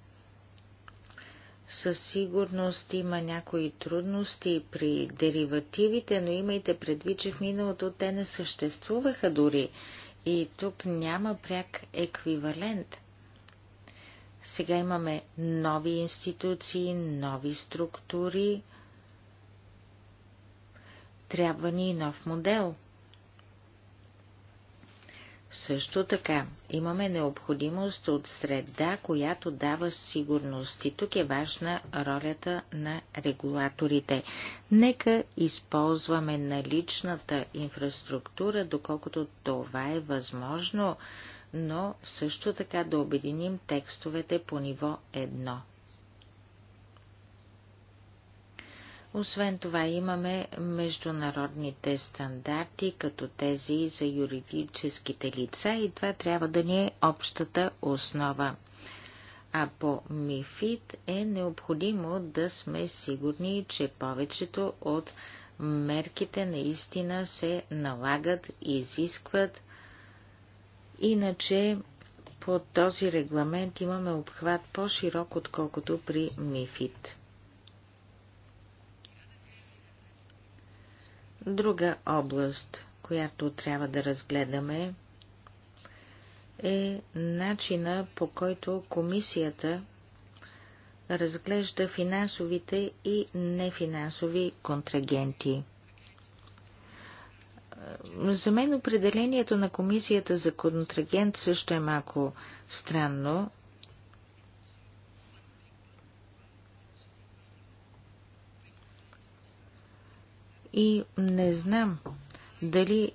[SPEAKER 1] Със сигурност има някои трудности при деривативите, но имайте предвид, че в миналото те не съществуваха дори и тук няма пряк еквивалент. Сега имаме нови институции, нови структури. Трябва ни и нов модел – също така имаме необходимост от среда, която дава сигурност и тук е важна ролята на регулаторите. Нека използваме наличната инфраструктура, доколкото това е възможно, но също така да обединим текстовете по ниво 1. Освен това имаме международните стандарти, като тези за юридическите лица и това трябва да ни е общата основа. А по МИФИД е необходимо да сме сигурни, че повечето от мерките наистина се налагат, и изискват, иначе по този регламент имаме обхват по-широк, отколкото при МИФИД. Друга област, която трябва да разгледаме, е начина по който комисията разглежда финансовите и нефинансови контрагенти. За мен определението на комисията за контрагент също е малко странно. и не знам дали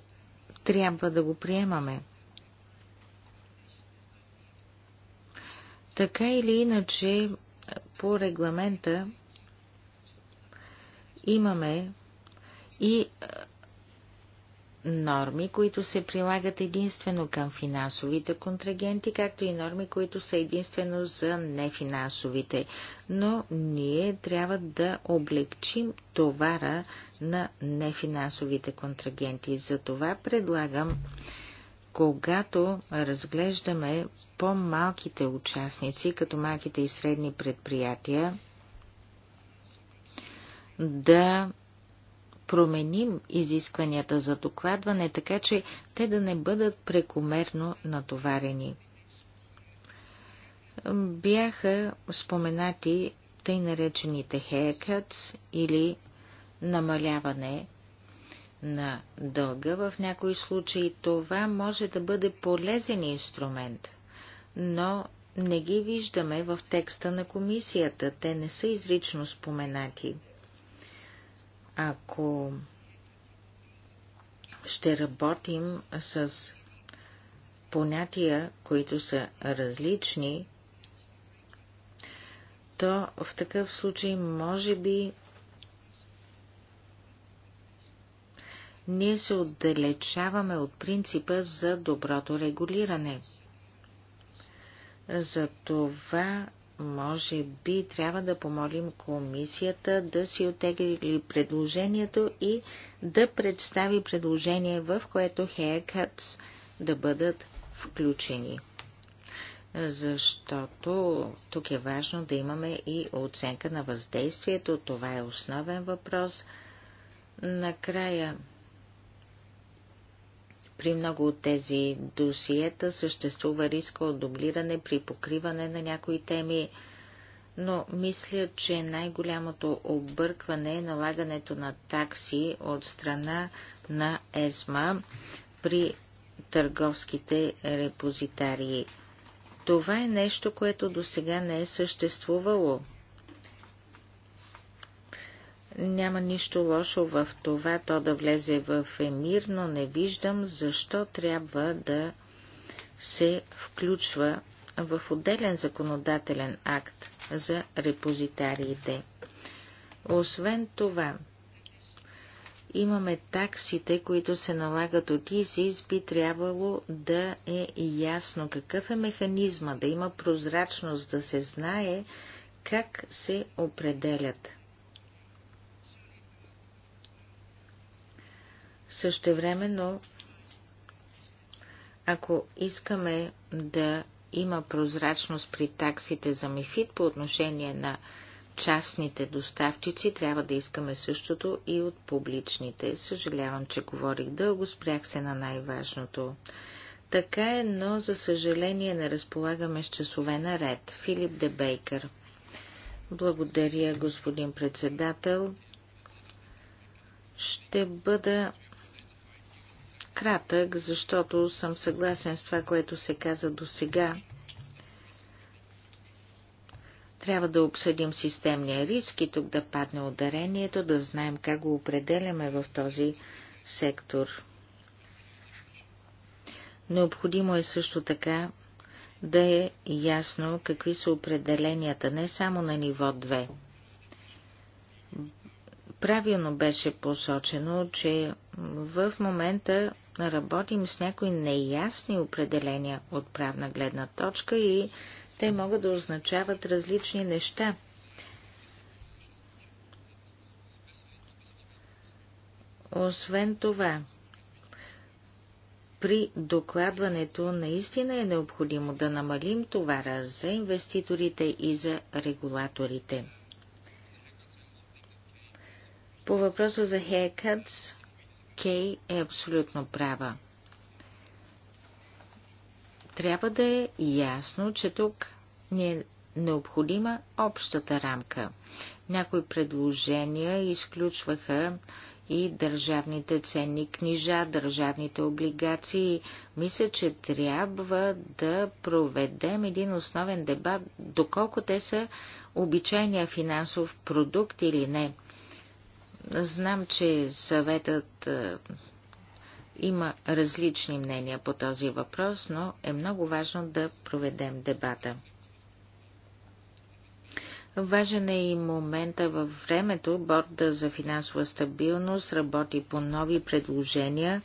[SPEAKER 1] трябва да го приемаме. Така или иначе, по регламента имаме и норми, които се прилагат единствено към финансовите контрагенти, както и норми, които са единствено за нефинансовите. Но ние трябва да облегчим товара на нефинансовите контрагенти. Затова предлагам, когато разглеждаме по-малките участници, като малките и средни предприятия, да променим изискванията за докладване, така че те да не бъдат прекомерно натоварени. Бяха споменати тъй наречените haircuts или намаляване на дълга. В някои случаи това може да бъде полезен инструмент, но не ги виждаме в текста на комисията. Те не са изрично споменати. Ако ще работим с понятия, които са различни, то в такъв случай може би ние се отдалечаваме от принципа за доброто регулиране. това може би трябва да помолим комисията да си отегли предложението и да представи предложение, в което haircuts да бъдат включени. Защото тук е важно да имаме и оценка на въздействието. Това е основен въпрос. Накрая при много от тези досиета съществува риска от дублиране при покриване на някои теми, но мисля, че най-голямото объркване е налагането на такси от страна на ЕСМА при търговските репозитарии. Това е нещо, което до сега не е съществувало няма нищо лошо в това то да влезе в Емир, но не виждам защо трябва да се включва в отделен законодателен акт за репозитариите. Освен това, имаме таксите, които се налагат от ИСИС, би трябвало да е ясно какъв е механизма, да има прозрачност, да се знае как се определят. Същевременно, ако искаме да има прозрачност при таксите за МИФИД по отношение на частните доставчици, трябва да искаме същото и от публичните. Съжалявам, че говорих дълго, спрях се на най-важното. Така е, но за съжаление не разполагаме с часове наред. Филип Де Бейкър. Благодаря, господин председател. Ще бъда кратък, защото съм съгласен с това, което се каза до сега. Трябва да обсъдим системния риск и тук да падне ударението, да знаем как го определяме в този сектор. Необходимо е също така да е ясно какви са определенията не само на ниво 2, Правилно беше посочено, че в момента работим с някои неясни определения от правна гледна точка и те могат да означават различни неща. Освен това, при докладването наистина е необходимо да намалим товара за инвеститорите и за регулаторите. По въпроса за haircuts, Кей е абсолютно права. Трябва да е ясно, че тук ни е необходима общата рамка. Някои предложения изключваха и държавните ценни книжа, държавните облигации. Мисля, че трябва да проведем един основен дебат, доколко те са обичайния финансов продукт или не – Знам, че съветът е, има различни мнения по този въпрос, но е много важно да проведем дебата. Важен е и момента във времето. Борда за финансова стабилност работи по нови предложения.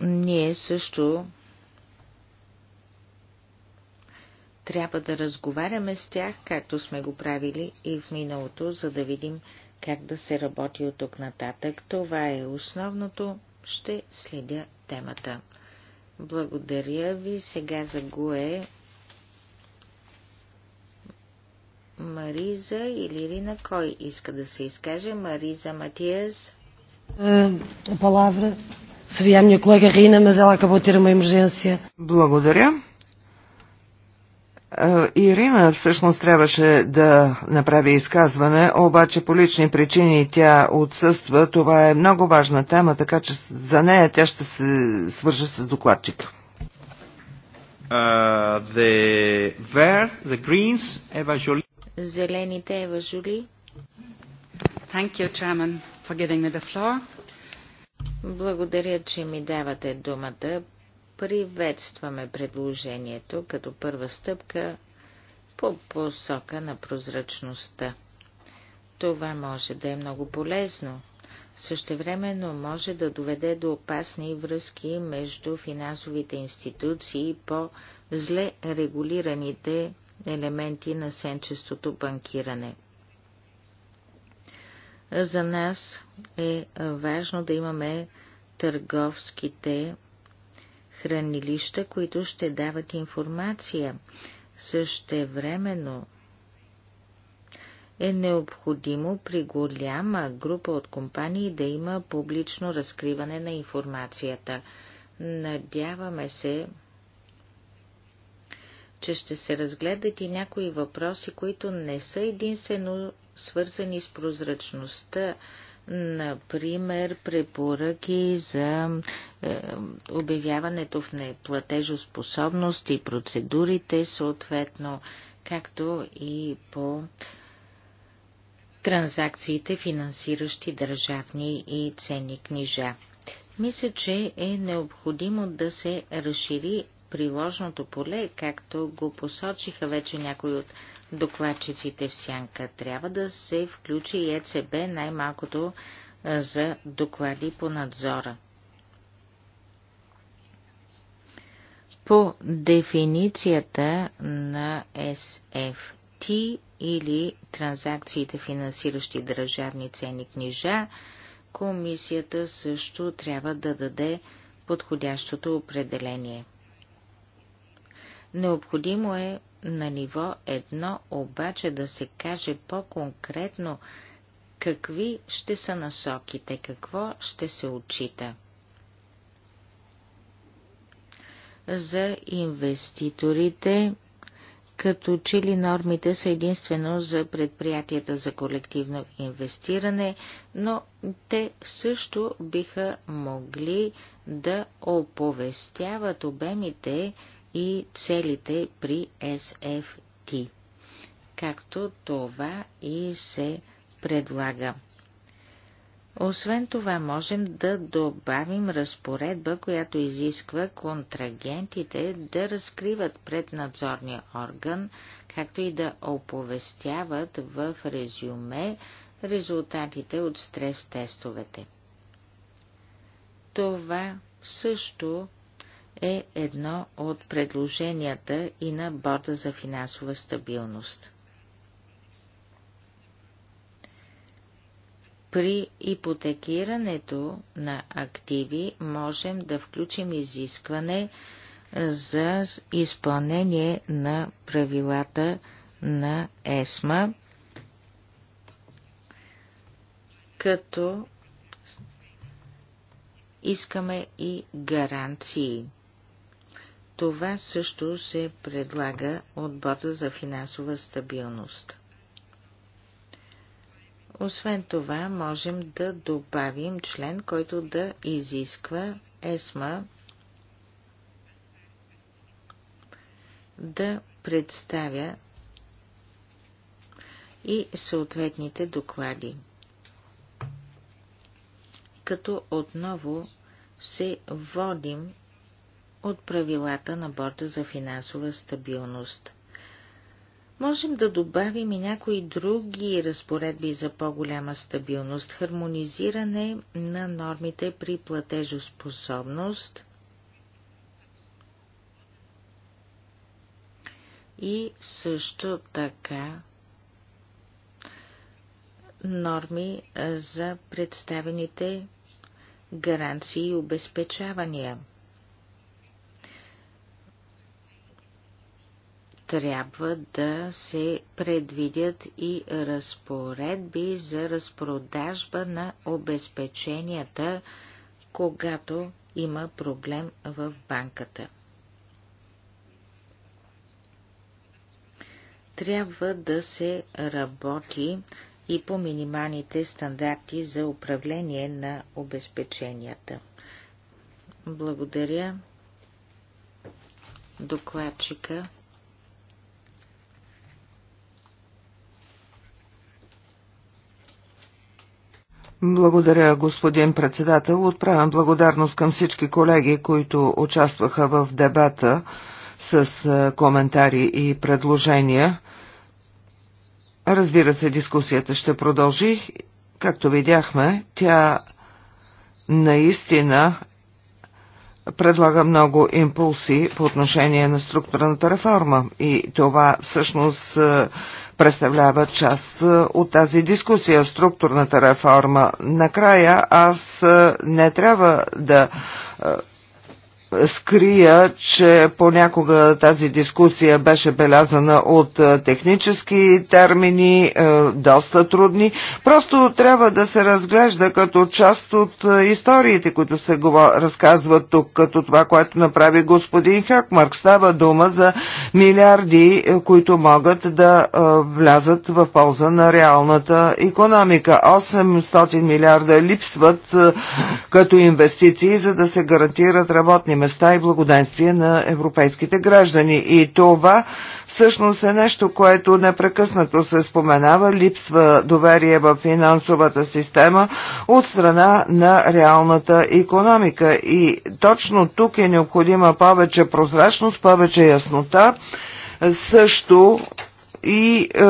[SPEAKER 1] Ние също Трябва да разговаряме с тях, както сме го правили и в миналото, за да видим как да се работи от тук нататък. Това е основното. Ще следя темата. Благодаря ви. Сега за Гуе Мариза или Ирина, кой иска да се изкаже? Мариза Матиас.
[SPEAKER 2] Е, палавра. Seria a minha colega Rina, mas ela acabou de ter uma emergência.
[SPEAKER 3] Благодаря. Е, Ирина всъщност трябваше да направи изказване, обаче по лични причини тя отсъства. Това е много важна тема, така че за нея тя ще се свържа с докладчик.
[SPEAKER 1] Uh,
[SPEAKER 2] е, the the Greens, Eva Jolie.
[SPEAKER 1] Зелените Ева Жули. Thank you, Chairman, for giving me the floor. Благодаря, че ми давате думата. Приветстваме предложението като първа стъпка по посока на прозрачността. Това може да е много полезно. Същевременно може да доведе до опасни връзки между финансовите институции и по-зле регулираните елементи на сенчестото банкиране. За нас е важно да имаме търговските хранилища, които ще дават информация. Същевременно е необходимо при голяма група от компании да има публично разкриване на информацията. Надяваме се, че ще се разгледат и някои въпроси, които не са единствено свързани с прозрачността, Например, препоръки за е, обявяването в неплатежоспособност и процедурите, съответно, както и по транзакциите, финансиращи държавни и ценни книжа. Мисля, че е необходимо да се разшири приложното поле, както го посочиха вече някои от докладчиците в сянка. Трябва да се включи и ЕЦБ най-малкото за доклади по надзора. По дефиницията на SFT или транзакциите финансиращи държавни ценни книжа, комисията също трябва да даде подходящото определение. Необходимо е на ниво едно, обаче да се каже по-конкретно какви ще са насоките, какво ще се отчита. За инвеститорите, като че ли нормите са единствено за предприятията за колективно инвестиране, но те също биха могли да оповестяват обемите, и целите при SFT, както това и се предлага. Освен това, можем да добавим разпоредба, която изисква контрагентите да разкриват пред надзорния орган, както и да оповестяват в резюме резултатите от стрес-тестовете. Това също е едно от предложенията и на Борда за финансова стабилност. При ипотекирането на активи можем да включим изискване за изпълнение на правилата на ЕСМА, като искаме и гаранции. Това също се предлага от Борда за финансова стабилност. Освен това, можем да добавим член, който да изисква ЕСМА да представя и съответните доклади. Като отново се водим от правилата на Борда за финансова стабилност. Можем да добавим и някои други разпоредби за по-голяма стабилност, хармонизиране на нормите при платежоспособност и също така норми за представените гаранции и обезпечавания – трябва да се предвидят и разпоредби за разпродажба на обезпеченията, когато има проблем в банката. Трябва да се работи и по минималните стандарти за управление на обезпеченията. Благодаря докладчика.
[SPEAKER 3] Благодаря, господин председател. Отправям благодарност към всички колеги, които участваха в дебата с коментари и предложения. Разбира се, дискусията ще продължи. Както видяхме, тя наистина предлага много импулси по отношение на структурната реформа и това всъщност представлява част е, от тази дискусия, структурната реформа. Накрая аз е, не трябва да е, скрия, че понякога тази дискусия беше белязана от е, технически термини, е, доста трудни. Просто трябва да се разглежда като част от е, историите, които се разказват тук, като това, което направи господин Хакмарк. Става дума за милиарди, които могат да влязат в полза на реалната економика. 800 милиарда липсват като инвестиции, за да се гарантират работни работни места и благоденствие на европейските граждани. И това всъщност е нещо, което непрекъснато се споменава, липсва доверие в финансовата система от страна на реалната економика. И точно тук е необходима повече прозрачност, повече яснота, също и е,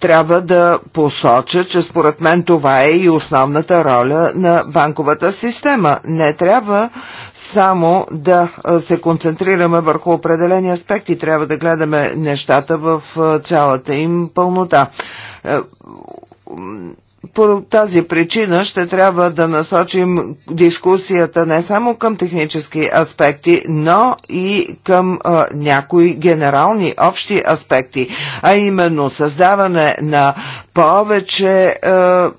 [SPEAKER 3] трябва да посоча, че според мен това е и основната роля на банковата система. Не трябва само да се концентрираме върху определени аспекти, трябва да гледаме нещата в цялата им пълнота е, по тази причина ще трябва да насочим дискусията не само към технически аспекти, но и към а, някои генерални общи аспекти, а именно създаване на повече а,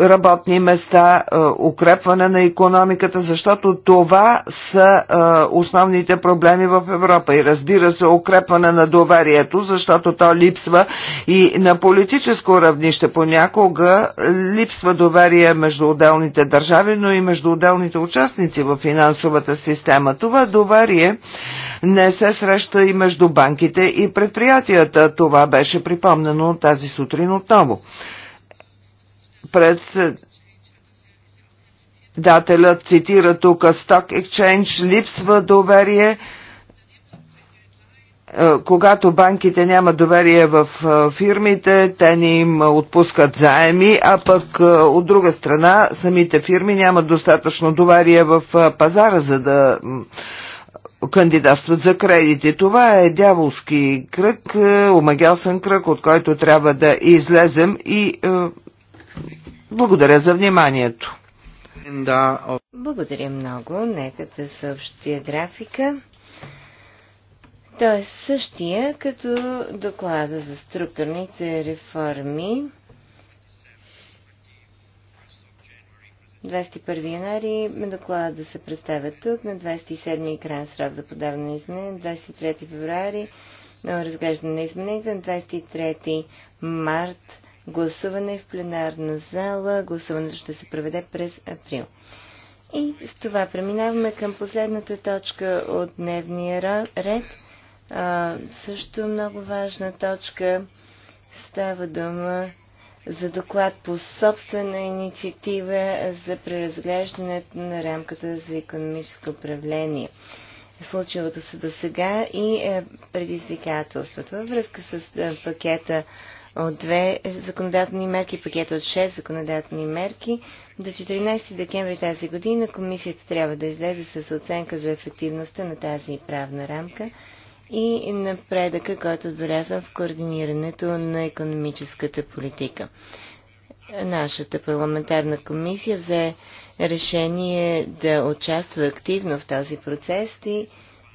[SPEAKER 3] работни места, е, укрепване на економиката, защото това са е, основните проблеми в Европа. И разбира се, укрепване на доверието, защото то липсва и на политическо равнище понякога липсва доверие между отделните държави, но и между отделните участници в финансовата система. Това доверие не се среща и между банките и предприятията. Това беше припомнено тази сутрин отново председателят цитира тук Stock Exchange, липсва доверие е, когато банките нямат доверие в е, фирмите, те не им отпускат заеми, а пък е, от друга страна самите фирми нямат достатъчно доверие в пазара, за да кандидатстват за кредити. Това е дяволски кръг, омагелсен кръг, от който трябва да излезем и благодаря за вниманието. Благодаря много. Нека да съобщя графика.
[SPEAKER 2] Той е същия като доклада за структурните реформи. 21 януари доклада да се представя тук, на 27 крайен срок за подаване на изменения, 23 февруари на разглеждане на измененията, на 23 март гласуване в пленарна зала. Гласуването ще се проведе през април. И с това преминаваме към последната точка от дневния ред. А, също много важна точка става дума за доклад по собствена инициатива за преразглеждането на рамката за економическо управление. Случилото се до сега и е, предизвикателството във връзка с е, пакета от две законодателни мерки, пакет от шест законодателни мерки. До 14 декември тази година комисията трябва да излезе с оценка за ефективността на тази правна рамка и напредъка, който отбелязвам в координирането на економическата политика. Нашата парламентарна комисия взе решение да участва активно в този процес и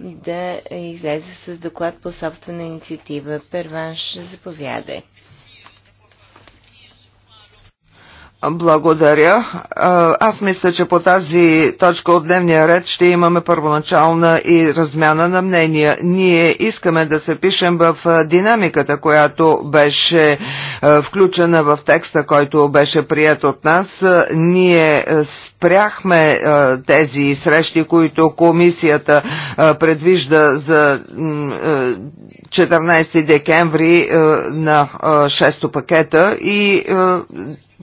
[SPEAKER 2] да излезе с доклад по собствена инициатива. Перванш, заповядай.
[SPEAKER 3] Благодаря. Аз мисля, че по тази точка от дневния ред ще имаме първоначална и размяна на мнения. Ние искаме да се пишем в динамиката, която беше включена в текста, който беше прият от нас. Ние спряхме тези срещи, които комисията предвижда за 14 декември на 6 пакета и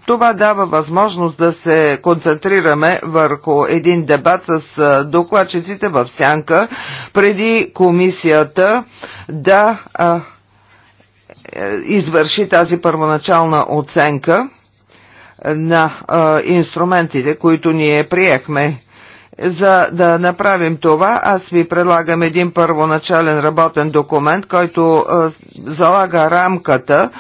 [SPEAKER 3] това дава възможност да се концентрираме върху един дебат с докладчиците в сянка, преди комисията да а, е, извърши тази първоначална оценка на а, инструментите, които ние приехме. За да направим това, аз ви предлагам един първоначален работен документ, който а, залага рамката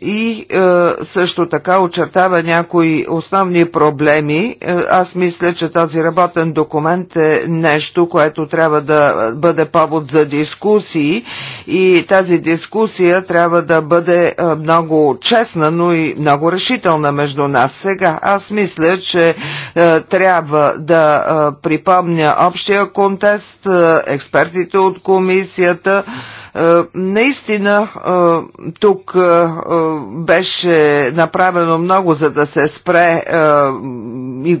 [SPEAKER 3] и е, също така очертава някои основни проблеми. Е, аз мисля, че този работен документ е нещо, което трябва да бъде повод за дискусии и тази дискусия трябва да бъде е, много честна, но и много решителна между нас. Сега аз мисля, че е, трябва да е, припомня общия контест, е, експертите от комисията, е, наистина е, тук е, беше направено много, за да се спре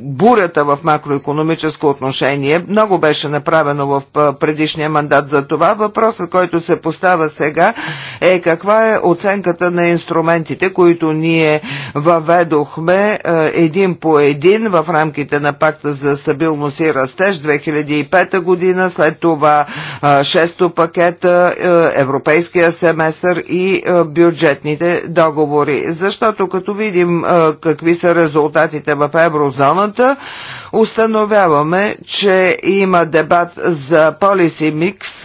[SPEAKER 3] бурята в макроекономическо отношение. Много беше направено в предишния мандат за това. Въпросът, който се поставя сега е каква е оценката на инструментите, които ние въведохме един по един в рамките на пакта за стабилност и растеж 2005 година, след това 6 пакета европейския семестър и е, бюджетните договори. Защото като видим е, какви са резултатите в еврозоната, Установяваме, че има дебат за полиси микс.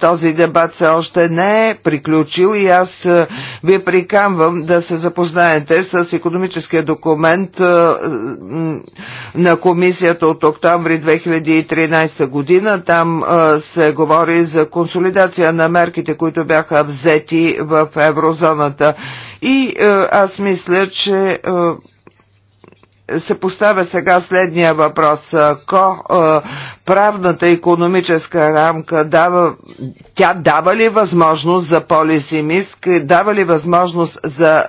[SPEAKER 3] Този дебат се още не е приключил и аз е, ви приканвам да се запознаете с економическия документ е, на комисията от октомври 2013 година. Там е, се говори за консолидация на мерките, които бяха взети в еврозоната. И аз мисля, че се поставя сега следния въпрос. Ко, е, правната економическа рамка дава, тя дава ли възможност за полисимиск, дава ли възможност за е,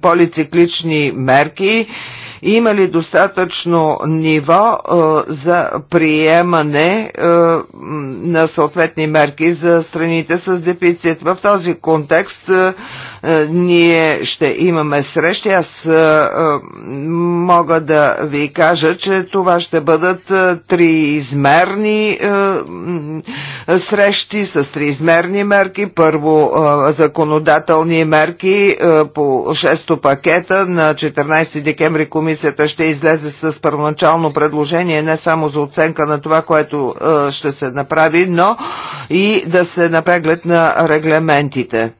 [SPEAKER 3] полициклични мерки? Има ли достатъчно ниво е, за приемане е, на съответни мерки за страните с дефицит? В този контекст е, е, ние ще имаме срещи. Аз е, е, мога да ви кажа, че това ще бъдат триизмерни срещи с триизмерни мерки. Първо законодателни мерки по шесто пакета. На 14 декември комисията ще излезе с първоначално предложение не само за оценка на това, което ще се направи, но и да се напреглед на регламентите.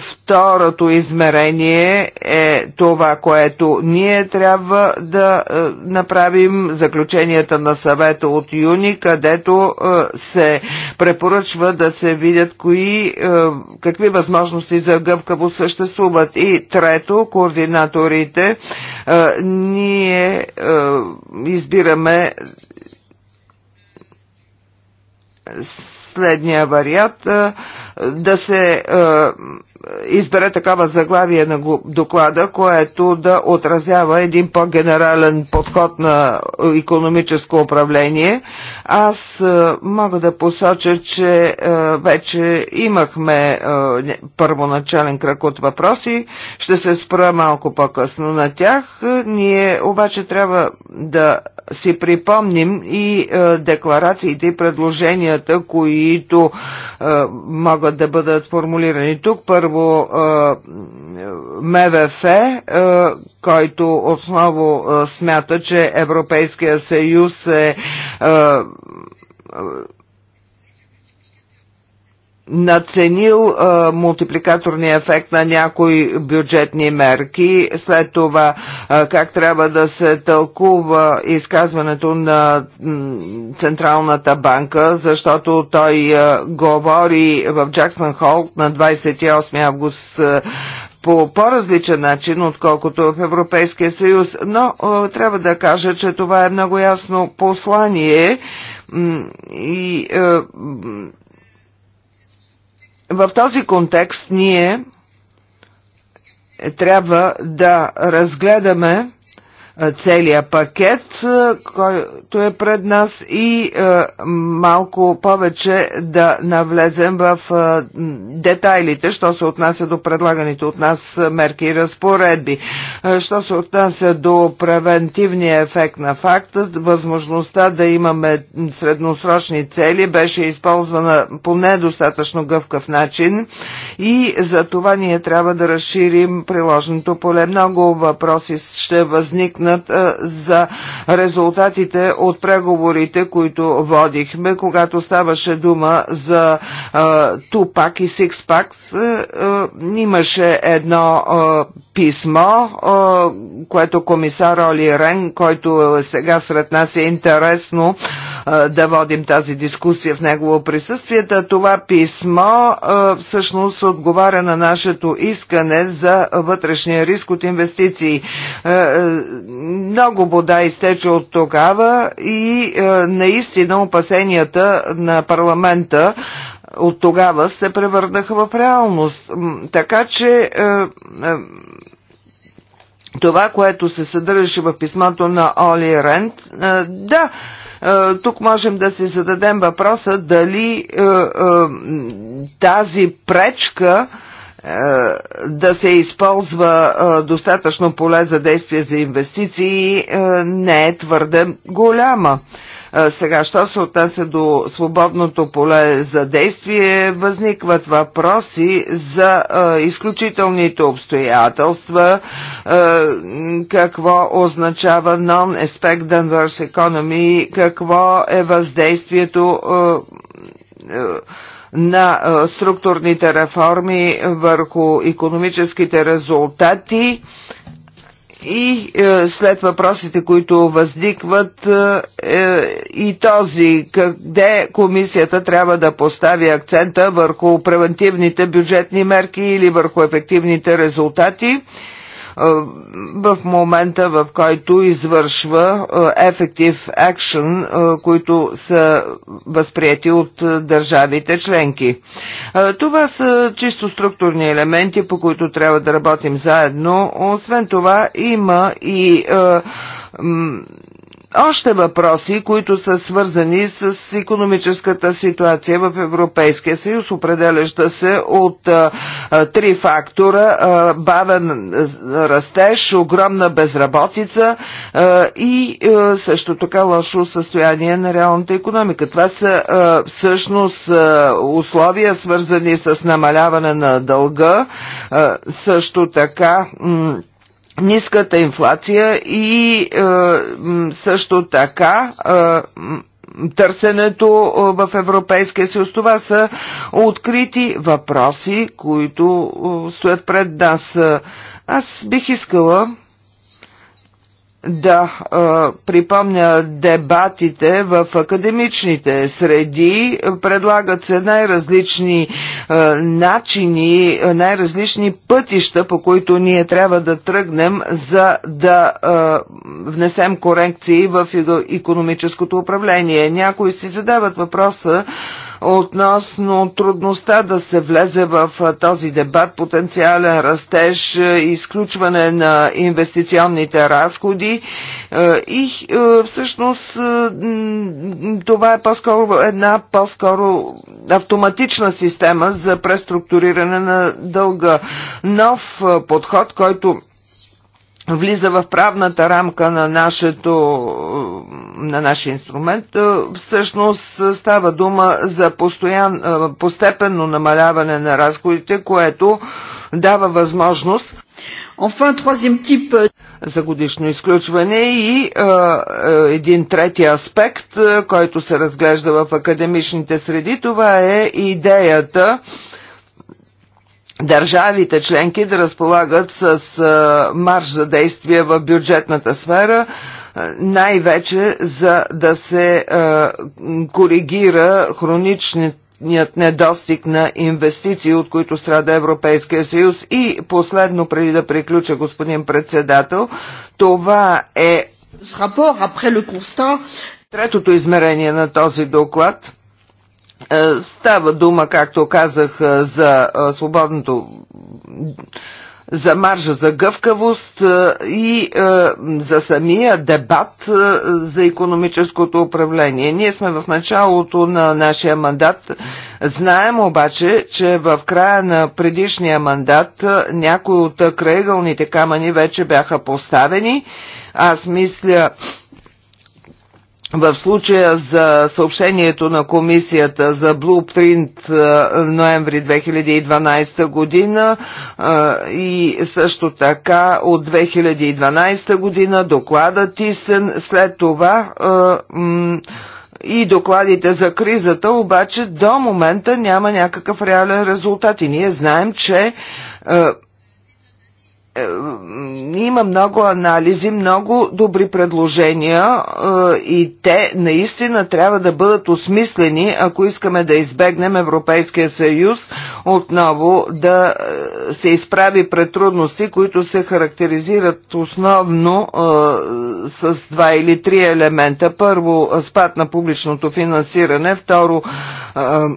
[SPEAKER 3] Второто измерение е това, което ние трябва да е, направим заключенията на съвета от юни, където е, се препоръчва да се видят кои, е, какви възможности за гъвкаво съществуват. И трето, координаторите, ние избираме следния вариант да се избере такава заглавие на доклада, което да отразява един по-генерален подход на економическо управление, аз е, мога да посоча, че е, вече имахме е, първоначален кръг от въпроси. Ще се спра малко по-късно на тях. Ние обаче трябва да си припомним и декларациите и предложенията, които могат да бъдат формулирани тук. Първо МВФ, който отново смята, че Европейския съюз е наценил а, мултипликаторния ефект на някои бюджетни мерки, след това а, как трябва да се тълкува изказването на Централната банка, защото той а, говори в Джаксън Холт на 28 август а, по по-различен начин, отколкото в Европейския съюз. Но е, трябва да кажа, че това е много ясно послание и е, в този контекст ние трябва да разгледаме целия пакет, който е пред нас и малко повече да навлезем в детайлите, що се отнася до предлаганите от нас мерки и разпоредби. Що се отнася до превентивния ефект на факта, възможността да имаме средносрочни цели беше използвана по недостатъчно гъвкав начин и за това ние трябва да разширим приложеното поле. Много въпроси ще възникнат споменат за резултатите от преговорите, които водихме, когато ставаше дума за Тупак и Сикспак. Имаше едно писмо, което комисар Оли Рен, който сега сред нас е интересно да водим тази дискусия в негово присъствие. Това писмо всъщност отговаря на нашето искане за вътрешния риск от инвестиции. Много вода изтече от тогава и наистина опасенията на парламента от тогава се превърнаха в реалност. Така че е, е, това, което се съдържаше в писмото на Оли Рент, е, да, е, тук можем да си зададем въпроса дали е, е, тази пречка да се използва достатъчно поле за действие за инвестиции не е твърде голяма. Сега, що се отнася до свободното поле за действие, възникват въпроси за изключителните обстоятелства, какво означава non-aspect adverse economy, какво е въздействието на структурните реформи върху економическите резултати и е, след въпросите, които възникват е, е, и този, къде комисията трябва да постави акцента върху превентивните бюджетни мерки или върху ефективните резултати в момента, в който извършва е, Effective Action, е, които са възприяти от държавите членки. Е, това са чисто структурни елементи, по които трябва да работим заедно. Освен това има и още въпроси, които са свързани с економическата ситуация в Европейския съюз, определяща се от а, три фактора а, бавен растеж, огромна безработица а, и а, също така лошо състояние на реалната економика. Това са а, всъщност а, условия, свързани с намаляване на дълга, а, също така. М- ниската инфлация и е, също така е, търсенето е, в Европейския съюз. Това са открити въпроси, които е, стоят пред нас. Аз бих искала да а, припомня дебатите в академичните среди. Предлагат се най-различни начини, най-различни пътища, по които ние трябва да тръгнем, за да а, внесем корекции в економическото управление. Някои си задават въпроса относно трудността да се влезе в този дебат, потенциален растеж, изключване на инвестиционните разходи и всъщност това е по-скоро една по-скоро автоматична система за преструктуриране на дълга. Нов подход, който влиза в правната рамка на, нашето, на нашия инструмент, е, всъщност става дума за постоян, е, постепенно намаляване на разходите, което дава възможност Enfin, type euh, за годишно изключване и а, е, един трети аспект, който се разглежда в академичните среди, това е идеята а, държавите членки да разполагат с марш за действие в бюджетната сфера, най-вече за да се коригира хроничните недостиг на инвестиции, от които страда Европейския съюз. И последно, преди да приключа, господин председател, това е Третото измерение на този доклад е, става дума, както казах, е, за е, свободното за маржа за гъвкавост и за самия дебат за економическото управление. Ние сме в началото на нашия мандат. Знаем обаче, че в края на предишния мандат някои от крайъгълните камъни вече бяха поставени. Аз мисля, в случая за съобщението на комисията за Blueprint е, ноември 2012 година е, и също така от 2012 година доклада Тисен, след това е, и докладите за кризата, обаче до момента няма някакъв реален резултат и ние знаем, че е, има много анализи, много добри предложения е, и те наистина трябва да бъдат осмислени, ако искаме да избегнем Европейския съюз отново да е, се изправи пред трудности, които се характеризират основно с два или три елемента. Първо, спад на публичното финансиране. Второ,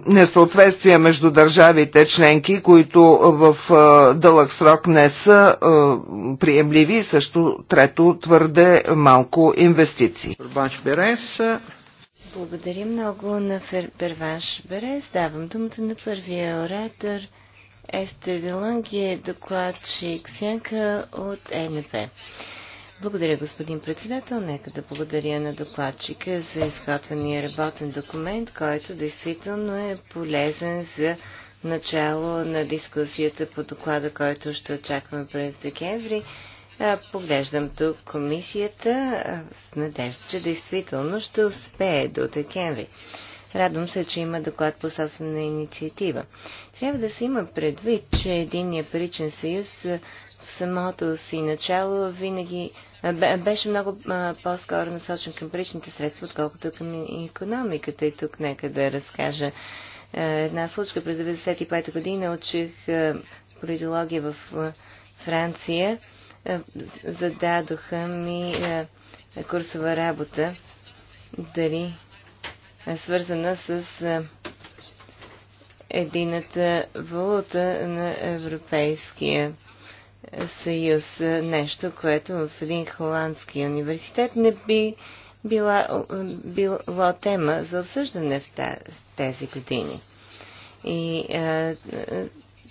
[SPEAKER 3] несъответствие между държавите членки, които в дълъг срок не са е, приемливи, и също трето твърде малко инвестиции.
[SPEAKER 2] Благодаря много на Фер... Перваш Берес. Давам думата на първия оратор. Естер Деланг е докладчик Сянка от НП. Благодаря, господин председател. Нека да благодаря на докладчика за изготвения работен документ, който действително е полезен за начало на дискусията по доклада, който ще очакваме през декември. Поглеждам тук комисията с надежда, че действително ще успее до декември. Радвам се, че има доклад по собствена инициатива. Трябва да се има предвид, че единния паричен съюз в самото си начало винаги беше много по-скоро насочен към паричните средства, отколкото към економиката. И тук нека да разкажа е, една случка през 1995 година. Учих е, политология в е, Франция. Зададоха ми курсова работа, дали е свързана с едината валута на Европейския съюз. Нещо, което в един холандски университет не би била, е, била тема за обсъждане в тези години. И а, е, е,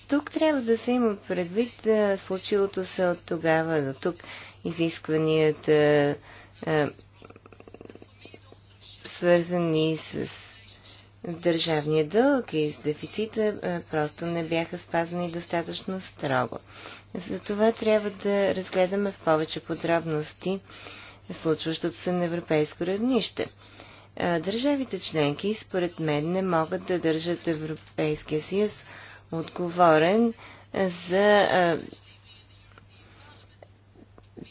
[SPEAKER 2] тук трябва да се има предвид случилото се от тогава до тук. Изискванията, свързани с държавния дълг и с дефицита, а, просто не бяха спазани достатъчно строго. Затова трябва да разгледаме в повече подробности случващото се на европейско равнище. Държавите членки, според мен, не могат да държат Европейския съюз отговорен за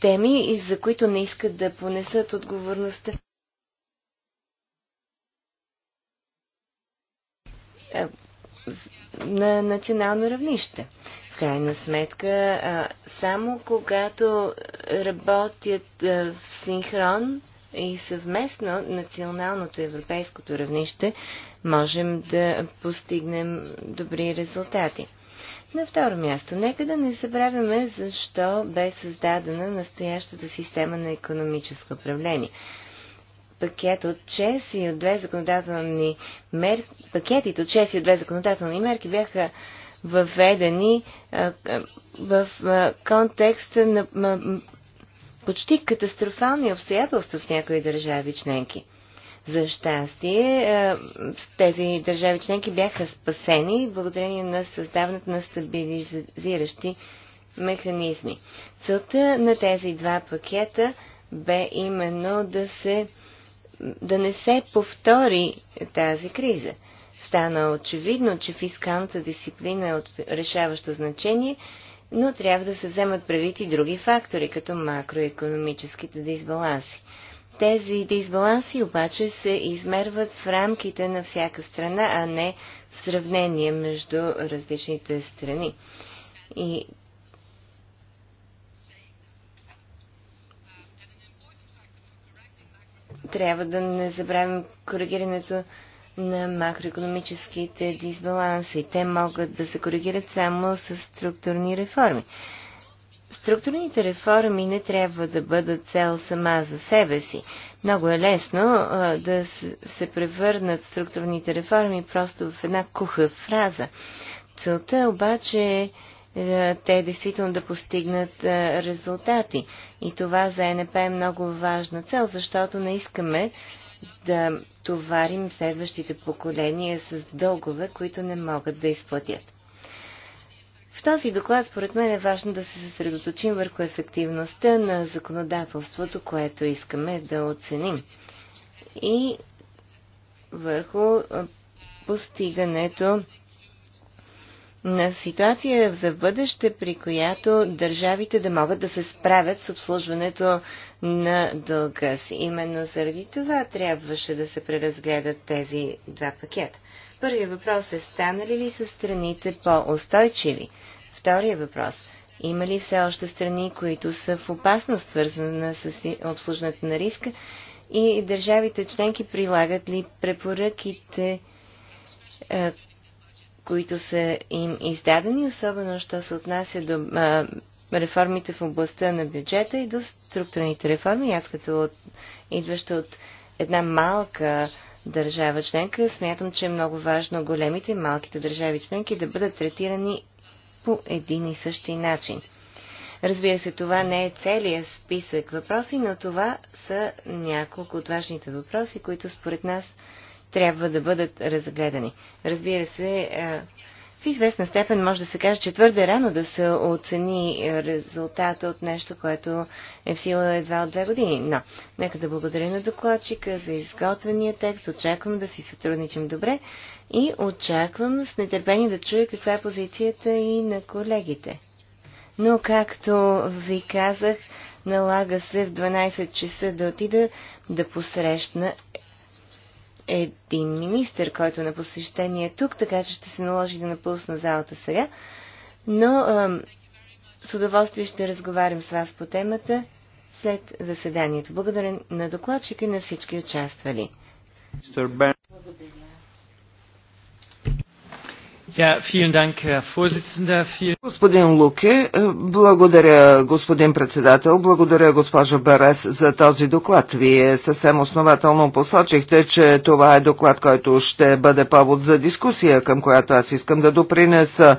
[SPEAKER 2] теми, за които не искат да понесат отговорността. на национално равнище крайна сметка, само когато работят в синхрон и съвместно националното и европейското равнище, можем да постигнем добри резултати. На второ място, нека да не забравяме защо бе създадена настоящата система на економическо управление. Пакет от 6 и от две законодателни мерки, пакетите от 6 и от две законодателни мерки бяха въведени в контекста на почти катастрофални обстоятелства в някои държави членки. За щастие, тези държави членки бяха спасени благодарение на създаването на стабилизиращи механизми. Целта на тези два пакета бе именно да, се, да не се повтори тази криза стана очевидно, че фискалната дисциплина е от решаващо значение, но трябва да се вземат правит и други фактори, като макроекономическите дисбаланси. Тези дисбаланси обаче се измерват в рамките на всяка страна, а не в сравнение между различните страни. И трябва да не забравим коригирането на макроекономическите дисбаланси. Те могат да се коригират само с структурни реформи. Структурните реформи не трябва да бъдат цел сама за себе си. Много е лесно а, да се превърнат структурните реформи просто в една куха фраза. Целта обаче е, е те действително да постигнат резултати. И това за НП е много важна цел, защото не искаме да товарим следващите поколения с дългове, които не могат да изплатят. В този доклад, според мен, е важно да се съсредоточим върху ефективността на законодателството, което искаме да оценим и върху постигането на ситуация за бъдеще, при която държавите да могат да се справят с обслужването на дълга си. Именно заради това трябваше да се преразгледат тези два пакета. Първият въпрос е станали ли са страните по-устойчиви? Вторият въпрос има ли все още страни, които са в опасност, свързана с обслужването на риска? И държавите членки прилагат ли препоръките, е, които са им издадени, особено що се отнася до а, реформите в областта на бюджета и до структурните реформи. Аз като от, идваща от една малка държава членка, смятам, че е много важно големите и малките държави членки да бъдат третирани по един и същи начин. Разбира се, това не е целият списък въпроси, но това са няколко от важните въпроси, които според нас трябва да бъдат разгледани. Разбира се, в известна степен може да се каже, че твърде рано да се оцени резултата от нещо, което е в сила едва от две години. Но, нека да благодаря на докладчика за изготвения текст. Очаквам да си сътрудничим добре и очаквам с нетърпение да чуя каква е позицията и на колегите. Но, както ви казах, налага се в 12 часа да отида да посрещна един министр, който е на посещение тук, така че ще се наложи да напусна залата сега. Но с удоволствие ще разговарям с вас по темата след заседанието. Благодаря на докладчика и на всички участвали.
[SPEAKER 3] Господин Луке, е, благодаря господин председател, благодаря госпожа Берес за този доклад. Вие съвсем основателно посочихте, че това е доклад, който ще бъде повод за дискусия, към която аз искам да допринеса.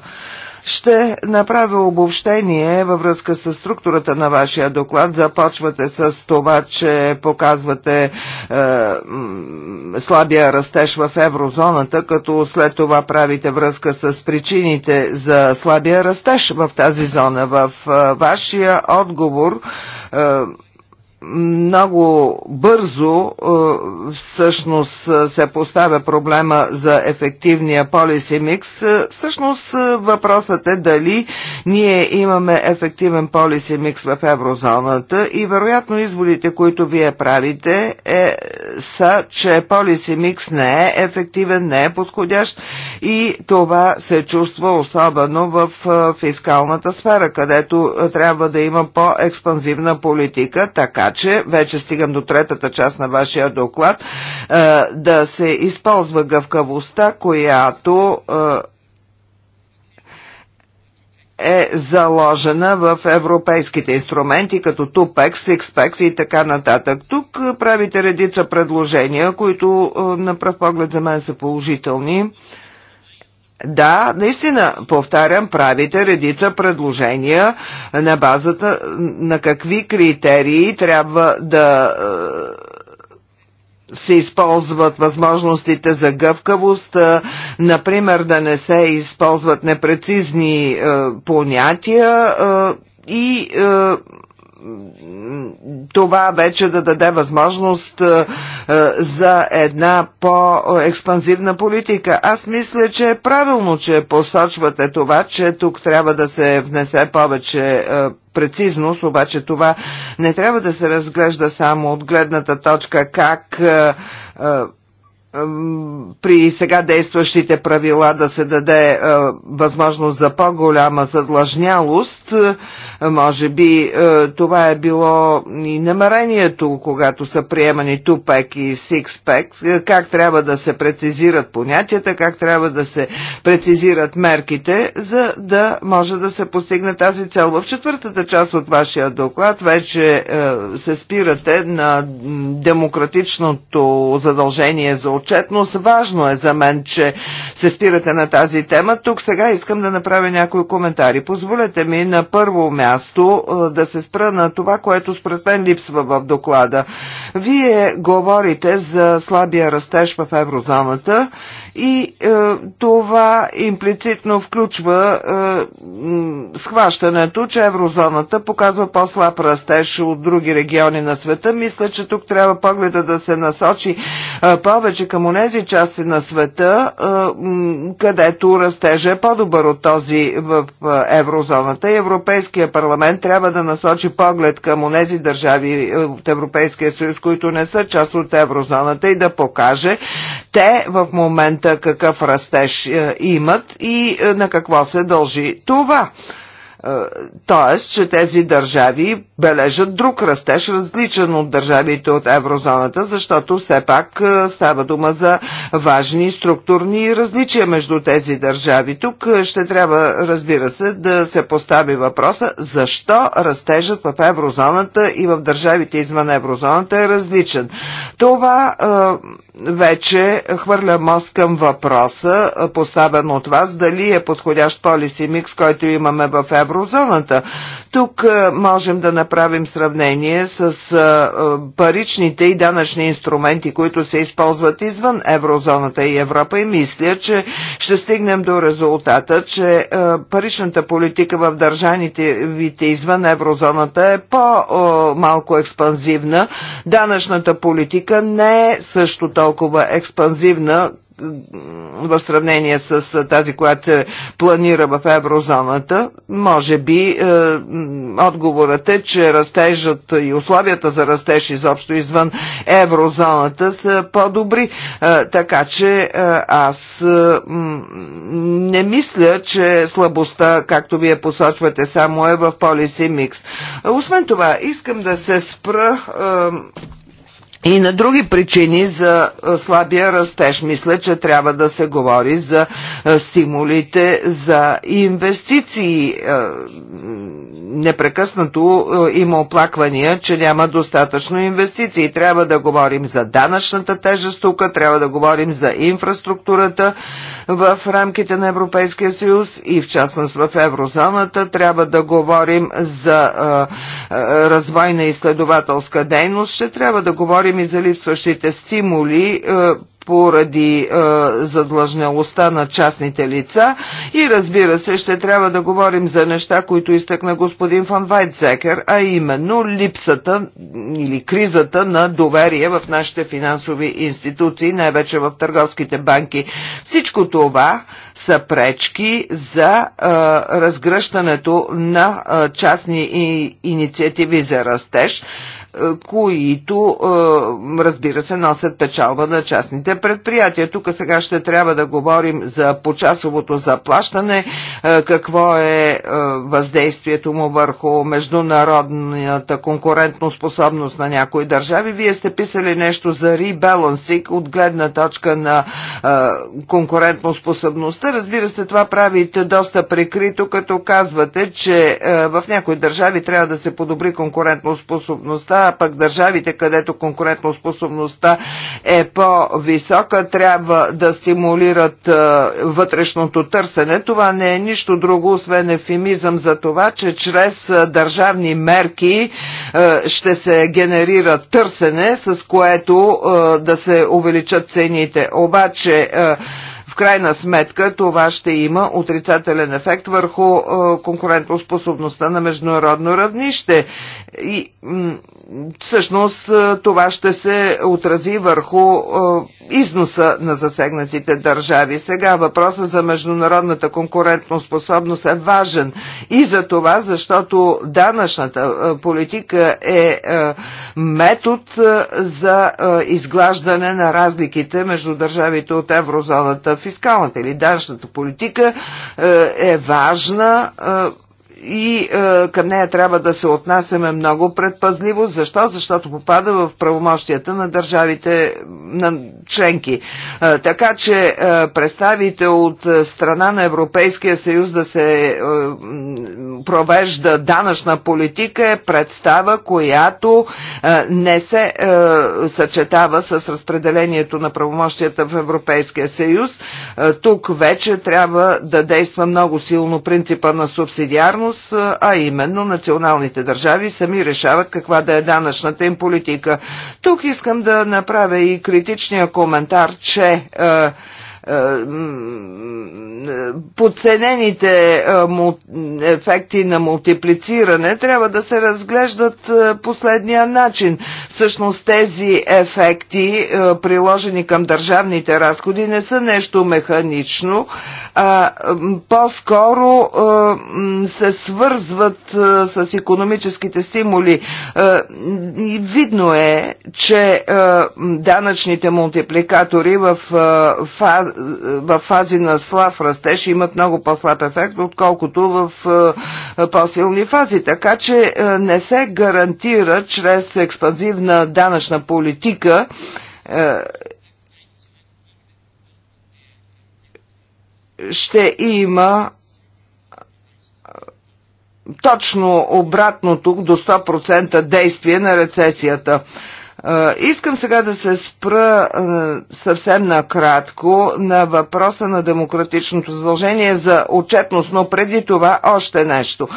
[SPEAKER 3] Ще направя обобщение във връзка с структурата на вашия доклад. Започвате с това, че показвате е, слабия растеж в еврозоната, като след това правите връзка с причините за слабия растеж в тази зона. В е, вашия отговор е, много бързо е, всъщност е, се поставя проблема за ефективния полиси микс. Е, всъщност въпросът е дали ние имаме ефективен полиси микс в еврозоната и вероятно изводите, които вие правите е, са, че полиси микс не е ефективен, не е подходящ и това се чувства особено в фискалната сфера, където трябва да има по-експанзивна политика, така обаче, вече стигам до третата част на вашия доклад, е, да се използва гъвкавостта, която е, е заложена в европейските инструменти, като Tupex, сикспекс и така нататък. Тук е, правите редица предложения, които на пръв поглед за мен са положителни. Да, наистина, повтарям, правите редица предложения на базата на какви критерии трябва да е, се използват възможностите за гъвкавост, е, например да не се използват непрецизни е, понятия и това вече да даде възможност е, е, за една по-експанзивна политика. Аз мисля, че е правилно, че посочвате това, че тук трябва да се внесе повече е, прецизност, обаче това не трябва да се разглежда само от гледната точка как при сега действащите правила да се даде възможност за по-голяма задлъжнялост, може би е, това е било и намерението, когато са приемани Тупек и Сикспек, е, как трябва да се прецизират понятията, как трябва да се прецизират мерките, за да може да се постигне тази цел. В четвъртата част от вашия доклад вече е, се спирате на демократичното задължение за отчетност. Важно е за мен, че се спирате на тази тема. Тук сега искам да направя някои коментари. Позволете ми на първо място място е, да се спра на това, което според мен липсва в доклада. Вие говорите за слабия растеж в еврозоната и е, това имплицитно включва е, схващането, че еврозоната показва по-слаб растеж от други региони на света. Мисля, че тук трябва погледа да се насочи е, повече към онези части на света, е, където растежа е по-добър от този в е, еврозоната. И Европейския парламент трябва да насочи поглед към онези държави е, от Европейския съюз, които не са част от еврозоната и да покаже те в момента момента какъв растеж е, имат и е, на какво се дължи това. Е, тоест, че тези държави бележат друг растеж, различен от държавите от еврозоната, защото все пак става дума за важни структурни различия между тези държави. Тук ще трябва, разбира се, да се постави въпроса защо растежът в еврозоната и в държавите извън еврозоната е различен. Това вече хвърля мост към въпроса, поставен от вас, дали е подходящ полиси микс, който имаме в еврозоната. Тук можем да направим сравнение с паричните и данъчни инструменти, които се използват извън еврозоната и Европа и мисля, че ще стигнем до резултата, че паричната политика в държаните вите извън еврозоната е по-малко експанзивна, данъчната политика не е също толкова експанзивна в сравнение с тази, която се планира в еврозоната. Може би е, отговорът е, че растежът и условията за растеж изобщо извън еврозоната са по-добри. Е, така че е, аз е, не мисля, че слабостта, както вие посочвате, само е в полиси микс. Освен това, искам да се спра. Е, и на други причини за слабия растеж. Мисля, че трябва да се говори за стимулите за инвестиции. Непрекъснато има оплаквания, че няма достатъчно инвестиции. Трябва да говорим за данъчната тежест тук, трябва да говорим за инфраструктурата, в рамките на Европейския съюз и в частност в еврозоната. Трябва да говорим за е, развойна изследователска дейност. Ще трябва да говорим и за липсващите стимули поради е, задлъжнялостта на частните лица и разбира се ще трябва да говорим за неща, които изтъкна господин Фан Вайтзекер, а именно липсата или кризата на доверие в нашите финансови институции, най-вече в търговските банки. Всичко това са пречки за е, разгръщането на е, частни и, инициативи за растеж които, е, разбира се, носят печалба на частните предприятия. Тук сега ще трябва да говорим за почасовото заплащане, е, какво е, е въздействието му върху международната конкурентоспособност на някои държави. Вие сте писали нещо за ребалансинг от гледна точка на конкурентоспособността. Разбира се, това правите доста прикрито, като казвате, че в някои държави трябва да се подобри конкурентоспособността, а пък държавите, където конкурентно способността е по-висока, трябва да стимулират вътрешното търсене. Това не е нищо друго, освен ефемизъм за това, че чрез държавни мерки ще се генерира търсене, с което да се увеличат цените. Обаче, в крайна сметка това ще има отрицателен ефект върху конкурентоспособността на международно равнище. И всъщност е, това ще се отрази върху е, износа на засегнатите държави. Сега въпросът за международната конкурентоспособност е важен и за това, защото данъчната е, политика е метод за изглаждане на разликите между държавите от еврозоната. Фискалната или данъчната политика е важна и е, към нея трябва да се отнасяме много предпазливо. Защо? Защото попада в правомощията на държавите на членки. Е, така че е, представите от страна на Европейския съюз да се е, провежда данъчна политика е представа, която е, не се е, съчетава с разпределението на правомощията в Европейския съюз. Е, тук вече трябва да действа много силно принципа на субсидиарност всъщност, а именно националните държави сами решават каква да е данъчната им политика. Тук искам да направя и критичния коментар, че е, е, е, подценените е, ефекти на мултиплициране трябва да се разглеждат последния начин. Всъщност тези ефекти, приложени към държавните разходи, не са нещо механично, а по-скоро се свързват с економическите стимули. Видно е, че данъчните мултипликатори в фаза в фази на слаб растеж имат много по-слаб ефект, отколкото в е, по-силни фази. Така че е, не се гарантира чрез експанзивна данъчна политика е, ще има точно обратното до 100% действие на рецесията. Искам сега да се спра съвсем накратко на въпроса на демократичното задължение за отчетност, но преди това още нещо.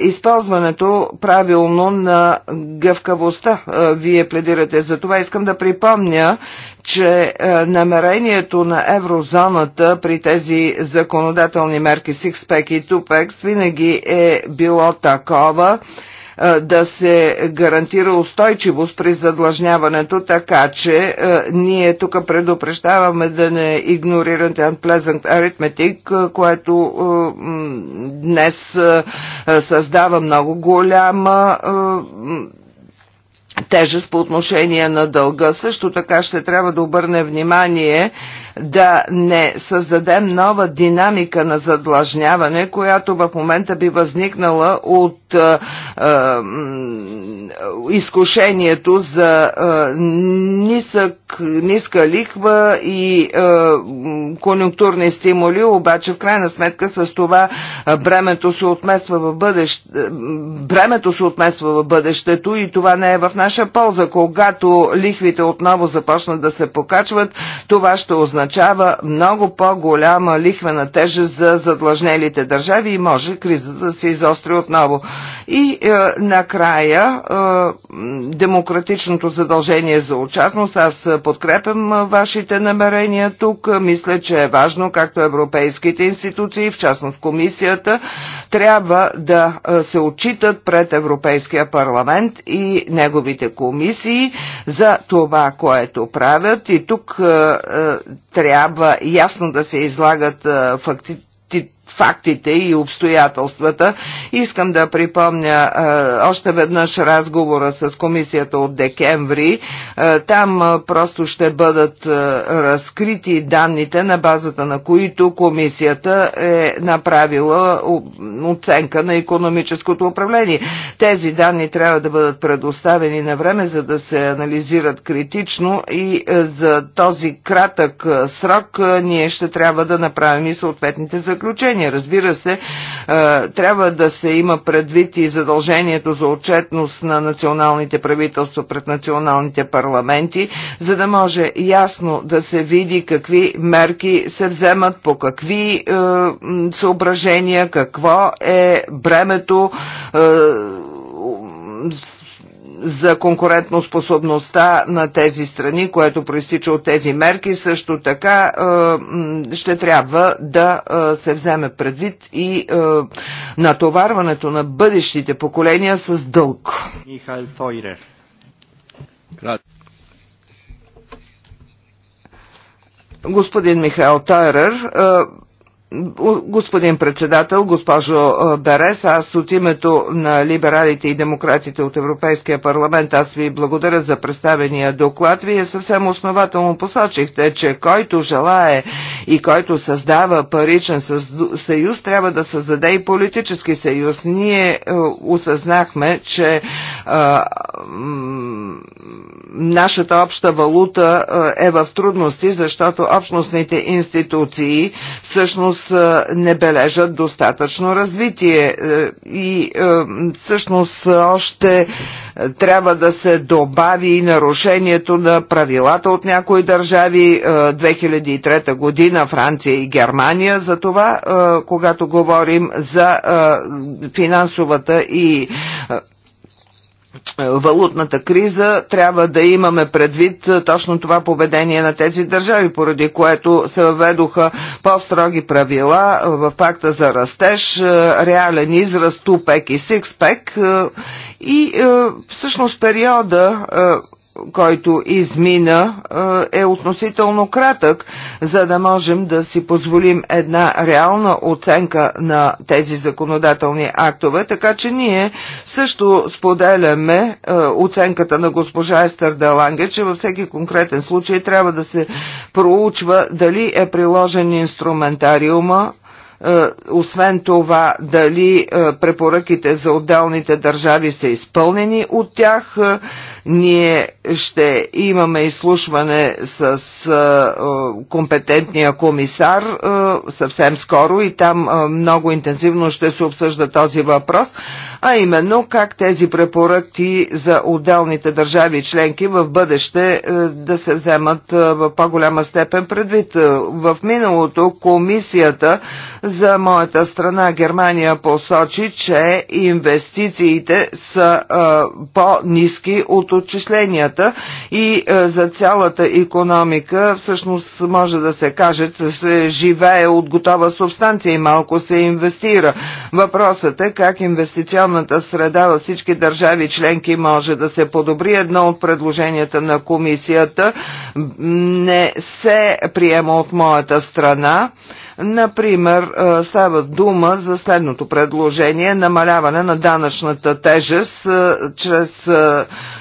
[SPEAKER 3] Използването правилно на гъвкавостта. Вие пледирате за това. Искам да припомня, че намерението на еврозоната при тези законодателни мерки Sixpack и Тупекс винаги е било такова, е, да се гарантира устойчивост при задлъжняването, така че е, ние тук предупрещаваме да не игнорирате unpleasant arithmetic, е, което днес създава много голяма тежест по отношение на дълга. Също така ще трябва да обърне внимание да не създадем нова динамика на задлъжняване, която в момента би възникнала от е, е, изкушението за е, нисък, ниска лихва и е, конюнктурни стимули, обаче в крайна сметка с това е, бремето се отмества в бъдеще, бремето се отмества в бъдещето и това не е в наша полза. Когато лихвите отново започнат да се покачват, това ще означава означава много по-голяма лихвена тежест за задлъжнелите държави и може кризата да се изостри отново. И е, накрая е, демократичното задължение за участност. Аз подкрепям е, вашите намерения тук. Мисля, че е важно, както европейските институции, в частност комисията, трябва да е, се отчитат пред Европейския парламент и неговите комисии за това, което правят. И тук е, трябва ясно да се излагат факти, фактите и обстоятелствата. Искам да припомня още веднъж разговора с комисията от декември. Там просто ще бъдат разкрити данните, на базата на които комисията е направила оценка на економическото управление. Тези данни трябва да бъдат предоставени на време, за да се анализират критично и за този кратък срок ние ще трябва да направим и съответните заключения задължения. Разбира се, е, трябва да се има предвид и задължението за отчетност на националните правителства пред националните парламенти, за да може ясно да се види какви мерки се вземат, по какви е, съображения, какво е бремето е, за конкурентноспособността на тези страни, което проистича от тези мерки, също така е, ще трябва да е, се вземе предвид и е, натоварването на бъдещите поколения с дълг.
[SPEAKER 2] Михаил Фойрер.
[SPEAKER 3] Господин Михаил Тойрер, Господин председател, госпожо Берес, аз от името на либералите и демократите от Европейския парламент, аз ви благодаря за представения доклад. Вие съвсем основателно посочихте, че който желае и който създава паричен съюз, трябва да създаде и политически съюз. Ние е, осъзнахме, че а, нашата обща валута е, е в трудности, защото общностните институции всъщност всъщност не бележат достатъчно развитие е, и е, всъщност още е, трябва да се добави и нарушението на правилата от някои държави 2003 година Франция и Германия. За това, когато говорим за финансовата и валутната криза, трябва да имаме предвид точно това поведение на тези държави, поради което се въведоха по-строги правила в факта за растеж, реален израз 2 и 6 и всъщност периода който измина, е относително кратък, за да можем да си позволим една реална оценка на тези законодателни актове, така че ние също споделяме оценката на госпожа Естер Деланге, че във всеки конкретен случай трябва да се проучва дали е приложен инструментариума, е, освен това дали е, препоръките за отделните държави са изпълнени от тях. Е, ние ще имаме изслушване с компетентния комисар съвсем скоро и там много интензивно ще се обсъжда този въпрос а именно как тези препоръки за отделните държави членки в бъдеще е, да се вземат е, в по-голяма степен предвид. Е, в миналото комисията за моята страна Германия посочи, че инвестициите са по-низки от отчисленията и за цялата економика всъщност може да се каже, че се живее от готова субстанция и малко се инвестира. Въпросът е как инвестиционната околната среда във всички държави членки може да се подобри. Едно от предложенията на комисията не се приема от моята страна. Например, е, става дума за следното предложение – намаляване на данъчната тежест е, чрез е,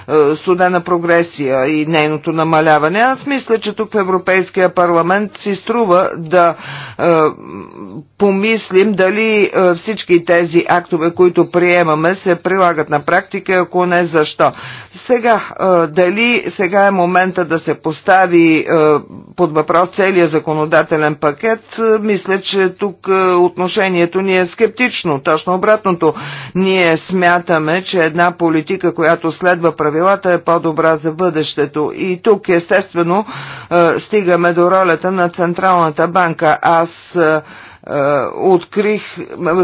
[SPEAKER 3] е, студена прогресия и нейното намаляване. Аз мисля, че тук в Европейския парламент си струва да е, помислим дали е, всички тези актове, които приемаме, се прилагат на практика, ако не защо. Сега, дали сега е момента да се постави под въпрос целият законодателен пакет, мисля, че тук отношението ни е скептично. Точно обратното. Ние смятаме, че една политика, която следва правителството, правилата е по-добра за бъдещето. И тук естествено е, стигаме до ролята на Централната банка. Аз е, е, открих,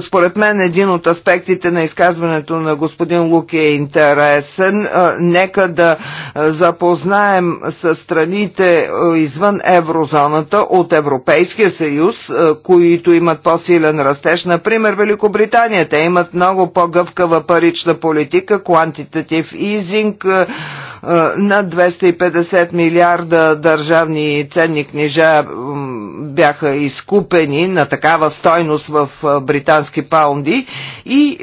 [SPEAKER 3] според мен, един от аспектите на изказването на господин Луки е интересен. Е, нека да е, запознаем с страните извън еврозоната от Европейския съюз, които имат по-силен растеж. Например, Великобритания. Те имат много по-гъвкава парична политика, quantitative easing, на 250 милиарда държавни ценни книжа бяха изкупени на така такава стойност в британски паунди и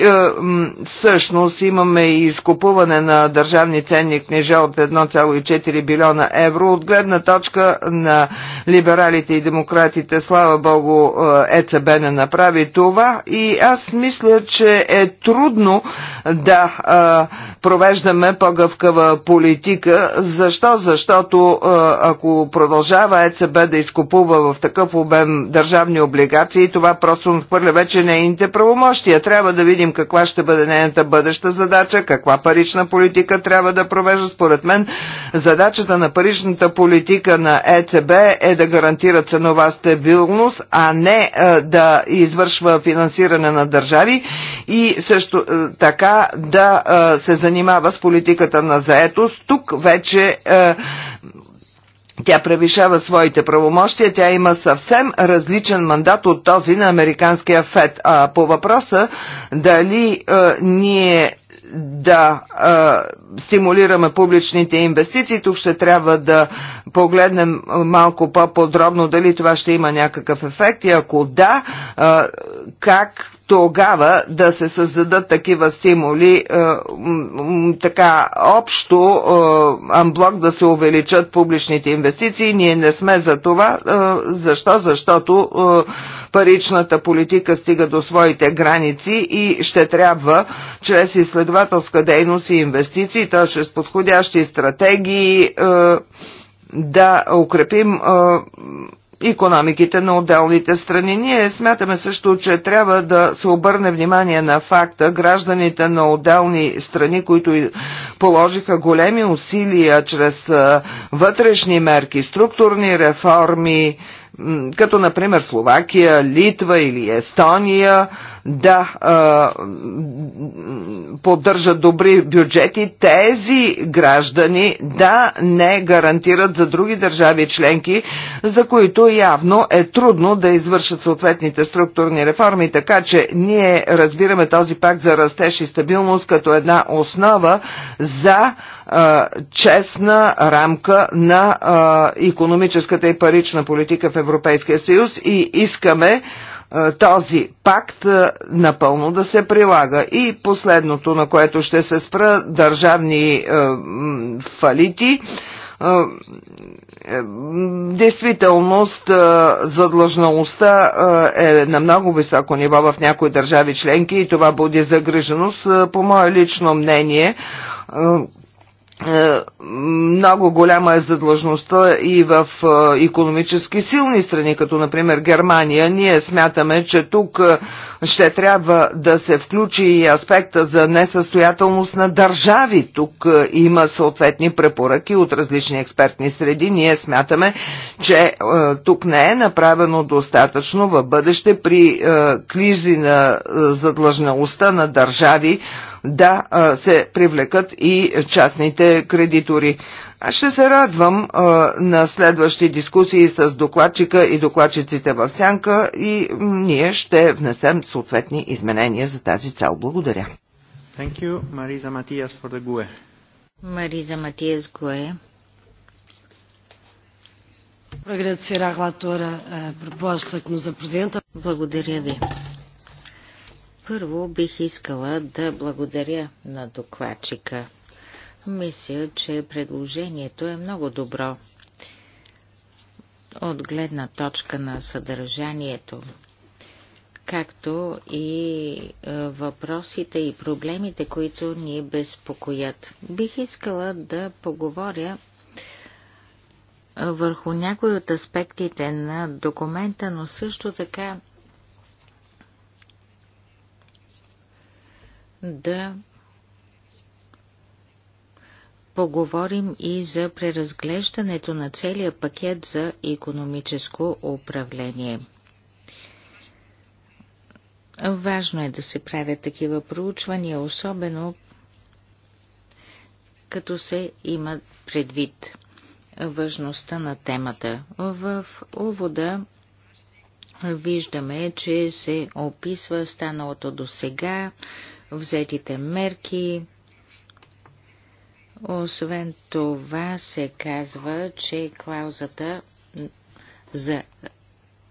[SPEAKER 3] всъщност имаме и изкупуване на държавни ценни книжа от 1,4 билиона евро. От гледна точка на либералите и демократите, слава богу, ЕЦБ не направи това и аз мисля, че е трудно да провеждаме по-гъвкава политика. Защо? Защото ако продължава ЕЦБ да изкупува в такъв обем държавни облигации, и това просто отхвърля вече нейните правомощия. Трябва да видим каква ще бъде нейната бъдеща задача, каква парична политика трябва да провежда. Според мен задачата на паричната политика на ЕЦБ е да гарантира ценова стабилност, а не е, да извършва финансиране на държави и също е, така да е, се занимава с политиката на заетост. Тук вече тя превишава своите правомощия, тя има съвсем различен мандат от този на американския ФЕД. А по въпроса дали а, ние да а, стимулираме публичните инвестиции. Тук ще трябва да погледнем малко по-подробно дали това ще има някакъв ефект и ако да, а, как тогава да се създадат такива стимули, е, така общо е, амблок да се увеличат публичните инвестиции. Ние не сме за това. Е, защо? Защото паричната политика стига до своите граници и ще трябва чрез изследователска дейност и инвестиции, т.е. чрез подходящи стратегии да укрепим економиките на отделните страни. Ние смятаме също, че трябва да се обърне внимание на факта гражданите на отделни страни, които положиха големи усилия чрез вътрешни мерки, структурни реформи, като например Словакия, Литва или Естония, да а, поддържат добри бюджети, тези граждани да не гарантират за други държави членки, за които явно е трудно да извършат съответните структурни реформи. Така че ние разбираме този пакт за растеж и стабилност като една основа за честна рамка на економическата и парична политика в Европейския съюз и искаме този пакт напълно да се прилага. И последното, на което ще се спра, държавни фалити е, действителност задлъжналостта е на много високо ниво в някои държави членки и това буди загриженост. По мое лично мнение, е, много голяма е задлъжността и в економически силни страни, като например Германия. Ние смятаме, че тук е, ще трябва да се включи и аспекта за несъстоятелност на държави. Тук е, има съответни препоръки от различни експертни среди. Ние смятаме, че тук не е направено достатъчно в бъдеще при кризи на задлъжналостта на държави да се привлекат и частните кредитори. Аз ще се радвам а, на следващи дискусии с докладчика и докладчиците в Сянка и ние ще внесем съответни изменения за тази цел. Благодаря.
[SPEAKER 2] Thank you, Marisa Matias for the GUE.
[SPEAKER 1] Marisa GUE. Е, Благодаря ви. Първо бих искала да благодаря на докладчика. Мисля, че предложението е много добро. От гледна точка на съдържанието, както и е, въпросите и проблемите, които ни безпокоят. Бих искала да поговоря върху някои от аспектите на документа, но също така да поговорим и за преразглеждането на целия пакет за економическо управление. Важно е да се правят такива проучвания, особено като се има предвид важността на темата. В увода виждаме, че се описва станалото до сега, взетите мерки. Освен това се казва, че клаузата за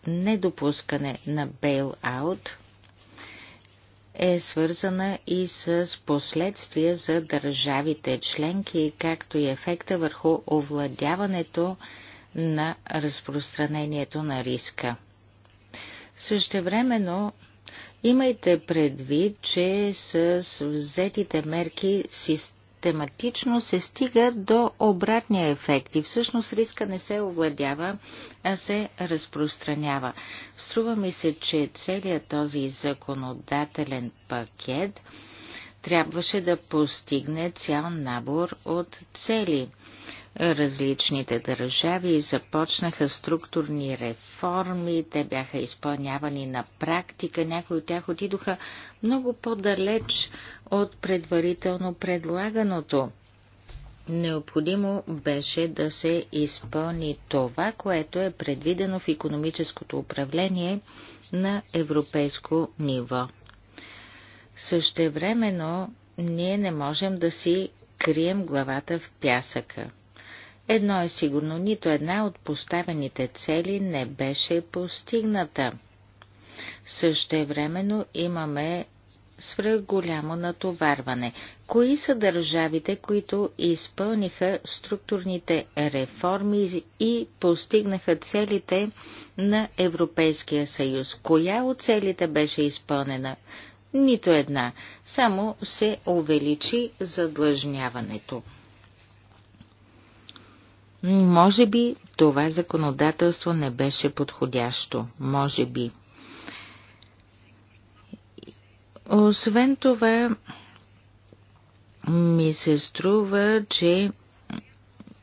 [SPEAKER 1] недопускане на бейл-аут е свързана и с последствия за държавите членки, както и ефекта върху овладяването на разпространението на риска. Същевременно Имайте предвид, че с взетите мерки систематично се стига до обратния ефект и всъщност риска не се овладява, а се разпространява. Струва ми се, че целият този законодателен пакет трябваше да постигне цял набор от цели различните държави започнаха структурни реформи, те бяха изпълнявани на практика, някои от тях отидоха много по-далеч от предварително предлаганото. Необходимо беше да се изпълни това, което е предвидено в економическото управление на европейско ниво. Същевременно ние не можем да си крием главата в пясъка. Едно е сигурно, нито една от поставените цели не беше постигната. Същевременно имаме свръх голямо натоварване. Кои са държавите, които изпълниха структурните реформи и постигнаха целите на Европейския съюз? Коя от целите беше изпълнена? Нито една. Само се увеличи задлъжняването.
[SPEAKER 3] Може
[SPEAKER 1] би това законодателство не беше подходящо. Може би. Освен това, ми се струва, че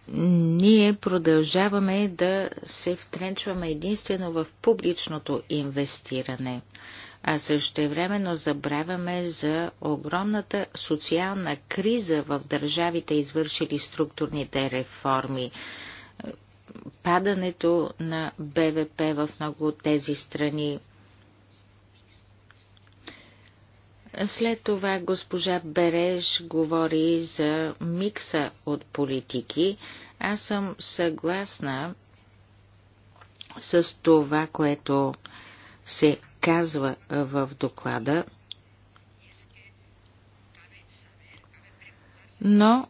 [SPEAKER 1] ние продължаваме да се втренчваме единствено в публичното инвестиране – а също времено забравяме за огромната социална криза в държавите, извършили структурните реформи. Падането на БВП в много от тези страни. След това госпожа Береж говори за микса от политики. Аз съм съгласна с това, което се казва в доклада, но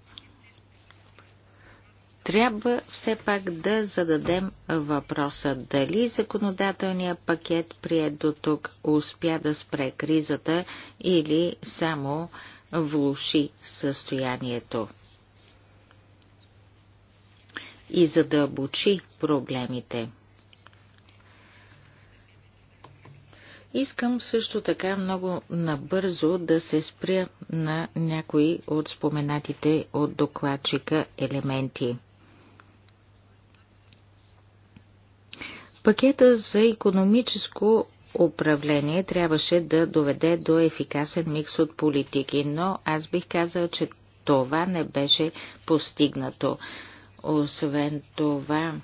[SPEAKER 1] трябва все пак да зададем въпроса дали законодателният пакет прият до тук успя да спре кризата или само влуши състоянието и задълбочи проблемите. Искам също така много набързо да се спря на някои от споменатите от докладчика елементи. Пакета за економическо управление трябваше да доведе до ефикасен микс от политики, но аз бих казал, че това не беше постигнато. Освен това,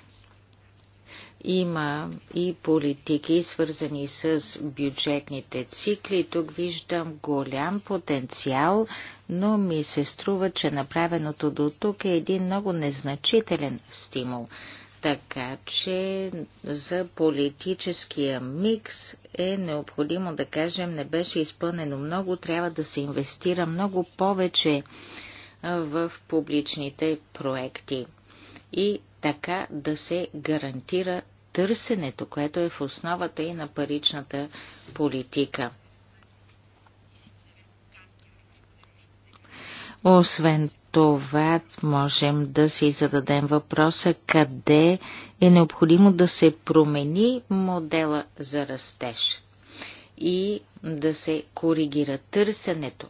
[SPEAKER 1] има и политики, свързани с бюджетните цикли. Тук виждам голям потенциал, но ми се струва, че направеното до тук е един много незначителен стимул. Така че за политическия микс е необходимо да кажем, не беше изпълнено много, трябва да се инвестира много повече в публичните проекти и така да се гарантира търсенето, което е в основата и на паричната политика. Освен това, можем да си зададем въпроса къде е необходимо да се промени модела за растеж и да се коригира търсенето.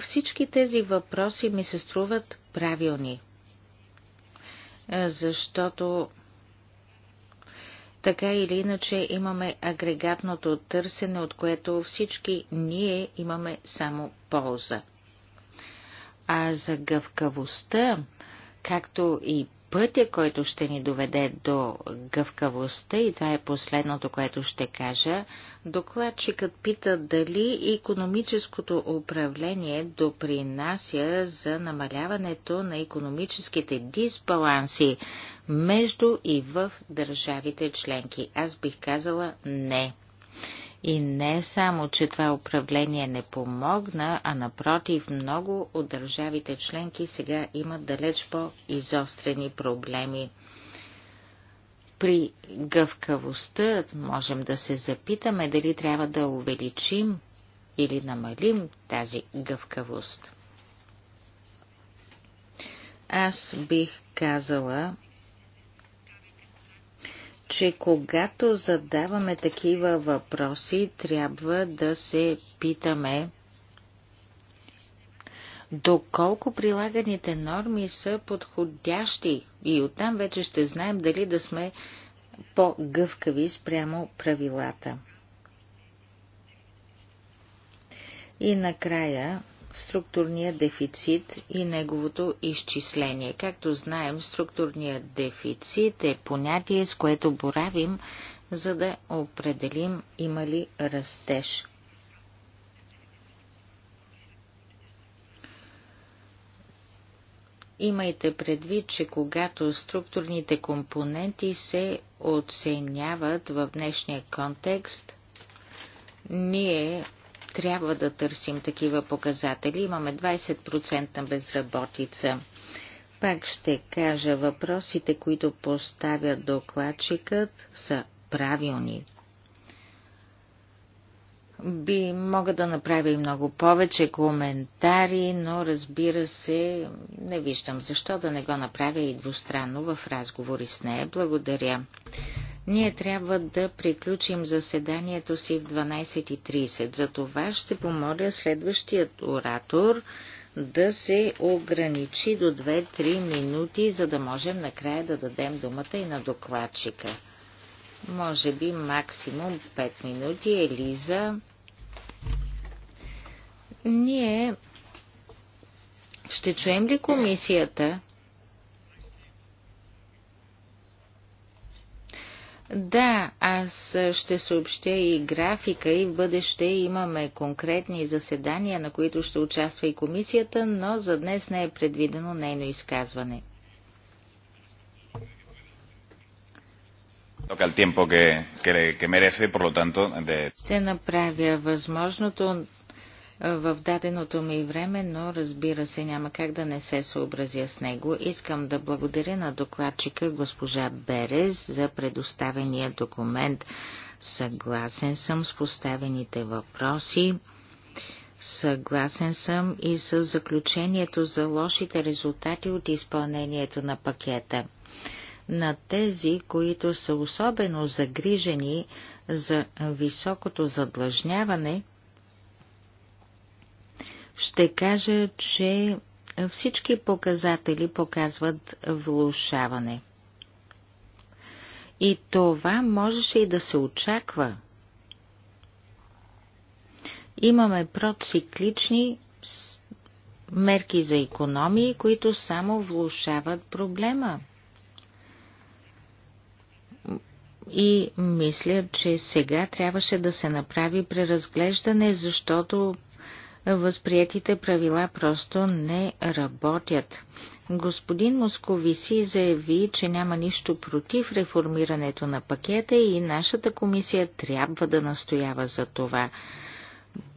[SPEAKER 1] Всички тези въпроси ми се струват правилни – защото така или иначе имаме агрегатното търсене, от което всички ние имаме само полза. А за гъвкавостта, както и пътя, който ще ни доведе до гъвкавостта, и това е последното, което ще кажа, докладчикът пита дали економическото управление допринася за намаляването на економическите дисбаланси между и в държавите членки. Аз бих казала не. И не само, че това управление не помогна, а напротив, много от държавите членки сега имат далеч по-изострени проблеми. При гъвкавостта можем да се запитаме дали трябва да увеличим или намалим тази гъвкавост. Аз бих казала, че когато задаваме такива въпроси, трябва да се питаме доколко прилаганите норми са подходящи и оттам вече ще знаем дали да сме по-гъвкави спрямо правилата. И накрая структурния дефицит и неговото изчисление. Както знаем, структурният дефицит е понятие, с което боравим, за да определим има ли растеж. Имайте предвид, че когато структурните компоненти се оценяват в днешния контекст, ние трябва да търсим такива показатели. Имаме 20% безработица. Пак ще кажа, въпросите, които поставя докладчикът, са правилни. Би мога да направя и много повече коментари, но разбира се, не виждам защо да не го направя и двустранно в разговори с нея. Благодаря. Ние трябва да приключим заседанието си в 12.30. За това ще помоля следващият оратор да се ограничи до 2-3 минути, за да можем накрая да дадем думата и на докладчика. Може би максимум 5 минути. Елиза. Ние ще чуем ли комисията? Да, аз ще съобщя и графика и в бъдеще имаме конкретни заседания, на които ще участва и комисията, но за днес не е предвидено нейно изказване. Ще направя възможното в даденото ми време, но разбира се, няма как да не се съобразя с него. Искам да благодаря на докладчика госпожа Берез за предоставения документ. Съгласен съм с поставените въпроси. Съгласен съм и с заключението за лошите резултати от изпълнението на пакета. На тези, които са особено загрижени за високото задлъжняване, ще кажа, че всички показатели показват влушаване. И това можеше и да се очаква. Имаме проциклични мерки за економии, които само влушават проблема. И мисля, че сега трябваше да се направи преразглеждане, защото Възприятите правила просто не работят. Господин Московиси заяви, че няма нищо против реформирането на пакета и нашата комисия трябва да настоява за това.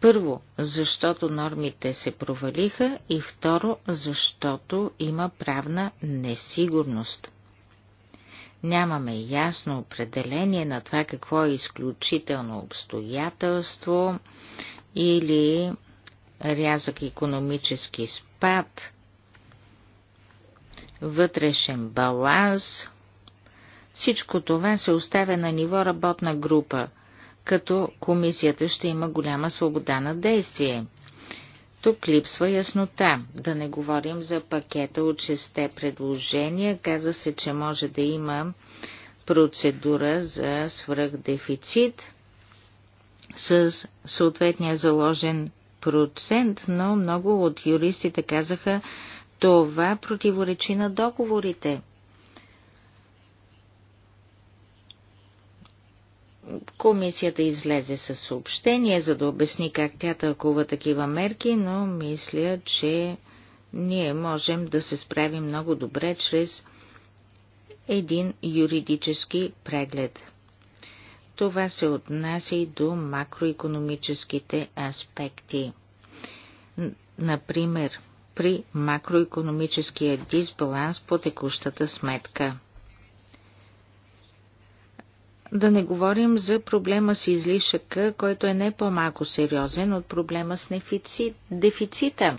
[SPEAKER 1] Първо, защото нормите се провалиха и второ, защото има правна несигурност. Нямаме ясно определение на това какво е изключително обстоятелство или рязък економически спад, вътрешен баланс. Всичко това се оставя на ниво работна група, като комисията ще има голяма свобода на действие. Тук липсва яснота. Да не говорим за пакета от шесте предложения. Каза се, че може да има процедура за свръхдефицит с съответния заложен процент, но много от юристите казаха, това противоречи на договорите. Комисията излезе със съобщение, за да обясни как тя тълкува такива мерки, но мисля, че ние можем да се справим много добре чрез един юридически преглед. Това се отнася и до макроекономическите аспекти. Например, при макроекономическия дисбаланс по текущата сметка. Да не говорим за проблема с излишъка, който е не по-малко сериозен от проблема с дефицита.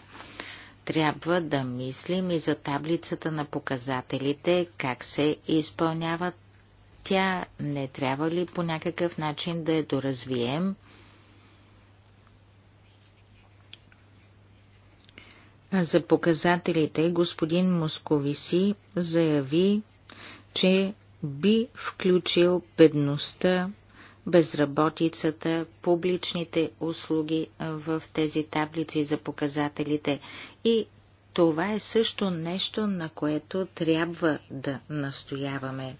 [SPEAKER 1] Трябва да мислим и за таблицата на показателите, как се изпълняват тя не трябва ли по някакъв начин да я доразвием? За показателите господин Московиси заяви, че би включил бедността, безработицата, публичните услуги в тези таблици за показателите и това е също нещо, на което трябва да настояваме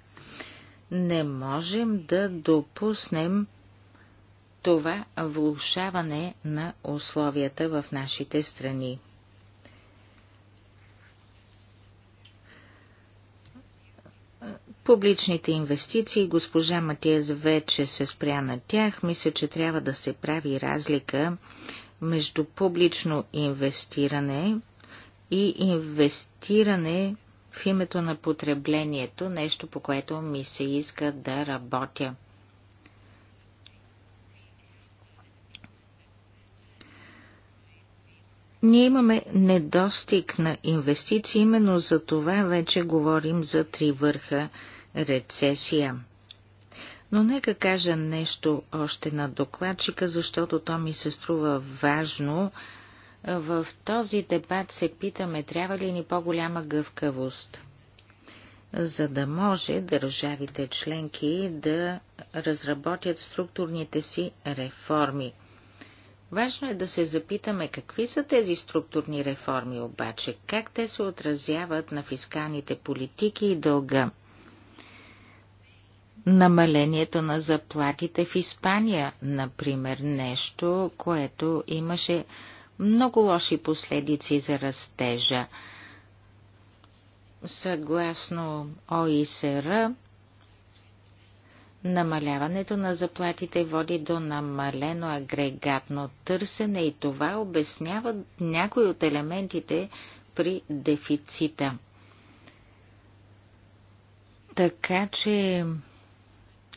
[SPEAKER 1] не можем да допуснем това влушаване на условията в нашите страни. Публичните инвестиции, госпожа Матиез, вече се спря на тях, мисля, че трябва да се прави разлика между публично инвестиране и инвестиране в името на потреблението, нещо по което ми се иска да работя. Ние имаме недостиг на инвестиции, именно за това вече говорим за три върха рецесия. Но нека кажа нещо още на докладчика, защото то ми се струва важно в този дебат се питаме, трябва ли ни по-голяма гъвкавост, за да може държавите членки да разработят структурните си реформи. Важно е да се запитаме какви са тези структурни реформи обаче, как те се отразяват на фискалните политики и дълга. Намалението на заплатите в Испания, например, нещо, което имаше много лоши последици за растежа. Съгласно ОИСР, намаляването на заплатите води до намалено агрегатно търсене и това обяснява някои от елементите при дефицита. Така че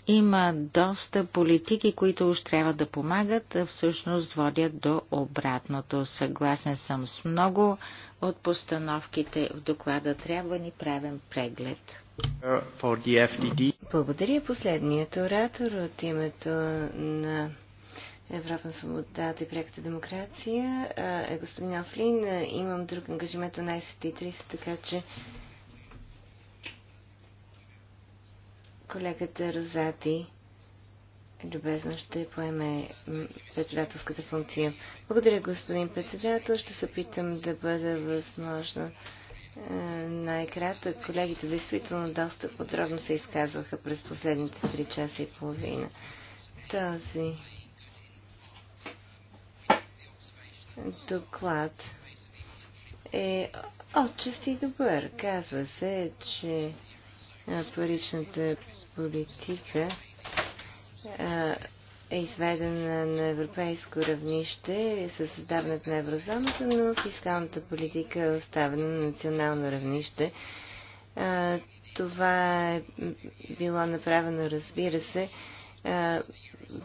[SPEAKER 1] има доста политики, които уж трябва да помагат, а всъщност водят до обратното. Съгласен съм с много от постановките в доклада. Трябва ни
[SPEAKER 2] правен преглед. Благодаря последният оратор от името на Европа на свободата и проекта демокрация. Е господин Офлин, имам друг ангажимент 11.30, така че Колегата Розати любезно ще поеме председателската функция. Благодаря, господин председател. Ще се опитам да бъда възможно е, най-кратък. Колегите действително доста подробно се изказваха през последните 3 часа и половина. Този доклад е отчасти добър. Казва се, че паричната политика е изведена на европейско равнище със създаването на еврозоната, но фискалната политика е оставена на национално равнище. Това е било направено, разбира се,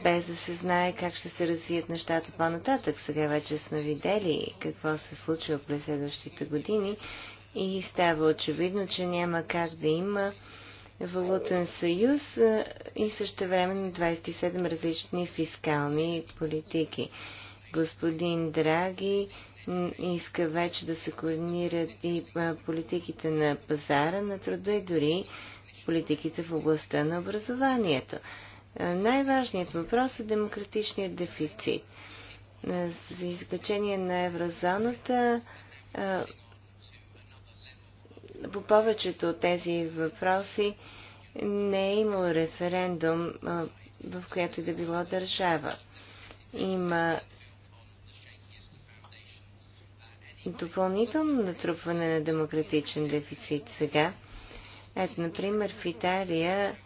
[SPEAKER 2] без да се знае как ще се развият нещата по-нататък. Сега вече сме видели какво се е случва през следващите години и става очевидно, че няма как да има валутен съюз и също време 27 различни фискални политики. Господин Драги иска вече да се координират и политиките на пазара на труда и дори политиките в областта на образованието. Най-важният въпрос е демократичният дефицит. За изключение на еврозоната по повечето от тези въпроси не е имало референдум в която и да било държава. Има допълнително натрупване на демократичен дефицит сега. Ето, например, в Италия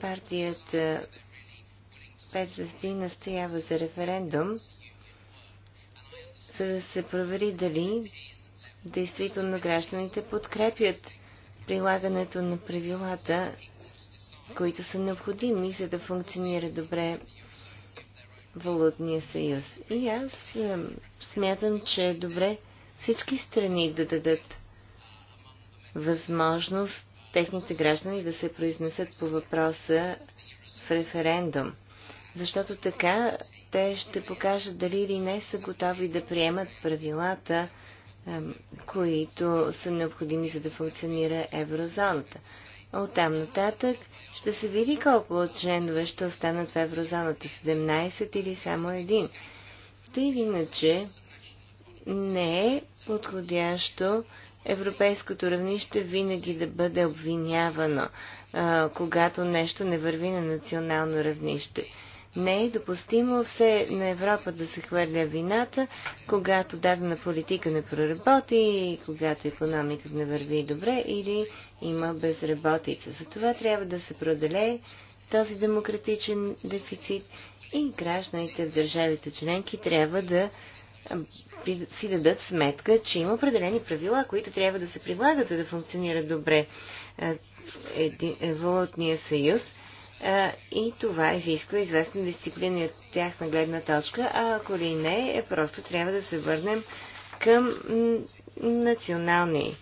[SPEAKER 2] партията 5 звезди настоява за референдум, за да се провери дали действително гражданите подкрепят прилагането на правилата, които са необходими, за да функционира добре валутния съюз. И аз смятам, че е добре всички страни да дадат възможност техните граждани да се произнесат по въпроса в референдум. Защото така те ще покажат дали или не са готови да приемат правилата, които са необходими за да функционира еврозоната. От там нататък ще се види колко от членове ще останат в еврозоната, 17 или само един. Тъй иначе, не е подходящо европейското равнище винаги да бъде обвинявано, когато нещо не върви на национално равнище. Не е допустимо все на Европа да се хвърля вината, когато дадена политика не проработи, когато економиката не върви добре или има безработица. За това трябва да се проделее този демократичен дефицит и гражданите в държавите членки трябва да си дадат сметка, че има определени правила, които трябва да се прилагат, за да функционира добре е, валутния съюз – и това изисква известна дисциплина от тях на гледна точка, а ако ли не, е просто трябва да се върнем към национални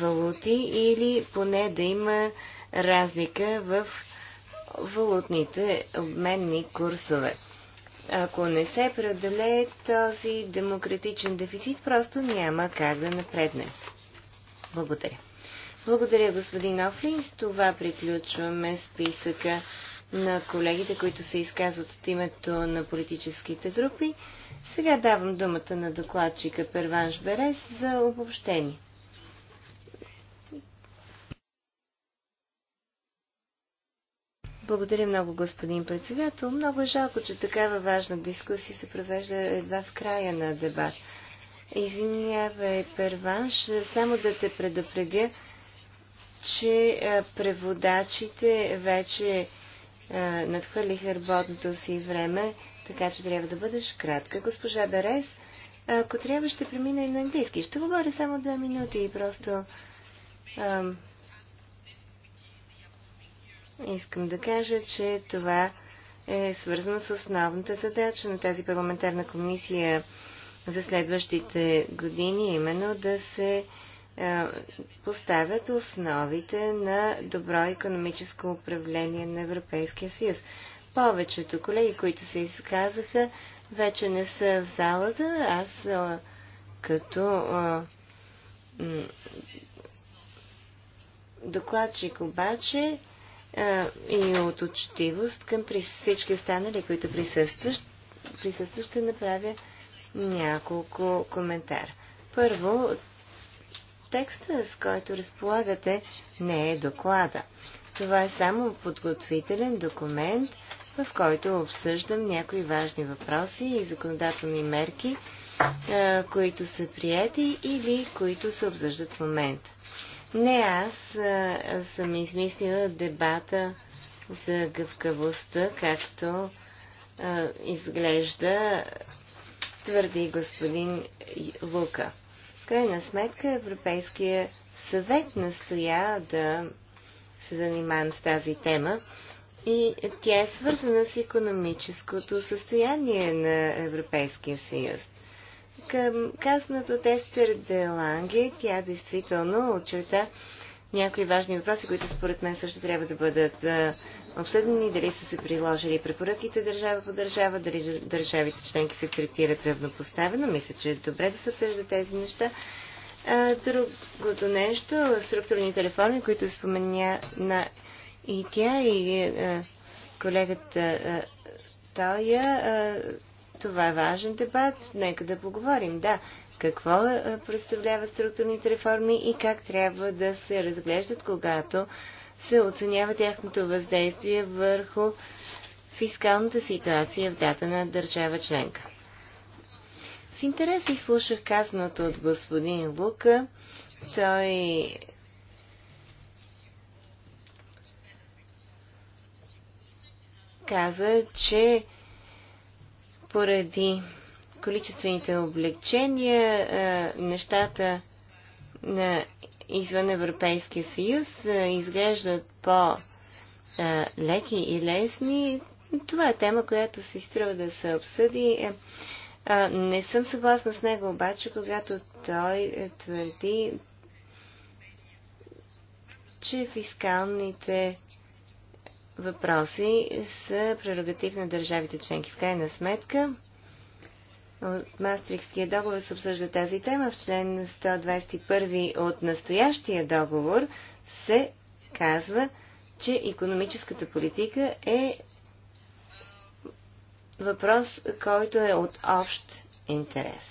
[SPEAKER 2] валути или поне да има разлика в валутните обменни курсове. Ако не се преодолее този демократичен дефицит, просто няма как да напредне. Благодаря. Благодаря, господин Офлин. С това приключваме списъка на колегите, които се изказват от името на политическите групи. Сега давам думата на докладчика Перванш Берес за обобщение. Благодаря много, господин председател. Много е жалко, че такава важна дискусия се провежда едва в края на дебат. Извинявай, Перванш, само да те предупредя, че е, преводачите вече е, надхвърлиха работното си време, така че трябва да бъдеш кратка. Госпожа Берес, ако трябва, ще премина и на английски. Ще говоря само две минути и просто ам, искам да кажа, че това е свързано с основната задача на тази парламентарна комисия за следващите години, именно да се а, е, поставят основите на добро економическо управление на Европейския съюз. Повечето колеги, които се изказаха, вече не са в залата. Аз е, като е, докладчик обаче и от учтивост към всички останали, които присъстващ, присъстващ ще направя няколко коментара. Първо, Текста, с който разполагате, не е доклада. Това е само подготвителен документ, в който обсъждам някои важни въпроси и законодателни мерки, е, които са прияти или които се обсъждат в момента. Не аз е, съм измислила дебата за гъвкавостта, както е, изглежда твърди господин Лука крайна сметка Европейския съвет настоя да се занимавам с тази тема и тя е свързана с економическото състояние на Европейския съюз. Към казаното Естер Деланге тя действително очерта някои важни въпроси, които според мен също трябва да бъдат обсъдени, дали са се приложили препоръките държава по държава, дали държавите членки се третират равнопоставено. Мисля, че е добре да се обсъждат тези неща. Другото нещо, структурни телефони, които споменя на и тя, и колегата Тоя, това е важен дебат. Нека да поговорим. Да, какво е, е, представлява структурните реформи и как трябва да се разглеждат, когато се оценява тяхното въздействие върху фискалната ситуация в дата на държава членка. С интерес изслушах казаното от господин Лука. Той каза, че поради количествените облегчения, е, нещата на извън Европейския съюз е, изглеждат по-леки и лесни. Това е тема, която се струва да се обсъди. Е, не съм съгласна с него обаче, когато той твърди, че фискалните въпроси са прерогатив на държавите членки. В крайна сметка, от Мастрикския договор се обсъжда тази тема. В член 121 от настоящия договор се казва, че економическата политика е въпрос, който е от общ интерес.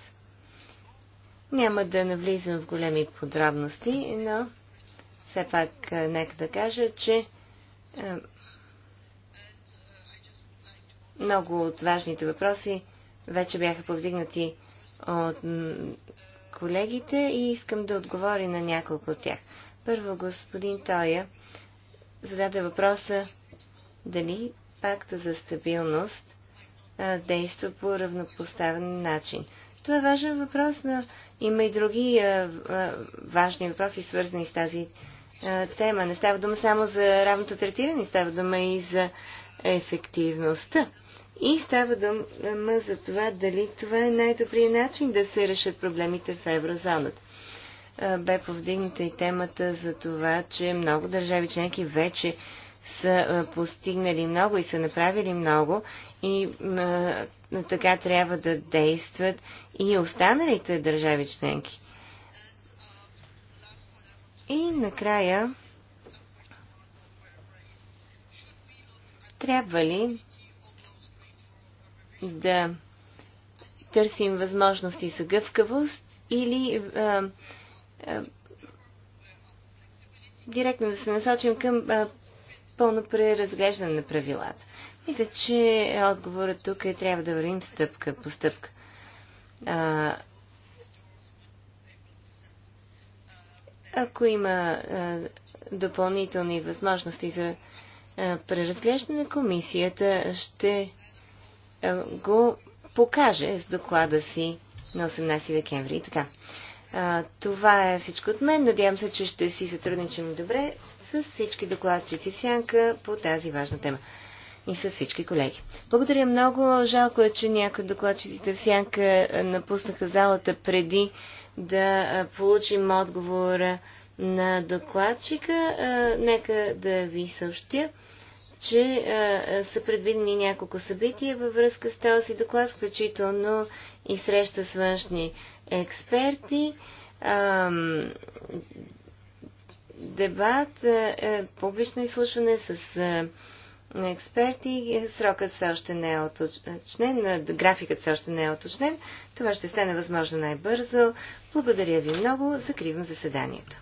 [SPEAKER 2] Няма да навлизам в големи подробности, но все пак нека да кажа, че много от важните въпроси вече бяха повдигнати от колегите и искам да отговоря на няколко от тях. Първо, господин Тоя зададе въпроса дали пакта за стабилност действа по равнопоставен начин. Това е важен въпрос, но има и други а, а, важни въпроси, свързани с тази а, тема. Не става дума само за равното третиране, става дума и за ефективността. И става дума за това дали това е най-добрият начин да се решат проблемите в еврозоната. Бе повдигната и темата за това, че много държави членки вече са постигнали много и са направили много и а, така трябва да действат и останалите държави членки. И накрая трябва ли да търсим възможности за гъвкавост или а, а, директно да се насочим към а, пълно преразглеждане на правилата. Мисля, че отговорът тук е трябва да вървим стъпка по стъпка. А, ако има а, допълнителни възможности за а, преразглеждане, комисията ще е, го покаже с доклада си на 18 декември. И така. А, това е всичко от мен. Надявам се, че ще си сътрудничим добре с всички докладчици в сянка по тази важна тема. И с всички колеги. Благодаря много. Жалко е, че някои докладчиците в сянка е, напуснаха залата преди да е, получим отговора на докладчика. Нека да ви съобщя че а, е, е, са предвидени няколко събития във връзка с този доклад, включително и среща с външни експерти, а, дебат, а, е, публично изслушване с а, експерти. Срокът все още не е оточнен, графикът все още не е оточнен. Това ще стане възможно най-бързо. Благодаря ви много. Закривам заседанието.